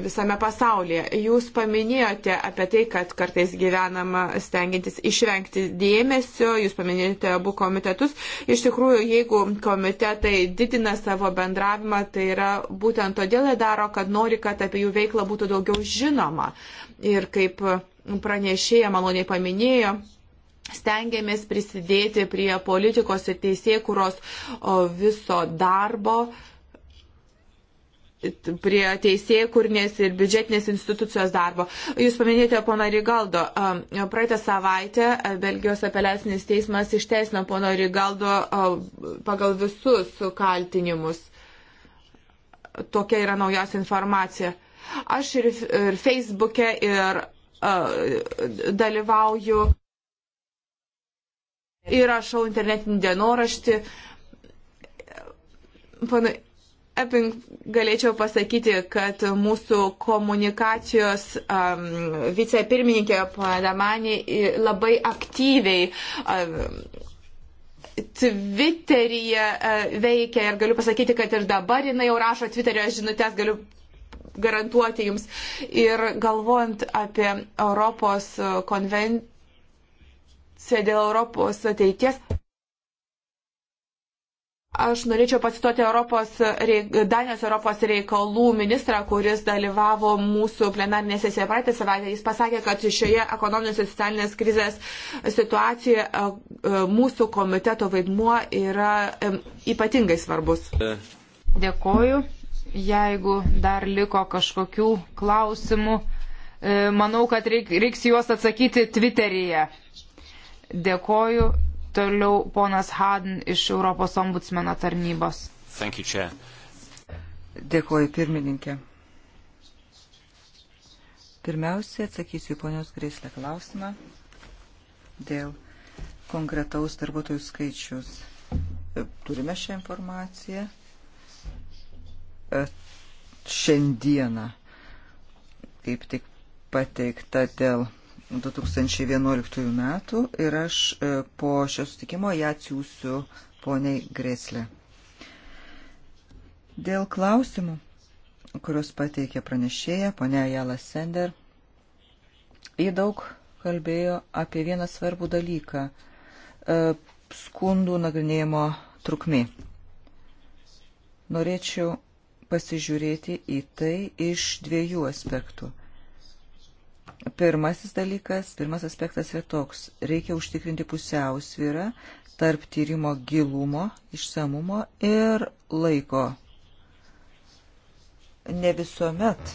Speaker 1: visame pasaulyje. Jūs paminėjote apie tai, kad kartais gyvenama stengiantis išvengti dėmesio, jūs paminėjote abu komitetus. Iš tikrųjų, jeigu komitetai didina savo bendravimą, tai yra būtent todėl jie daro, kad nori, kad apie jų veiklą veikla būtų daugiau žinoma. Ir kaip pranešėja maloniai paminėjo, stengiamės prisidėti prie politikos ir teisėkuros viso darbo prie teisėkurnės ir biudžetinės institucijos darbo. Jūs paminėjote pono Rigaldo. Praeitą savaitę Belgijos apeliacinis teismas išteisino pono Rigaldo pagal visus kaltinimus. Tokia yra naujausia informacija. Aš ir, ir Facebook'e ir uh, dalyvauju ir rašau internetinį dienoraštį. Pana, Epping galėčiau pasakyti, kad mūsų komunikacijos um, vicepirmininkė Padamanė labai aktyviai um, Twitteryje uh, veikia ir galiu pasakyti, kad ir dabar jinai jau rašo Twitterio žinutės, galiu garantuoti jums. Ir galvojant apie Europos konvenciją dėl Europos ateities. Aš norėčiau pacituoti Europos, Danijos Europos reikalų ministrą, kuris dalyvavo mūsų plenarinė sesija praeitą savaitę. Jis pasakė, kad šioje ekonominės ir socialinės krizės situacijoje mūsų komiteto vaidmuo yra ypatingai svarbus. Dėkoju. Jeigu dar liko kažkokių klausimų,
Speaker 2: e, manau, kad reik, reiks juos atsakyti Twitteryje. Dėkoju. Toliau ponas Hadin iš Europos ombudsmeno tarnybos. Thank you, Chair.
Speaker 3: Dėkoju, pirmininkė. Pirmiausia, atsakysiu į ponios Grislę klausimą dėl konkretaus darbuotojų skaičius. Turime šią informaciją E, šiandieną, kaip tik pateikta dėl 2011 metų ir aš e, po šio sutikimo ją atsiųsiu poniai Greslė. Dėl klausimų, kuriuos pateikė pranešėja, ponia Jala Sender, jį daug kalbėjo apie vieną svarbų dalyką e, - skundų nagrinėjimo trukmė. Norėčiau pasižiūrėti į tai iš dviejų aspektų. Pirmasis dalykas, pirmas aspektas yra toks. Reikia užtikrinti pusiausvyrą tarp tyrimo gilumo, išsamumo ir laiko. Ne visuomet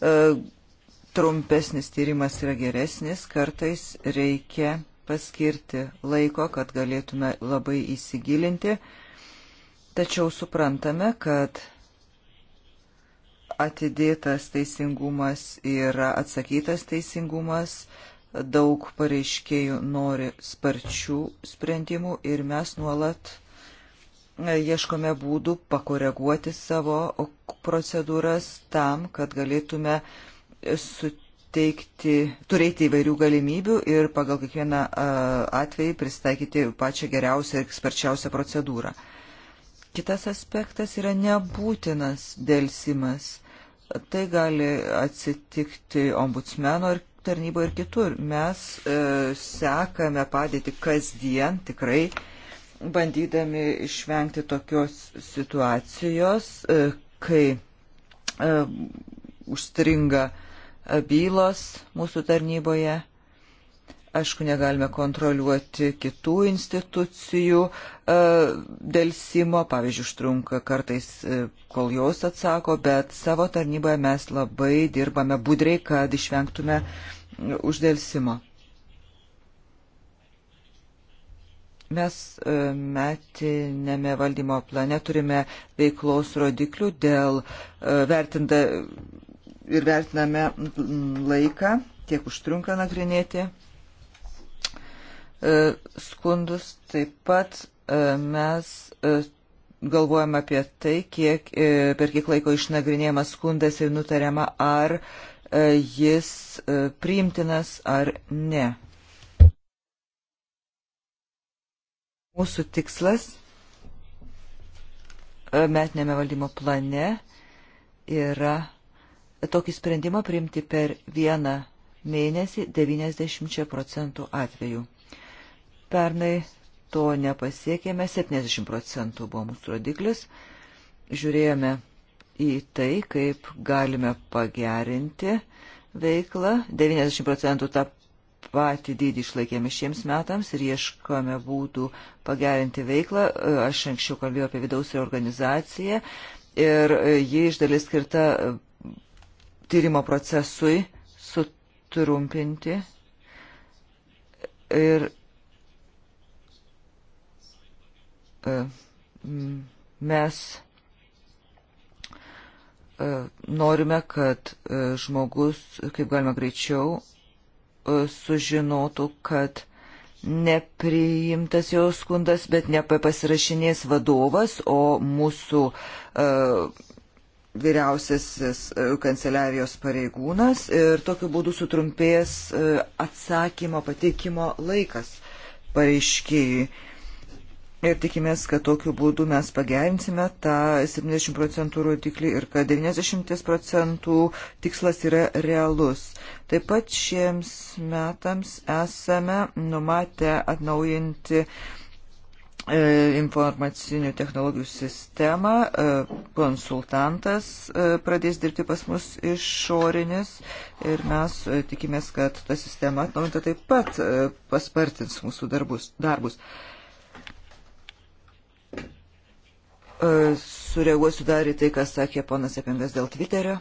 Speaker 3: e, trumpesnis tyrimas yra geresnis, kartais reikia paskirti laiko, kad galėtume labai įsigilinti Tačiau suprantame, kad atidėtas teisingumas yra atsakytas teisingumas, daug pareiškėjų nori sparčių sprendimų ir mes nuolat e, ieškome būdų pakoreguoti savo procedūras tam, kad galėtume suteikti, turėti įvairių galimybių ir pagal kiekvieną e, atvejį pristaikyti pačią geriausią ir sparčiausią procedūrą. Kitas aspektas yra nebūtinas dėlsimas. Tai gali atsitikti ombudsmeno ir tarnybo ir kitur. Mes e, sekame padėti kasdien tikrai, bandydami išvengti tokios situacijos, e, kai e, užstringa bylos mūsų tarnyboje. Aišku, negalime kontroliuoti kitų institucijų e, dėlsimo, pavyzdžiui, užtrunka kartais, e, kol jos atsako, bet savo tarnyboje mes labai dirbame budriai, kad išvengtume uždėlsimo. Mes e, metinėme valdymo plane turime veiklos rodiklių dėl vertinda ir vertiname laiką, tiek užtrunka nagrinėti E, skundus. Taip pat e, mes e, galvojam apie tai, kiek, per kiek laiko išnagrinėjamas skundas ir nutariama, ar jis priimtinas ar ne. Mūsų tikslas metinėme valdymo plane yra tokį sprendimą priimti per vieną mėnesį 90 procentų atvejų. Pernai to nepasiekėme, 70 procentų buvo mūsų rodiklis. Žiūrėjome į tai, kaip galime pagerinti veiklą. 90 procentų tą patį dydį išlaikėme šiems metams ir ieškome būdų pagerinti veiklą. Aš anksčiau kalbėjau apie vidaus reorganizaciją ir ji iš dalies skirta tyrimo procesui sutrumpinti. Ir E, mes e, norime, kad e, žmogus, kaip galima greičiau, sužinotų, kad nepriimtas jo skundas, bet nepasirašinės vadovas, o mūsų vyriausiasis kanceliarijos pareigūnas ir tokiu būdu sutrumpės atsakymo pateikimo laikas pareiškėjui. Ir tikimės, kad tokiu būdu mes pagerinsime tą 70 procentų rodiklį ir kad 90 procentų tikslas yra realus. Taip pat šiems metams esame numatę atnaujinti e, informacinių technologijų sistemą. E, konsultantas e, pradės dirbti pas mus išorinis ir mes tikimės, kad ta sistema atnaujinta taip pat paspartins mūsų darbus. darbus. E, sureaguosiu dar į tai, ką sakė ponas Epingas dėl Twitterio.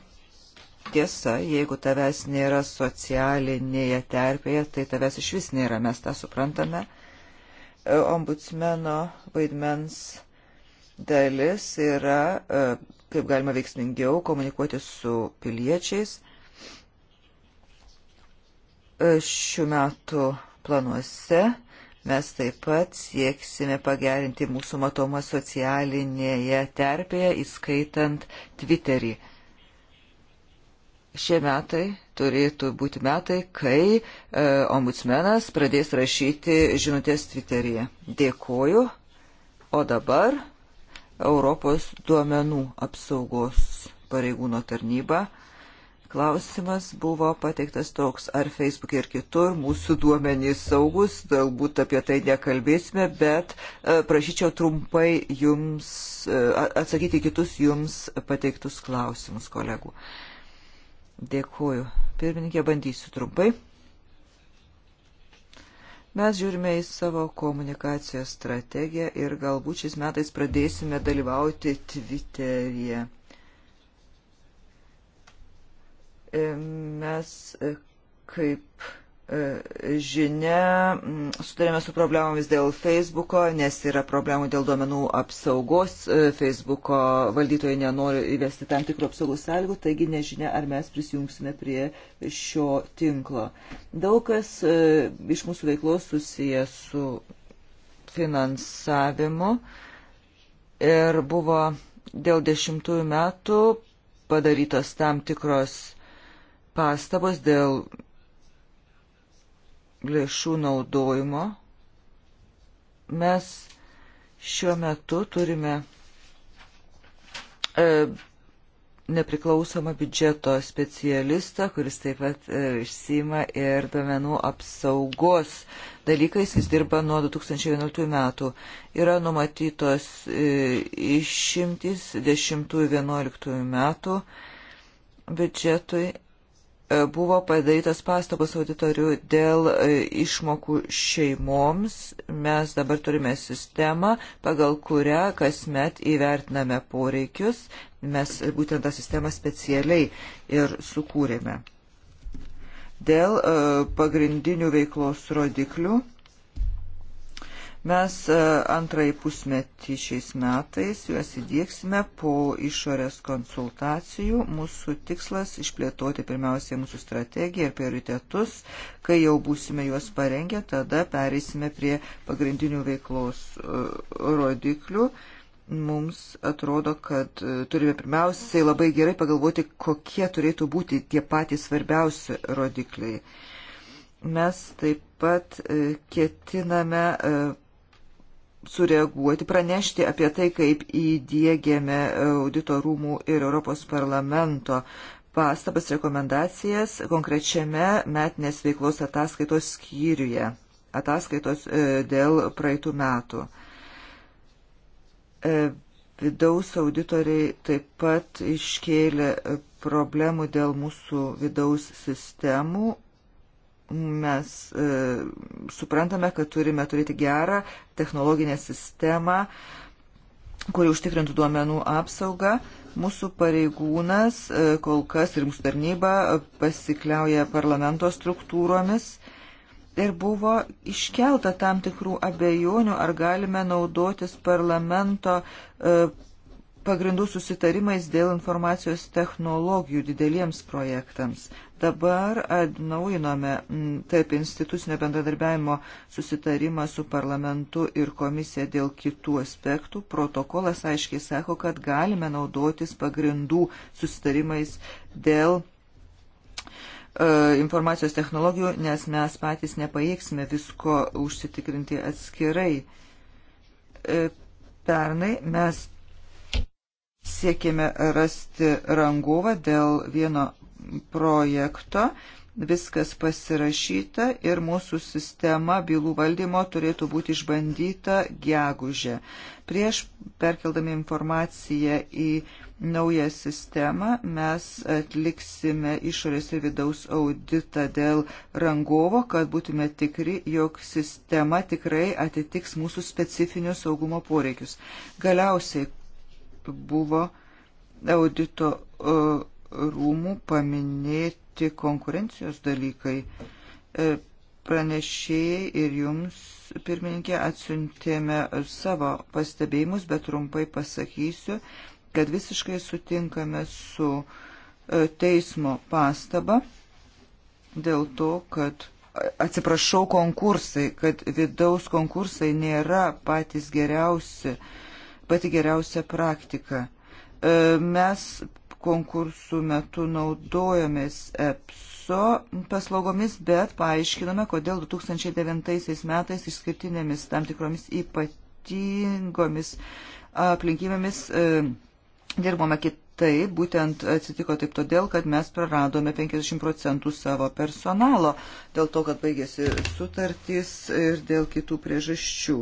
Speaker 3: Tiesa, jeigu tavęs nėra socialinėje terpėje, tai tavęs iš vis nėra, mes tą suprantame. E, ombudsmeno vaidmens dalis yra, e, kaip galima veiksmingiau, komunikuoti su piliečiais. Šių metų planuose Mes taip pat sieksime pagerinti mūsų matomą socialinėje terpėje, įskaitant Twitterį. Šie metai turėtų būti metai, kai e, ombudsmenas pradės rašyti žinutės Twitteryje. Dėkoju. O dabar Europos duomenų apsaugos pareigūno tarnyba Klausimas buvo pateiktas toks, ar Facebook ir kitur mūsų duomenys saugus, galbūt apie tai nekalbėsime, bet e, prašyčiau trumpai jums e, atsakyti kitus jums pateiktus klausimus, kolegų. Dėkuoju. Pirmininkė, bandysiu trumpai. Mes žiūrime į savo komunikacijos strategiją ir galbūt šiais metais pradėsime dalyvauti Twitter'yje. E, mes e, kaip e, žinia, sutarėme su problemomis dėl Facebooko, nes yra problemų dėl duomenų apsaugos. Facebooko valdytojai nenori įvesti tam tikrų apsaugos sąlygų, taigi nežinia, ar mes prisijungsime prie šio tinklo. Daug kas iš mūsų veiklos susiję su finansavimu ir buvo dėl dešimtųjų metų padarytos tam tikros pastabos dėl lėšų naudojimo. Mes šiuo metu turime e, nepriklausomą biudžeto specialistą, kuris taip pat e, išsima ir domenų apsaugos dalykais. Jis dirba nuo 2011 metų. Yra numatytos e, išimtis 10-11 metų biudžetui buvo padarytos pastabos auditorių dėl e, išmokų šeimoms. Mes dabar turime sistemą, pagal kurią kasmet įvertiname poreikius. Mes būtent tą sistemą specialiai ir sukūrėme. Dėl e, pagrindinių veiklos rodiklių Mes e, antrąjį pusmetį šiais metais juos įdėksime po išorės konsultacijų. Mūsų tikslas išplėtoti pirmiausiai mūsų strategiją ir prioritetus. Kai jau būsime juos parengę, tada pereisime prie pagrindinių veiklos e, rodiklių mums atrodo, kad e, turime pirmiausiai labai gerai pagalvoti, kokie turėtų būti tie patys svarbiausi rodikliai. Mes taip pat ketiname sureaguoti, pranešti apie tai, kaip įdėgėme auditorumų ir Europos parlamento pastabas rekomendacijas konkrečiame metinės veiklos ataskaitos skyriuje, ataskaitos e, dėl praeitų metų. E, vidaus auditoriai taip pat iškėlė problemų dėl mūsų vidaus sistemų Mes e, suprantame, kad turime turėti gerą technologinę sistemą, kuri užtikrintų duomenų apsaugą. Mūsų pareigūnas e, kol kas ir mūsų tarnyba pasikliauja parlamento struktūromis ir buvo iškelta tam tikrų abejonių, ar galime naudotis parlamento e, pagrindų susitarimais dėl informacijos technologijų dideliems projektams. Dabar atnaujinome taip institucinio bendradarbiavimo susitarimą su parlamentu ir komisija dėl kitų aspektų. Protokolas aiškiai sako, kad galime naudotis pagrindų susitarimais dėl e, informacijos technologijų, nes mes patys nepaėksime visko užsitikrinti atskirai. E, pernai mes siekėme rasti rangovą dėl vieno projekto. Viskas pasirašyta ir mūsų sistema bylų valdymo turėtų būti išbandyta gegužė. Prieš perkeldami informaciją į naują sistemą mes atliksime išorės ir vidaus auditą dėl rangovo, kad būtume tikri, jog sistema tikrai atitiks mūsų specifinius saugumo poreikius. Galiausiai buvo audito e, rūmų paminėti konkurencijos dalykai. E, pranešėjai ir jums, pirmininkė, atsiuntėme savo pastebėjimus, bet trumpai pasakysiu, kad visiškai sutinkame su e, teismo pastaba dėl to, kad atsiprašau konkursai, kad vidaus konkursai nėra patys geriausi uh, pati geriausia praktika. E, mes konkursų metu naudojomės EPSO paslaugomis, bet paaiškinome, kodėl 2009 metais išskirtinėmis tam tikromis ypatingomis aplinkybėmis e, dirbome kitaip, būtent atsitiko taip todėl, kad mes praradome 50 procentų savo personalo, dėl to, kad baigėsi sutartys ir dėl kitų priežasčių.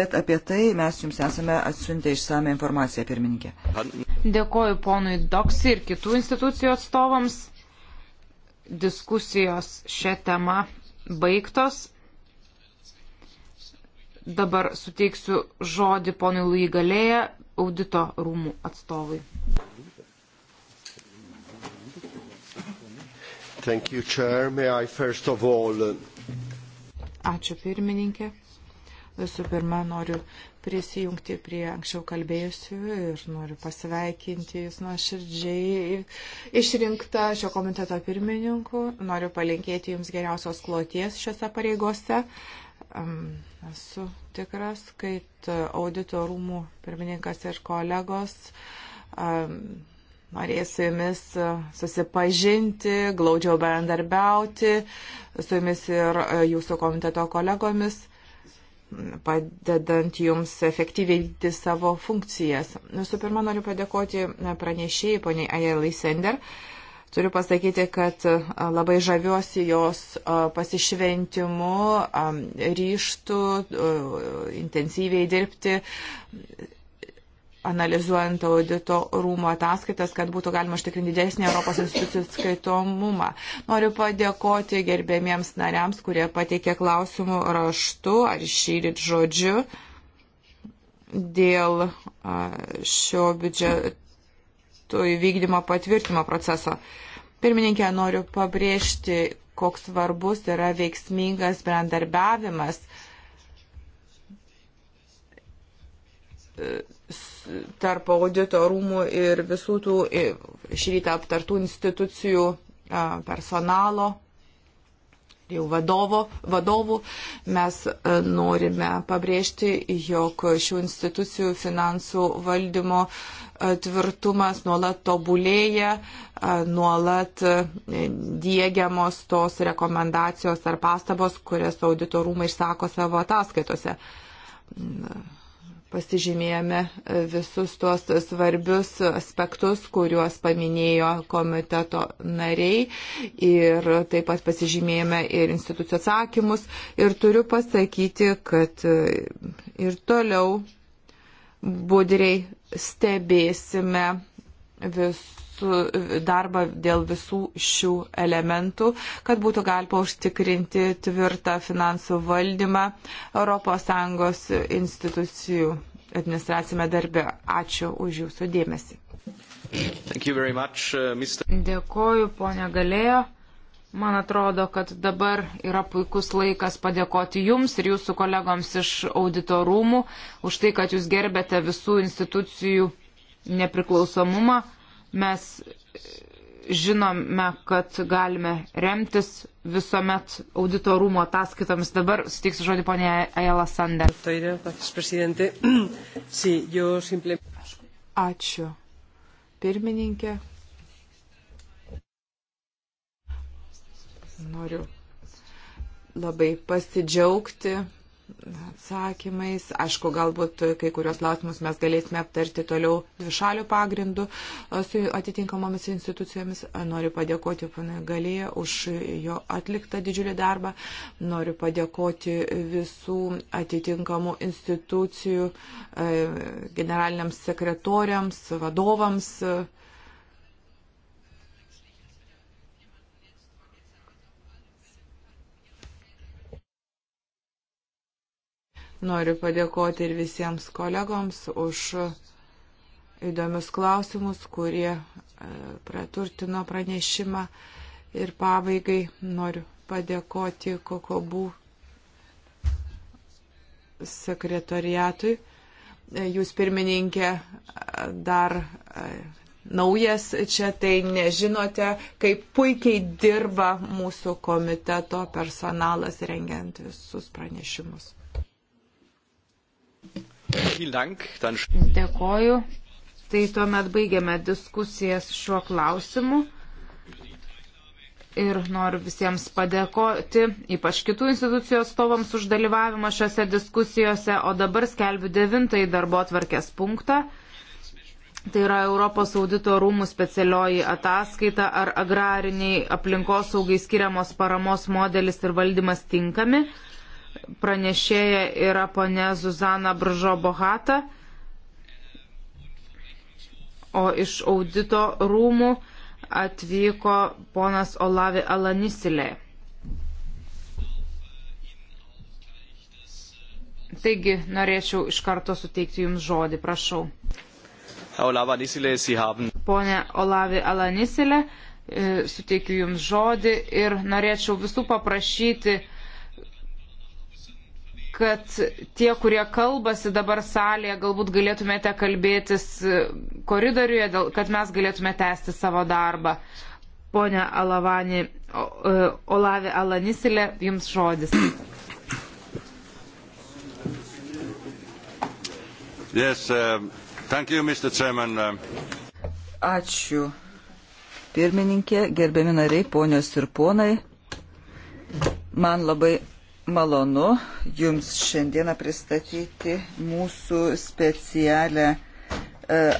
Speaker 3: Bet apie tai mes jums esame atsiuntę išsame informaciją, pirmininkė.
Speaker 2: Dėkoju ponui Doksi ir kitų institucijų atstovams. Diskusijos šią temą baigtos. Dabar suteiksiu žodį ponui Lygalėje, audito rūmų atstovui.
Speaker 1: Thank you, Chair. May I first of all... Uh, Ačiū pirmininkė. Visų pirma, noriu prisijungti prie anksčiau kalbėjusių ir noriu pasveikinti Jūs nuoširdžiai išrinktą šio komiteto pirmininku. Noriu palinkėti Jums geriausios kloties šiuose pareigose. Uh, esu tikras, kad audito rūmų pirmininkas ir kolegos norės su jumis susipažinti, glaudžiau bendarbiauti, su jumis ir jūsų komiteto kolegomis padedant jums efektyviai savo funkcijas. Visų pirma, noriu padėkoti pranešėjai, poniai Ajelai Sender, uh, Turiu pasakyti, kad labai žaviuosi jos pasišventimu, ryštu, intensyviai dirbti, analizuojant audito rūmo ataskaitas, kad būtų galima užtikrinti didesnį Europos institucijų skaitomumą. Noriu padėkoti gerbėmiems nariams, kurie pateikė klausimų raštu ar šyrit žodžiu dėl šio biudžeto aktų įvykdymo patvirtimo proceso. Pirmininkė, noriu pabrėžti, koks svarbus yra veiksmingas bendarbiavimas e, tarp audito rūmų ir visų tų e, šį rytą aptartų institucijų personalo jau vadovo, vadovų, mes e, norime pabrėžti, jog šių institucijų finansų valdymo e, tvirtumas nuolat tobulėja, e, nuolat dėgiamos tos rekomendacijos ar pastabos, kurias audito rūmai išsako savo ataskaitose pasižymėjome e, visus tuos svarbius aspektus, kuriuos paminėjo komiteto nariai ir taip pat pasižymėjome ir institucijų atsakymus. Ir turiu pasakyti, kad e, ir toliau budriai stebėsime visus darbą dėl visų šių elementų, kad būtų galima užtikrinti tvirtą finansų valdymą ES institucijų administracijame darbe. Ačiū už jūsų dėmesį.
Speaker 2: Much, uh, Mr...
Speaker 1: Dėkoju,
Speaker 2: ponia Galėjo. Man atrodo, kad dabar yra puikus laikas padėkoti Jums ir Jūsų kolegoms iš audito rūmų už tai, kad Jūs gerbėte visų institucijų nepriklausomumą. Mes žinome, kad galime remtis visuomet auditorumo ataskaitomis. Dabar sutiksiu žodį ponė Ajala Sander.
Speaker 1: Ačiū. Pirmininkė. Noriu labai pasidžiaugti atsakymais. Aišku, galbūt kai kurios klausimus mes galėsime aptarti toliau dvišalių pagrindų su atitinkamomis institucijomis. Noriu padėkoti pana Galėje už jo atliktą didžiulį darbą. Noriu padėkoti visų atitinkamų institucijų e, generaliniams sekretoriams, vadovams. E, Noriu padėkoti ir visiems kolegoms už įdomius klausimus, kurie e, praturtino pranešimą. Ir pabaigai noriu padėkoti Kokobų sekretoriatui. E, jūs pirmininkė dar e, naujas čia, tai nežinote, kaip puikiai dirba mūsų komiteto personalas rengiant visus pranešimus. Dėkoju.
Speaker 2: Tai tuomet baigiame diskusijas šiuo klausimu. Ir noriu visiems padėkoti, ypač kitų institucijų atstovams už dalyvavimą šiuose diskusijose. O dabar skelbiu devintąjį darbo atvarkės punktą. Tai yra Europos audito rūmų specialioji ataskaita, ar agrariniai aplinkosaugai skiriamos paramos modelis ir valdymas tinkami. Pranešėja yra ponė Zuzana Bržo Bohata. O iš audito rūmų atvyko ponas Olavi Alanisilė. Taigi norėčiau iš karto suteikti Jums žodį, prašau. Pone Olavi Alanisilė, e, suteikiu Jums žodį ir norėčiau visų paprašyti, kad tie, kurie kalbasi dabar salėje, galbūt galėtumėte kalbėtis e, koridoriuje, kad mes galėtume tęsti savo darbą. Pone Alavani, e, Olavi Alanisilė, jums žodis.
Speaker 1: Yes, um, thank you, Mr. Chairman. Uh,
Speaker 3: Ačiū. Pirmininkė, gerbiami nariai, ponios ir ponai, man labai malonu Jums šiandieną pristatyti mūsų specialią e,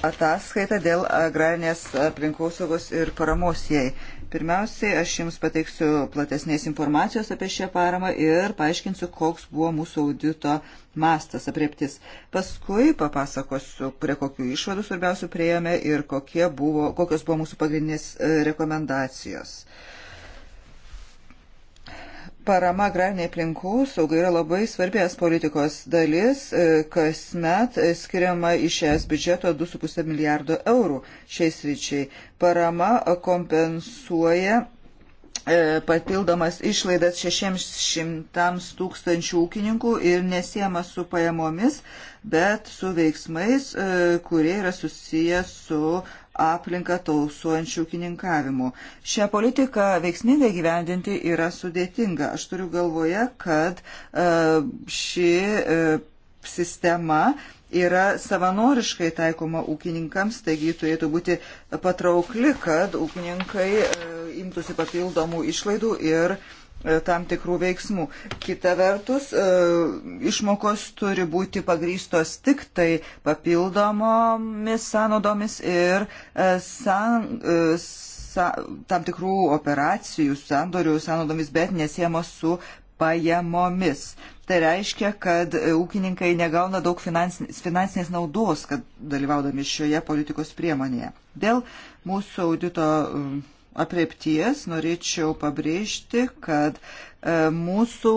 Speaker 3: ataskaitą dėl agrarinės aplinkosaugos ir paramos jai. Pirmiausiai, aš Jums pateiksiu platesnės informacijos apie šią paramą ir paaiškinsiu, koks buvo mūsų audito mastas, apreptis. Paskui papasakosiu, prie kokių išvadų svarbiausių prieėmė ir buvo, kokios buvo mūsų pagrindinės e, rekomendacijos. Uh, Parama agrariniai aplinkosaugai yra labai svarbės politikos dalis, e, kasmet skiriama iš es biudžeto 2,5 milijardo eurų šiais ryčiai. Parama kompensuoja e, papildomas išlaidas 600 tūkstančių ūkininkų ir nesiema su pajamomis, bet su veiksmais, e, kurie yra susijęs su aplinką tausuojančių ūkininkavimu. Šią politiką veiksmingai gyvendinti yra sudėtinga. Aš turiu galvoje, kad e, ši e, sistema yra savanoriškai taikoma ūkininkams, taigi turėtų būti patraukli, kad ūkininkai imtųsi papildomų išlaidų ir uh, E, tam tikrų veiksmų. Kita vertus, e, išmokos turi būti pagrystos tik tai papildomomis sąnaudomis ir e, san, sa, tam tikrų operacijų, sandorių sąnaudomis, bet nesiemos su pajamomis. Tai reiškia, kad ūkininkai negauna daug finansinės, finansinės naudos, kad dalyvaudami šioje politikos priemonėje. Dėl mūsų audito uh, apriepties norėčiau pabrėžti, kad e, mūsų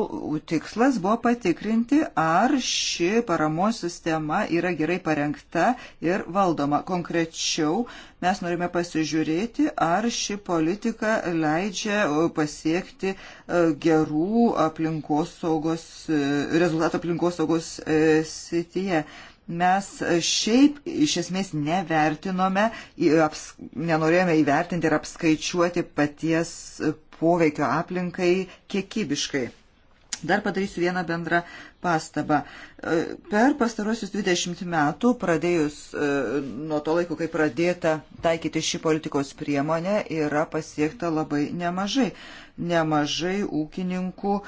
Speaker 3: tikslas buvo patikrinti, ar ši paramos sistema yra gerai parengta ir valdoma. Konkrečiau mes norime pasižiūrėti, ar ši politika leidžia pasiekti e, gerų aplinkos saugos, e, rezultatų aplinkos saugos sityje. E, mes šiaip iš esmės nevertinome, nenorėjome įvertinti ir apskaičiuoti paties poveikio aplinkai kiekybiškai. Dar padarysiu vieną bendrą pastabą. E, per pastarosius 20 metų, pradėjus e, nuo to laiko, kai pradėta taikyti šį politikos priemonę, yra pasiekta labai nemažai nemažai ūkininkų e,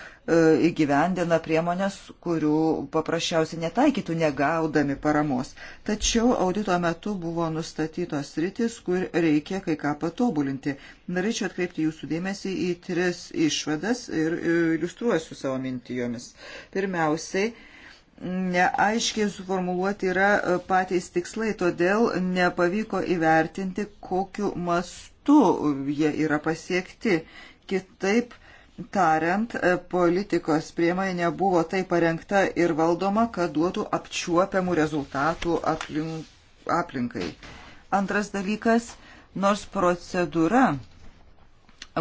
Speaker 3: įgyvendina priemonės, kurių paprasčiausiai netaikytų negaudami paramos. Tačiau audito metu buvo nustatytos rytis, kur reikia kai ką patobulinti. Norėčiau atkreipti jūsų dėmesį į tris išvadas ir e, iliustruosiu savo mintijomis. Pirmiausiai, neaiškiai suformuluoti yra e, patys tikslai, todėl nepavyko įvertinti, kokiu mastu jie yra pasiekti. Kitaip tariant, e, politikos priemonė nebuvo taip parengta ir valdoma, kad duotų apčiuopiamų rezultatų aplink, aplinkai. Antras dalykas, nors procedūra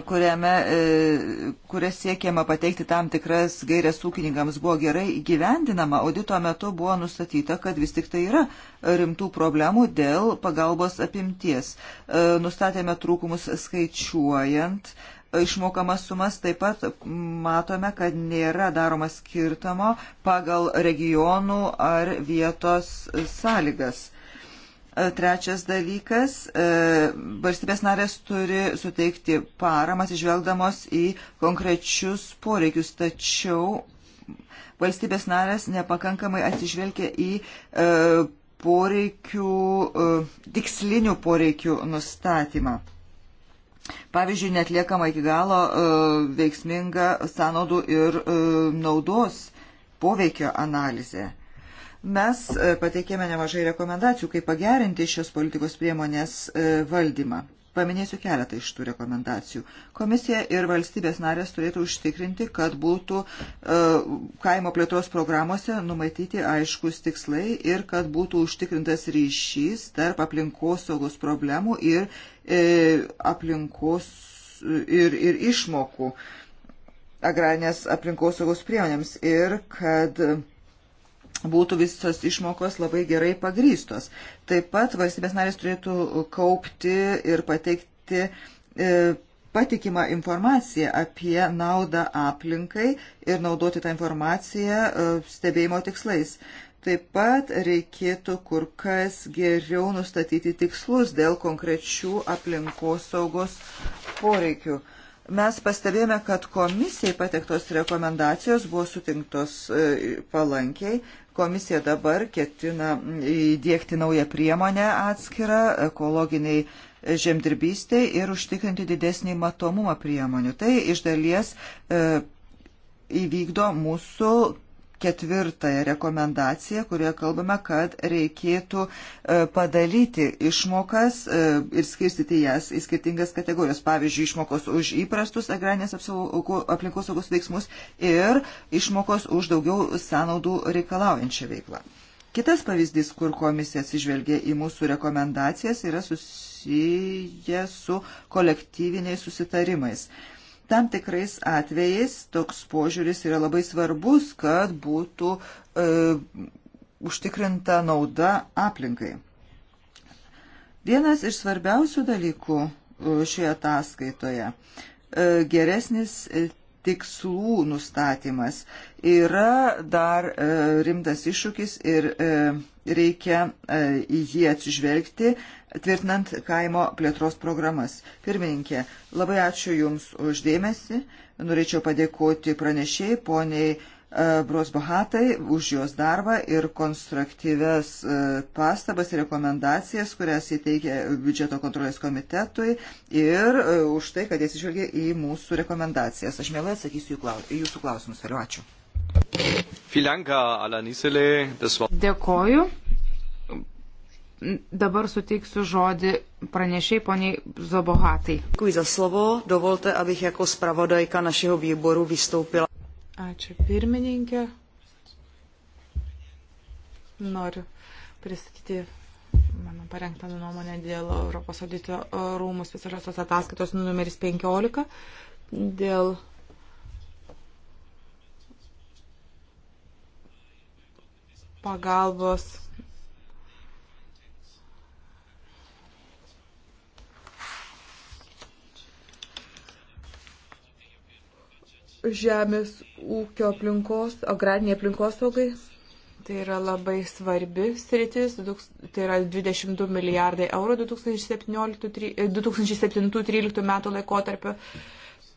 Speaker 3: kuriame, e, kuria siekiama pateikti tam tikras gairias ūkininkams buvo gerai gyvendinama, audito metu buvo nustatyta, kad vis tik tai yra rimtų problemų dėl pagalbos apimties. E, nustatėme trūkumus skaičiuojant išmokamas sumas taip pat matome, kad nėra daroma skirtamo pagal regionų ar vietos sąlygas. E, trečias dalykas e, - valstybės narės turi suteikti paramas išvelgdamos į konkrečius poreikius, tačiau valstybės narės nepakankamai atsižvelgia į e, poreikių, tikslinių poreikių nustatymą. Pavyzdžiui, netliekama iki galo e, veiksminga sąnaudų ir e, naudos poveikio analizė. Mes e, pateikėme nemažai rekomendacijų, kaip pagerinti šios politikos priemonės valdymą. Paminėsiu keletą iš tų rekomendacijų. Komisija ir valstybės narės turėtų užtikrinti, kad būtų e, kaimo plėtros programuose numatyti aiškus tikslai ir kad būtų užtikrintas ryšys tarp aplinkosaugos problemų ir e, aplinkos ir, ir išmokų agrarinės aplinkosaugos priemonėms ir kad būtų visos išmokos labai gerai pagrystos. Taip pat valstybės narės turėtų kaupti ir pateikti e, patikimą informaciją apie naudą aplinkai ir naudoti tą informaciją e, stebėjimo tikslais. Taip pat reikėtų kur kas geriau nustatyti tikslus dėl konkrečių aplinkosaugos poreikių. E, Mes pastebėjome, kad komisijai patektos rekomendacijos buvo sutinktos e, palankiai. Komisija dabar ketina įdėkti naują priemonę atskirą ekologiniai žemdirbystėj ir užtikrinti didesnį matomumą priemonių. Tai iš dalies e, įvykdo mūsų ketvirtąją rekomendaciją, kurioje kalbame, kad reikėtų e, padalyti išmokas e, ir skirstyti jas į skirtingas kategorijas. Pavyzdžiui, išmokos už įprastus agrarinės aplinkosaugos veiksmus ir išmokos už daugiau sąnaudų reikalaujančią veiklą. Kitas pavyzdys, kur komisija atsižvelgia į mūsų rekomendacijas, yra susijęs su kolektyviniais susitarimais. Tam tikrais atvejais toks požiūris yra labai svarbus, kad būtų e, užtikrinta nauda aplinkai. Vienas iš svarbiausių dalykų e, šioje ataskaitoje e, - geresnis tikslų nustatymas yra dar e, rimtas iššūkis ir reikia į jį atsižvelgti, tvirtinant kaimo plėtros programas. Pirmininkė, labai ačiū Jums uždėmesi. Norėčiau padėkoti pranešėjai, poniai e, Brosbahatai, už jos darbą ir konstruktyves e, pastabas ir rekomendacijas, kurias įteikė biudžeto kontrolės komitetui ir e, už tai, kad jis išvelgė į mūsų rekomendacijas. Aš mielai atsakysiu jūsų klausimus. Vėliau ačiū. Dėkoju.
Speaker 2: Dabar suteiksiu žodį pranešiai poniai
Speaker 3: Zobohatai. Děkuji za slovo. Dovolte, abych jako spravodajka našeho výboru vystoupila. Ačiū pirmininkė.
Speaker 1: Noriu pristatyti mano parengtą nuomonę dėl Europos audito rūmų specialiosios ataskaitos numeris 15 dėl pagalbos žemės ūkio aplinkos, agrariniai aplinkosaugai. Tai yra labai svarbi sritis, tai yra 22 milijardai eurų 2017-2013 e, metų laikotarpio.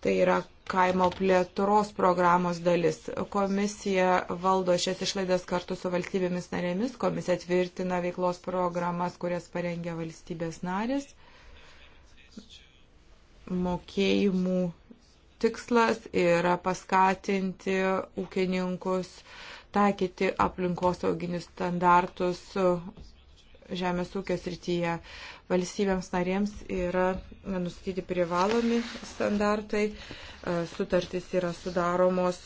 Speaker 1: Tai yra kaimo plėtros programos dalis. Komisija valdo šias išlaidas kartu su valstybėmis narėmis. Komisija tvirtina veiklos programas, kurias parengia valstybės narės. Mokėjimų tikslas yra paskatinti ūkininkus taikyti aplinkosauginius standartus žemės ūkio srityje. Valstybėms narėms yra nustatyti privalomi standartai, e, sutartys yra sudaromos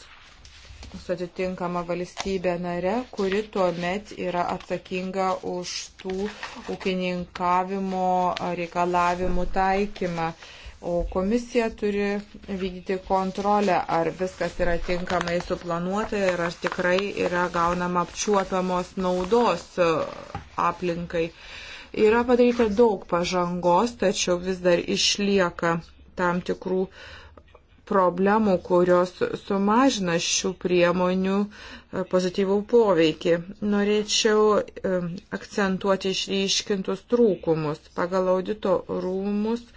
Speaker 1: su atitinkama valstybė nare, kuri tuo met yra atsakinga už tų ūkininkavimo reikalavimų taikymą. O komisija turi vykdyti kontrolę, ar viskas yra tinkamai suplanuota ir ar tikrai yra gaunama apčiuopiamos naudos aplinkai. Yra padaryta daug pažangos, tačiau vis dar išlieka tam tikrų problemų, kurios sumažina šių priemonių e, pozityvų poveikį. Norėčiau e, akcentuoti išryškintus trūkumus pagal audito rūmus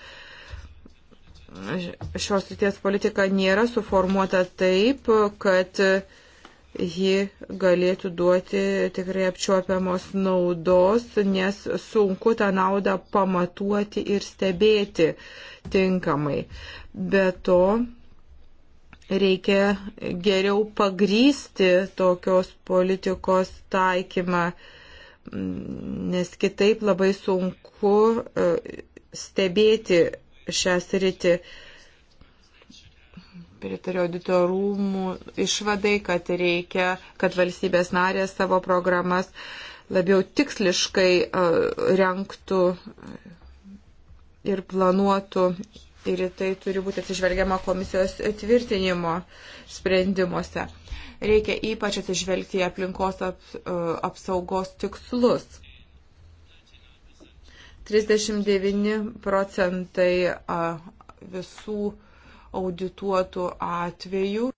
Speaker 1: šios ryties politika nėra suformuota taip, kad ji galėtų duoti tikrai apčiuopiamos naudos, nes sunku tą naudą pamatuoti ir stebėti tinkamai. Be to, reikia geriau pagrysti tokios politikos taikymą, nes kitaip labai sunku e, stebėti šią sritį. Pritariu auditorumų išvadai, kad reikia, kad valstybės narės savo programas labiau tiksliškai renktų ir planuotų ir į tai turi būti atsižvelgiama komisijos tvirtinimo sprendimuose. Reikia ypač atsižvelgti į aplinkos apsaugos tikslus. 39 procentai visų audituotų atvejų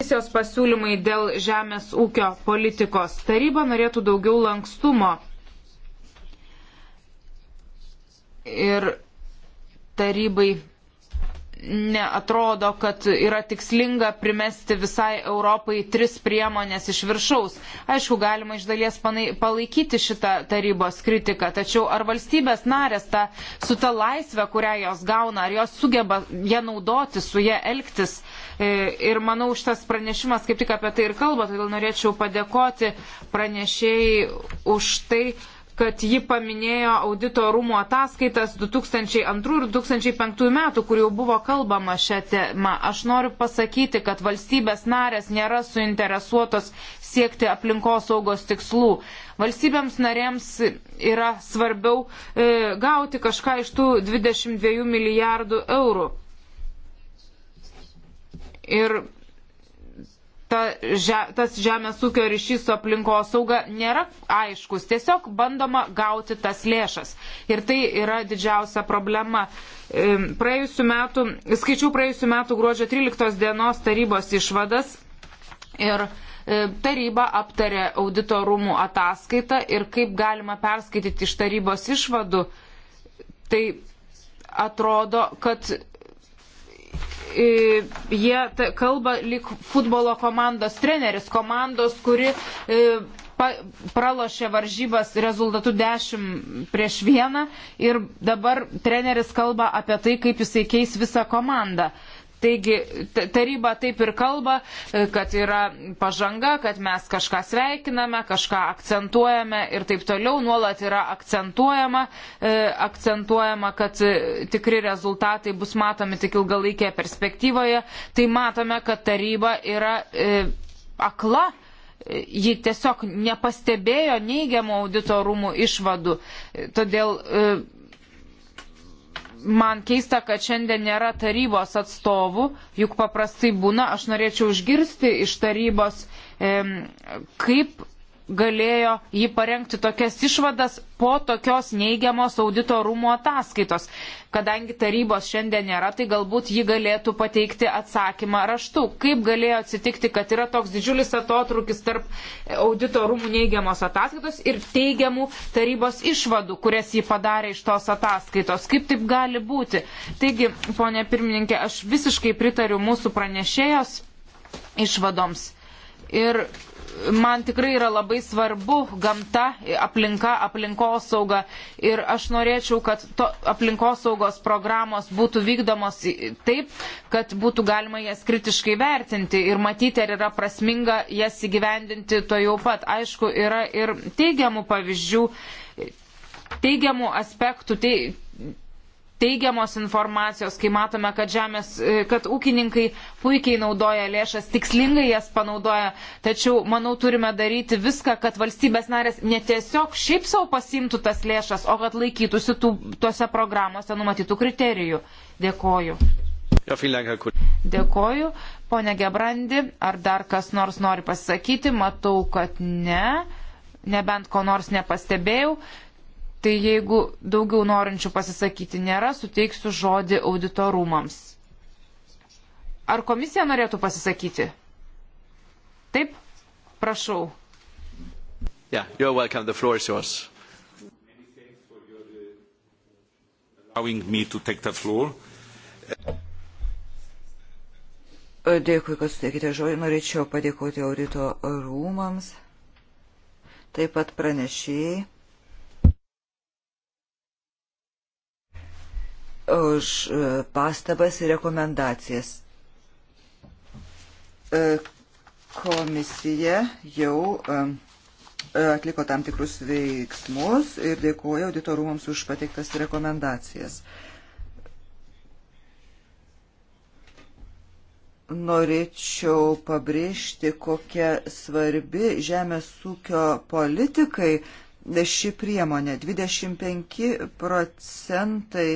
Speaker 2: Komisijos pasiūlymai dėl žemės ūkio politikos. Taryba norėtų daugiau lankstumo. Ir tarybai neatrodo, kad yra tikslinga primesti visai Europai tris priemonės iš viršaus. Aišku, galima iš dalies palaikyti šitą tarybos kritiką, tačiau ar valstybės narės ta, su ta laisvė, kurią jos gauna, ar jos sugeba ją naudoti, su ją elgtis, E, ir manau, šitas pranešimas kaip tik apie tai ir kalba, todėl norėčiau padėkoti pranešėjai už tai, kad ji paminėjo audito rūmų ataskaitas 2002 ir 2005 metų, kur jau buvo kalbama šią temą. Aš noriu pasakyti, kad valstybės narės nėra suinteresuotos siekti aplinkos saugos tikslų. Valstybėms narėms yra svarbiau e, gauti kažką iš tų 22 milijardų eurų. Ir ta, že, tas žemės ūkio ryšys su aplinkosauga nėra aiškus. Tiesiog bandoma gauti tas lėšas. Ir tai yra didžiausia problema. Praėjusiu metu, skaičiau praėjusiu metu gruodžio 13 dienos tarybos išvadas. Ir e, taryba aptarė auditorumų ataskaitą ir kaip galima perskaityti iš tarybos išvadų, tai atrodo, kad jie ta, kalba lik futbolo komandos treneris, komandos, kuri e, pa, pralošė varžybas rezultatu 10 prieš 1 ir dabar treneris kalba apie tai, kaip jisai keis visą komandą. E, Taigi taryba taip ir kalba, e, kad yra pažanga, kad mes kažką sveikiname, kažką akcentuojame ir taip toliau nuolat yra akcentuojama, e, akcentuojama, kad e, tikri rezultatai bus matomi tik ilgalaikėje perspektyvoje. Tai matome, kad taryba yra akla ji tiesiog nepastebėjo neigiamų auditorumų išvadų. Todėl man keista, kad šiandien nėra tarybos atstovų, juk paprastai būna, aš norėčiau išgirsti iš tarybos, kaip galėjo jį parengti tokias išvadas po tokios neigiamos audito rūmų ataskaitos. Kadangi tarybos šiandien nėra, tai galbūt ji galėtų pateikti atsakymą raštu. Kaip galėjo atsitikti, kad yra toks didžiulis atotrukis tarp audito rūmų neigiamos ataskaitos ir teigiamų tarybos išvadų, kurias ji padarė iš tos ataskaitos. Kaip taip gali būti? Taigi, ponė pirmininkė, aš visiškai pritariu mūsų pranešėjos išvadoms. Ir man tikrai yra labai svarbu gamta, aplinka, aplinkosauga ir aš norėčiau, kad to aplinkosaugos programos būtų vykdomos taip, kad būtų galima jas kritiškai vertinti ir matyti, ar yra prasminga jas įgyvendinti to jau pat. Aišku, yra ir teigiamų pavyzdžių, teigiamų aspektų. Tei, teigiamos informacijos, kai matome, kad, žemės, e, kad ūkininkai puikiai naudoja lėšas, tikslingai jas panaudoja, tačiau, manau, turime daryti viską, kad valstybės narės ne tiesiog šiaip savo pasimtų tas lėšas, o kad laikytųsi tų, tose programuose numatytų kriterijų. Dėkoju. Dėkoju. Pone Gebrandi, ar dar kas nors nori pasakyti? Matau, kad ne. Nebent ko nors nepastebėjau. Tai jeigu daugiau norinčių pasisakyti nėra, suteiksiu žodį auditorumams. Ar komisija norėtų pasisakyti? Taip, prašau.
Speaker 1: Yeah, you're welcome. The floor is yours.
Speaker 3: Allowing me to take the floor. E, dėkui, kad suteikite žodį. Norėčiau padėkoti audito rūmams, taip pat pranešėjai. už e, pastabas ir rekomendacijas. E, komisija jau e, atliko tam tikrus veiksmus ir dėkoja auditorumams už pateiktas rekomendacijas. norėčiau pabrėžti, kokia svarbi žemės ūkio politikai ši priemonė. 25 procentai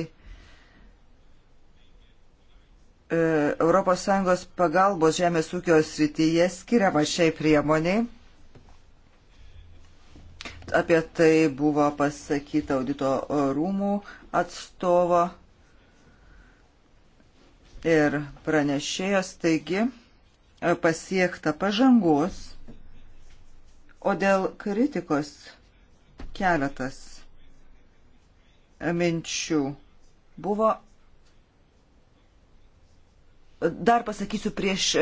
Speaker 3: E, ES pagalbos žemės ūkio srityje skiriama šiai priemoniai. Apie tai buvo pasakyta audito rūmų atstovo ir pranešėjos. Taigi e, pasiekta pažangos, o dėl kritikos keletas minčių buvo Dar pasakysiu prieš, e,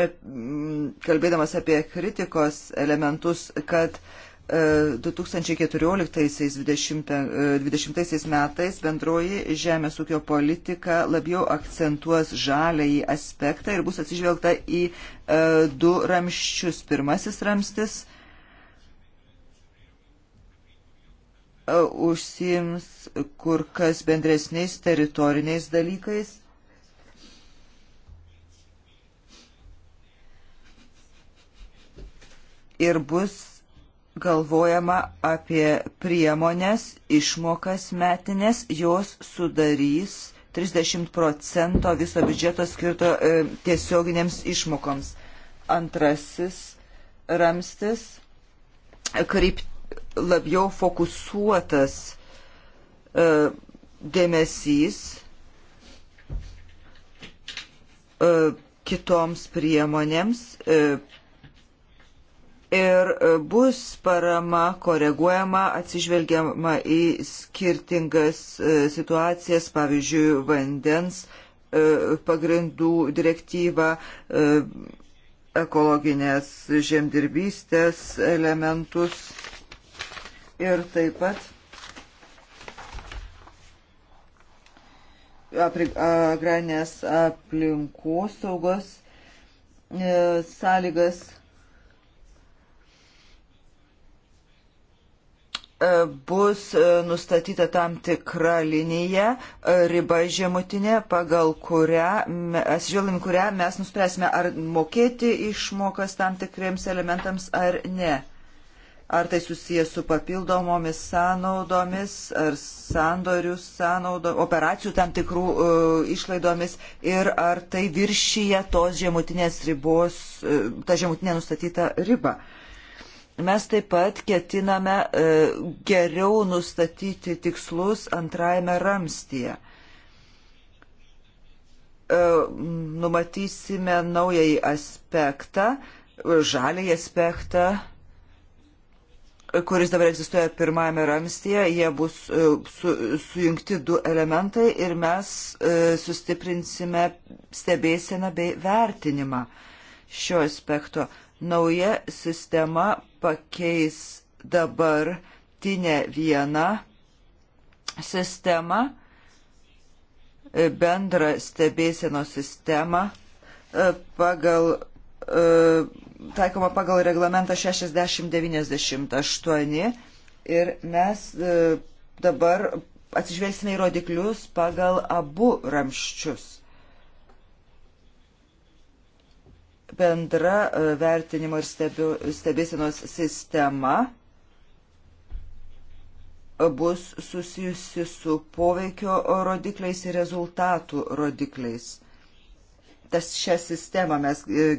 Speaker 3: kalbėdamas apie kritikos elementus, kad 2014-2020 e, e, metais bendroji žemės ūkio politika labiau akcentuos žaliai aspektą ir bus atsižvelgta į du ramščius. Pirmasis ramstis užsiims kur kas bendresniais teritoriniais dalykais ir bus galvojama apie priemonės, išmokas metinės, jos sudarys 30 procento viso biudžeto skirto e, tiesioginėms išmokoms. Antrasis ramstis, kaip labiau fokusuotas e, dėmesys e, kitoms priemonėms, e, ir e, bus parama koreguojama, atsižvelgiama į skirtingas e, situacijas, pavyzdžiui, vandens e, pagrindų direktyvą, ekologinės žemdirbystės elementus ir taip pat agrarinės aplinkos saugos sąlygas E, bus e, nustatyta tam tikra linija, e, riba žemutinė, pagal kurią, atsižiūrėjom, kurią mes nuspręsime, ar mokėti išmokas tam tikriems elementams ar ne. Ar tai susijęs su papildomomis sąnaudomis, ar sandorių sąnaudomis, operacijų tam tikrų uh, išlaidomis ir ar tai viršyje tos žemutinės ribos, uh, tą žemutinę nustatytą ribą. Uh, Mes taip pat ketiname e, geriau nustatyti tikslus antrajame ramstyje. E, numatysime naująjį aspektą, žalį aspektą, kuris dabar egzistuoja pirmajame ramstyje, jie bus e, su, sujungti du elementai ir mes sustiprinsime stebėseną bei vertinimą šio aspekto. Nauja sistema pakeis dabartinę vieną sistemą, e, bendrą stebėsienos sistemą e, pagal e, taikoma pagal reglamentą 6098 ir mes dabar atsižvelgsime į rodiklius pagal abu ramščius. bendra e, vertinimo ir stebėsinos sistema bus susijusi su poveikio rodikliais ir rezultatų rodikliais. Tas šią sistemą mes e,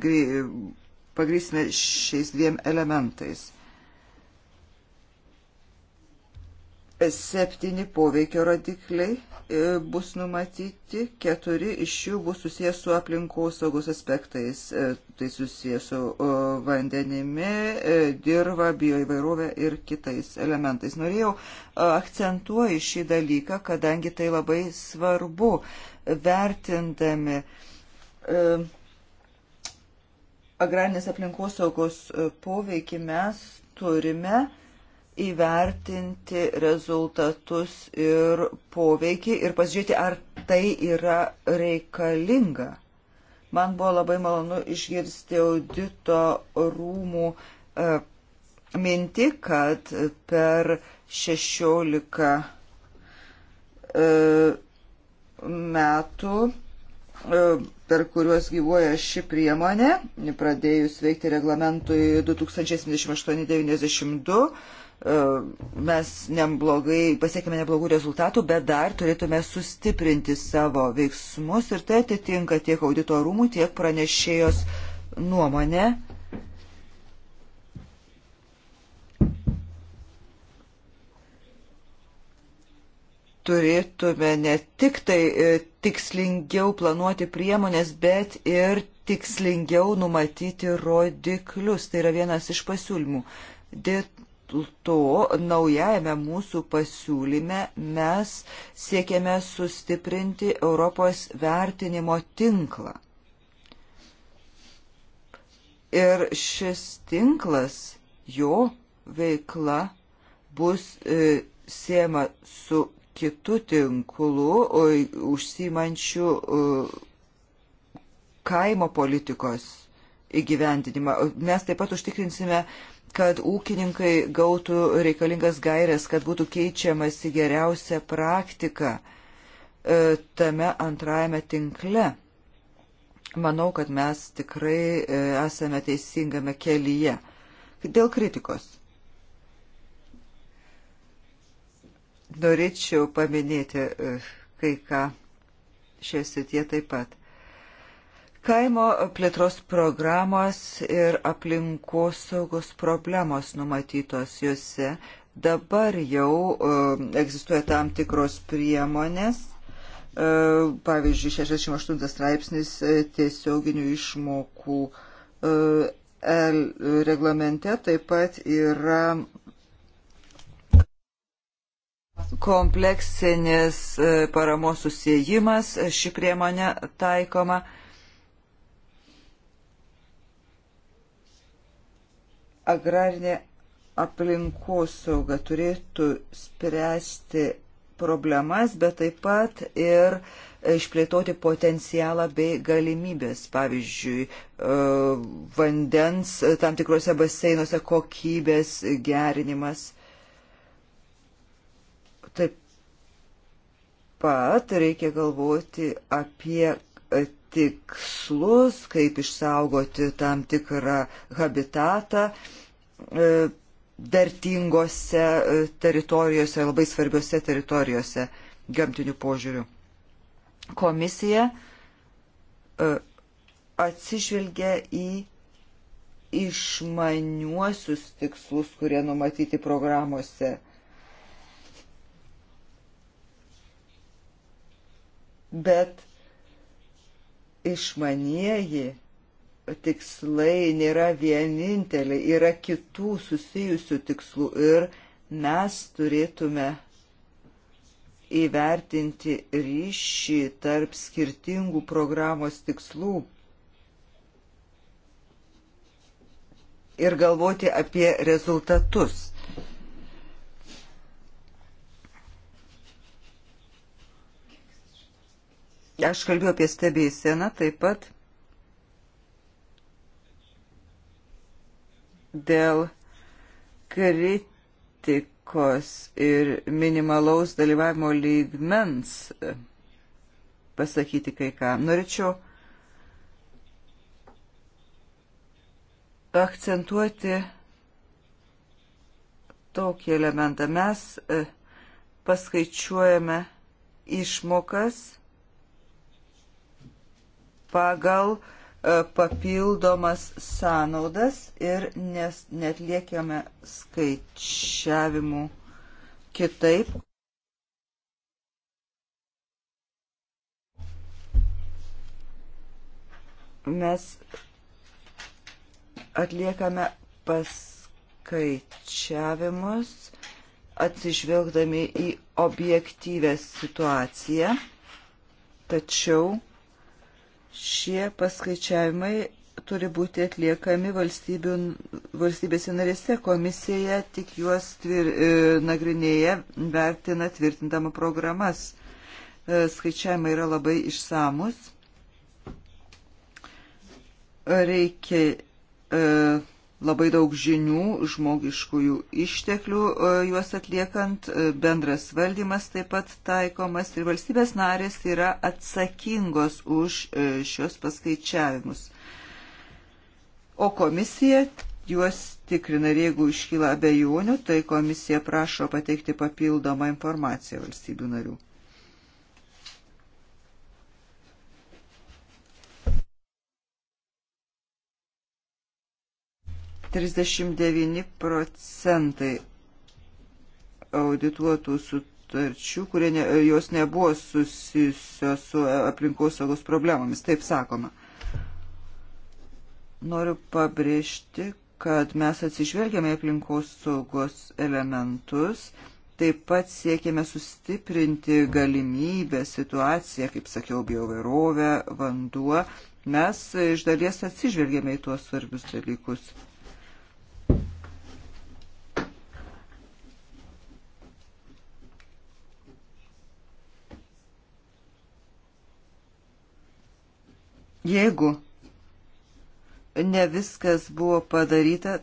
Speaker 3: pagrįsime šiais dviem elementais. Septyni poveikio rodikliai e, bus numatyti, keturi iš jų bus susijęs su aplinkos saugos aspektais. E, tai susijęs su vandenimi, e, dirba, bioįvairovė ir kitais elementais. Norėjau akcentuoju šį dalyką, kadangi tai labai svarbu vertindami agrarinės aplinkos saugos poveikį mes turime uh, įvertinti rezultatus ir poveikį ir pasižiūrėti, ar tai yra reikalinga. Man buvo labai malonu išgirsti audito rūmų e, minti, kad per 16 e, metų, e, per kuriuos gyvuoja ši priemonė, pradėjus veikti reglamentui 2078-92, E, mes neblogai, pasiekime neblogų rezultatų, bet dar turėtume sustiprinti savo veiksmus ir tai atitinka tiek audito rūmų, tiek pranešėjos nuomonė. Turėtume ne tik tai e, tikslingiau planuoti priemonės, bet ir tikslingiau numatyti rodiklius. Tai yra vienas iš pasiūlymų. Dėt to naujajame mūsų pasiūlyme mes siekiame sustiprinti Europos vertinimo tinklą. Ir šis tinklas, jo veikla bus e, siema su kitu tinklu užsimančiu e, kaimo politikos įgyvendinimą. Mes taip pat užtikrinsime kad ūkininkai gautų reikalingas gairias, kad būtų keičiamasi geriausia praktika e, tame antrajame tinkle. Manau, kad mes tikrai e, esame teisingame kelyje. Dėl kritikos. Norėčiau paminėti e, kai ką šioje srityje taip pat. Kaimo plėtros programos ir aplinkosaugos problemos numatytos juose. Dabar jau e, egzistuoja tam tikros priemonės, e, pavyzdžiui, 68 straipsnis e, tiesioginių išmokų e, reglamente taip pat yra kompleksinis e, paramos susijimas, ši priemonė taikoma. E, agrarinė aplinkosauga turėtų spręsti problemas, bet taip pat ir išplėtoti potencialą bei galimybės, pavyzdžiui, e, vandens tam tikrose baseinuose kokybės gerinimas. Taip pat reikia galvoti apie tikslus, kaip išsaugoti tam tikrą habitatą e, vertingose e, teritorijose, labai svarbiose teritorijose gamtinių požiūrių. Komisija e, atsižvelgia į išmaniuosius tikslus, kurie numatyti programuose. Bet išmanieji tikslai nėra vieninteliai, yra kitų susijusių tikslų ir mes turėtume įvertinti ryšį tarp skirtingų programos tikslų ir galvoti apie rezultatus. Aš kalbėjau apie stebėseną taip pat dėl kritikos ir minimalaus dalyvavimo lygmens pasakyti kai ką. Norėčiau akcentuoti tokį elementą. Mes e, paskaičiuojame išmokas pagal e, papildomas sąnaudas ir nes, netliekame skaičiavimų kitaip. Mes atliekame paskaičiavimus atsižvelgdami į objektyvę situaciją, tačiau Šie paskaičiavimai turi būti atliekami valstybėse narėse. Komisija tik juos tvir, e, nagrinėja, vertina tvirtindama programas. E, skaičiavimai yra labai išsamus. Reikia e, labai daug žinių, žmogiškųjų išteklių e, juos atliekant, e, bendras valdymas taip pat taikomas ir valstybės narės yra atsakingos už e, šios paskaičiavimus. O komisija juos tikrina ir jeigu iškyla abejonių, tai komisija prašo pateikti papildomą informaciją valstybių narių. 39 procentai audituotų sutarčių, kurie ne, jos nebuvo susijusios su aplinkos saugos problemomis, taip sakoma. Noriu pabrėžti, kad mes atsižvelgiame į aplinkos saugos elementus, taip pat siekiame sustiprinti galimybę, situaciją, kaip sakiau, biovairovę, vanduo. Mes iš dalies atsižvelgiame į tuos svarbius dalykus. Jeigu ne viskas buvo padaryta,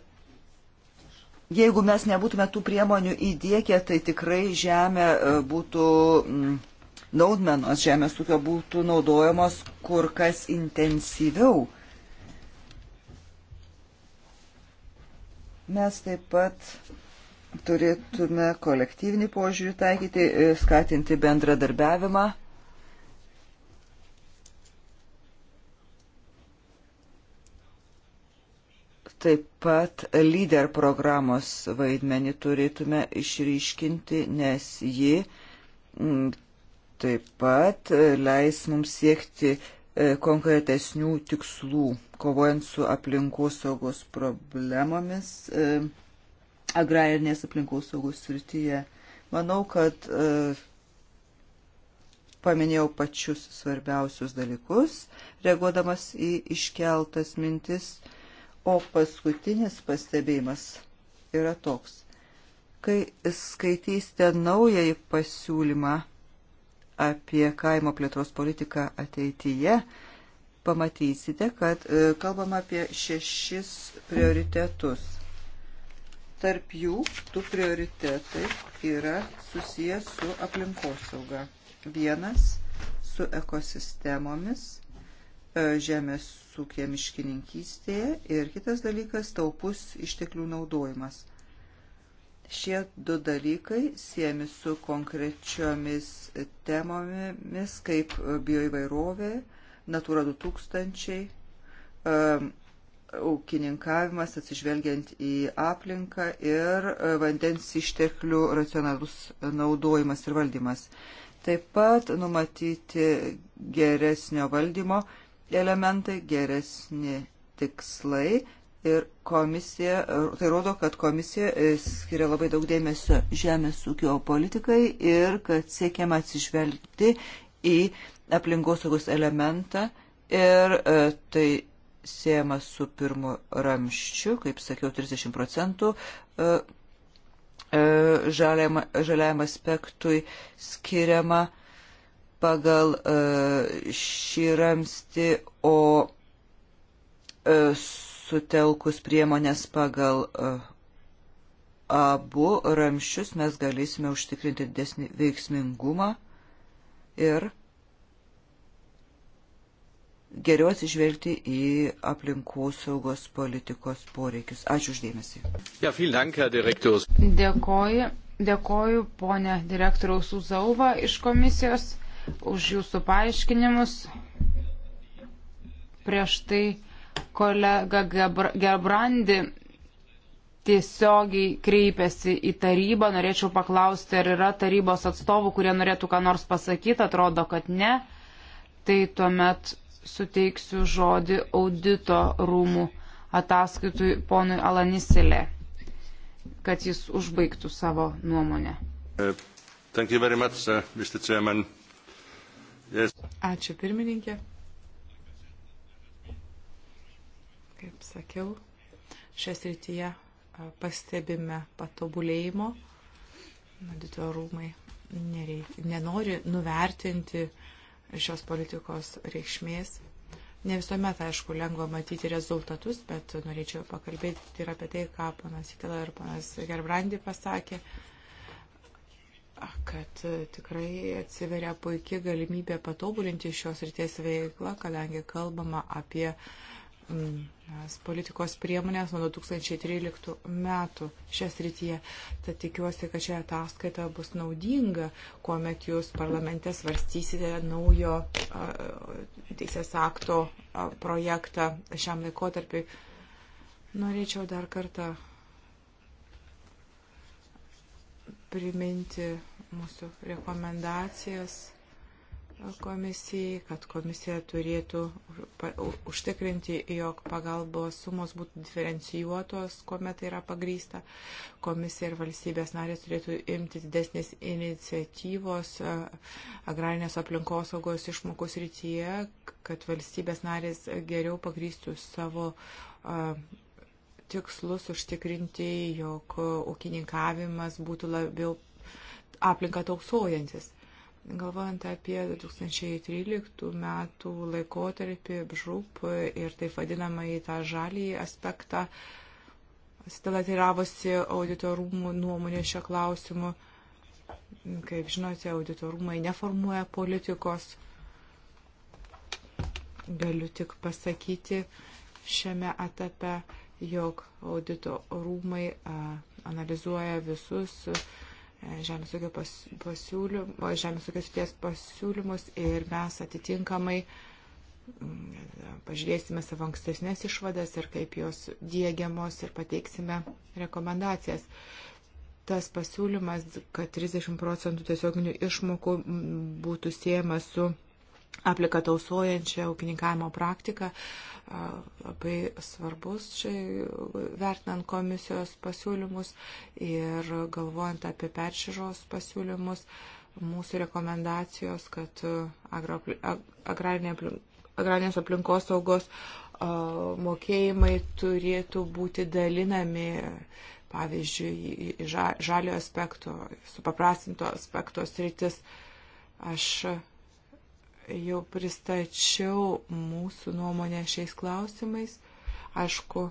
Speaker 3: jeigu mes nebūtume tų priemonių įdėkę, tai tikrai žemė e, būtų mm, naudmenos, žemės ūkio būtų naudojamos kur kas intensyviau. Mes taip pat turėtume kolektyvinį požiūrį taikyti, e, skatinti bendradarbiavimą Taip pat lyder programos vaidmenį turėtume išryškinti, nes ji mm, taip pat leis mums siekti e, konkretesnių tikslų, kovojant su aplinkosaugos problemomis e, agrarinės aplinkosaugos srityje. Manau, kad e, paminėjau pačius svarbiausius dalykus, reaguodamas į iškeltas mintis. O paskutinis pastebėjimas yra toks. Kai skaitysite naująjį pasiūlymą apie kaimo plėtros politiką ateityje, pamatysite, kad e, kalbam apie šešis prioritetus. Tarp jų tų prioritetai yra susijęs su aplinkosauga. Vienas su ekosistemomis, E, žemės ūkė miškininkystėje ir kitas dalykas taupus išteklių naudojimas. Šie du dalykai siemi su konkrečiomis temomis kaip bioįvairovė, Natura 2000, e, ūkininkavimas atsižvelgiant į aplinką ir e, vandens išteklių racionalus naudojimas ir valdymas. Taip pat numatyti geresnio valdymo elementai, geresni tikslai ir komisija, tai rodo, kad komisija e, skiria labai daug dėmesio žemės ūkio politikai ir kad siekiama atsižvelgti į aplinkosaugos elementą ir e, tai siejama su pirmu ramščiu, kaip sakiau, 30 procentų e, žaliam, žaliam aspektui skiriama pagal e, šį ramsti, o e, sutelkus priemonės pagal e, abu ramščius mes galėsime užtikrinti didesnį veiksmingumą ir geriau atsižvelgti į aplinkosaugos politikos poreikius. Ačiū uždėmesi.
Speaker 1: Ja, dank,
Speaker 2: Dėkoju, dėkoju ponė direktoriaus Uzauva iš komisijos už jūsų paaiškinimus. Prieš tai kolega Gerbrandi tiesiogiai kreipėsi į tarybą. Norėčiau paklausti, ar yra tarybos atstovų, kurie norėtų ką nors pasakyti. Atrodo, kad ne. Tai tuomet suteiksiu žodį audito rūmų ataskaitui ponui Alanisilė, kad jis užbaigtų savo nuomonę.
Speaker 3: Uh, thank you very much, uh, Mr. Chairman. Yes.
Speaker 1: Ačiū pirmininkė. Kaip sakiau, šią srityje pastebime patobulėjimo. Audito rūmai nereikia, nenori nuvertinti šios politikos reikšmės. Ne visuomet, aišku, lengva matyti rezultatus, bet norėčiau pakalbėti ir apie tai, ką panas Itila ir panas Gerbrandi pasakė. Uh, kad e, tikrai atsiveria puikia galimybė patobulinti šios ryties veiklą, kadangi kalbama apie mm, politikos priemonės nuo 2013 metų šią srityje. Tad tikiuosi, kad šią ataskaitą bus naudinga, kuomet jūs parlamente svarstysite naujo teisės akto projektą šiam laikotarpiu. Norėčiau dar kartą priminti mūsų rekomendacijas komisijai, kad komisija turėtų užtikrinti, jog pagalbos sumos būtų diferencijuotos, kuomet tai yra pagrysta. Komisija ir valstybės narės turėtų imti didesnės iniciatyvos agrarinės aplinkosaugos išmokos rytyje, kad valstybės narės geriau pagrystų savo tikslus užtikrinti, jog ūkininkavimas būtų labiau aplinką tausojantis. Galvojant apie 2013 metų laikotarpį BŽUP ir taip vadinamą į tą žalį aspektą, stelatiravosi auditorumų nuomonė šio klausimu. Kaip žinote, auditorumai neformuoja politikos. Galiu tik pasakyti šiame etape, jog audito rūmai analizuoja visus žemės ūkio, pasiūlymų, žemės ūkio sties pasiūlymus ir mes atitinkamai pažiūrėsime savo ankstesnės išvadas ir kaip jos dėgiamos ir pateiksime rekomendacijas. Tas pasiūlymas, kad 30 procentų tiesioginių išmokų būtų siejama su apliką tausojančią ūkininkavimo praktiką. Labai svarbus čia vertinant komisijos pasiūlymus ir galvojant apie peržiūros pasiūlymus, mūsų rekomendacijos, kad agro, agrarinė, agrarinės aplinkos saugos mokėjimai turėtų būti dalinami pavyzdžiui, žalio aspekto, supaprastinto aspekto sritis. Aš jau pristačiau mūsų nuomonę šiais klausimais. Aišku,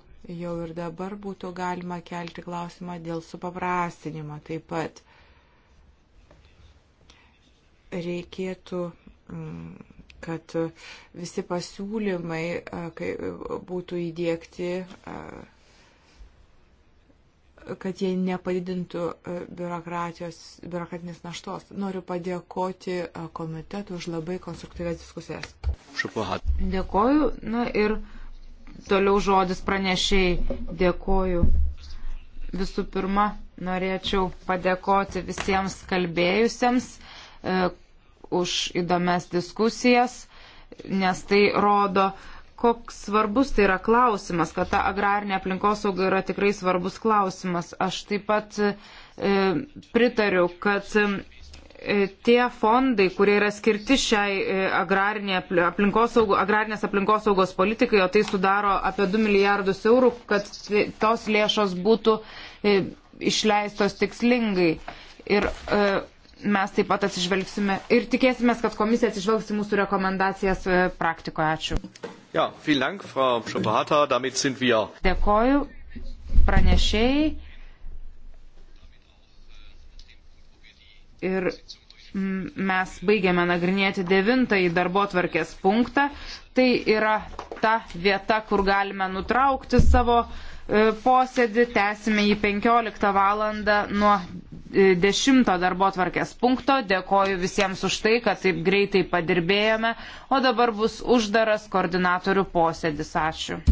Speaker 1: jau ir dabar būtų galima kelti klausimą dėl supaprastinimo taip pat. Reikėtų, mm, kad visi pasiūlymai būtų įdėkti kad jie nepadidintų e, biurokratinės naštos. Noriu padėkoti e, komitetui už labai konstruktyvės diskusijas. Šupuhat. Dėkoju.
Speaker 2: Na ir toliau žodis pranešiai. Dėkoju. Visų pirma, norėčiau padėkoti visiems kalbėjusiems e, už įdomias diskusijas, nes tai rodo, e, koks svarbus tai yra klausimas, kad ta agrarinė aplinkosauga yra tikrai svarbus klausimas. Aš taip pat e, pritariu, kad e, tie fondai, kurie yra skirti šiai e, agrarinė aplinkosaugo, agrarinės aplinkosaugos politikai, o tai sudaro apie 2 milijardus eurų, kad tos lėšos būtų e, išleistos tikslingai. Ir e, mes taip pat atsižvelgsime ir tikėsime, kad komisija atsižvelgs į mūsų rekomendacijas e, praktikoje. Ačiū. Ja, Dank, Frau Schubahata, damit sind wir. Dėkoju pranešėjai. Ir mes baigiame nagrinėti devintąjį darbo tvarkės punktą. Tai yra ta vieta, kur galime nutraukti savo E, posėdį, tęsime jį 15 val. nuo 10 e, darbo tvarkės punkto. Dėkoju visiems už tai, kad taip greitai padirbėjome, o dabar bus uždaras koordinatorių posėdis. Ačiū.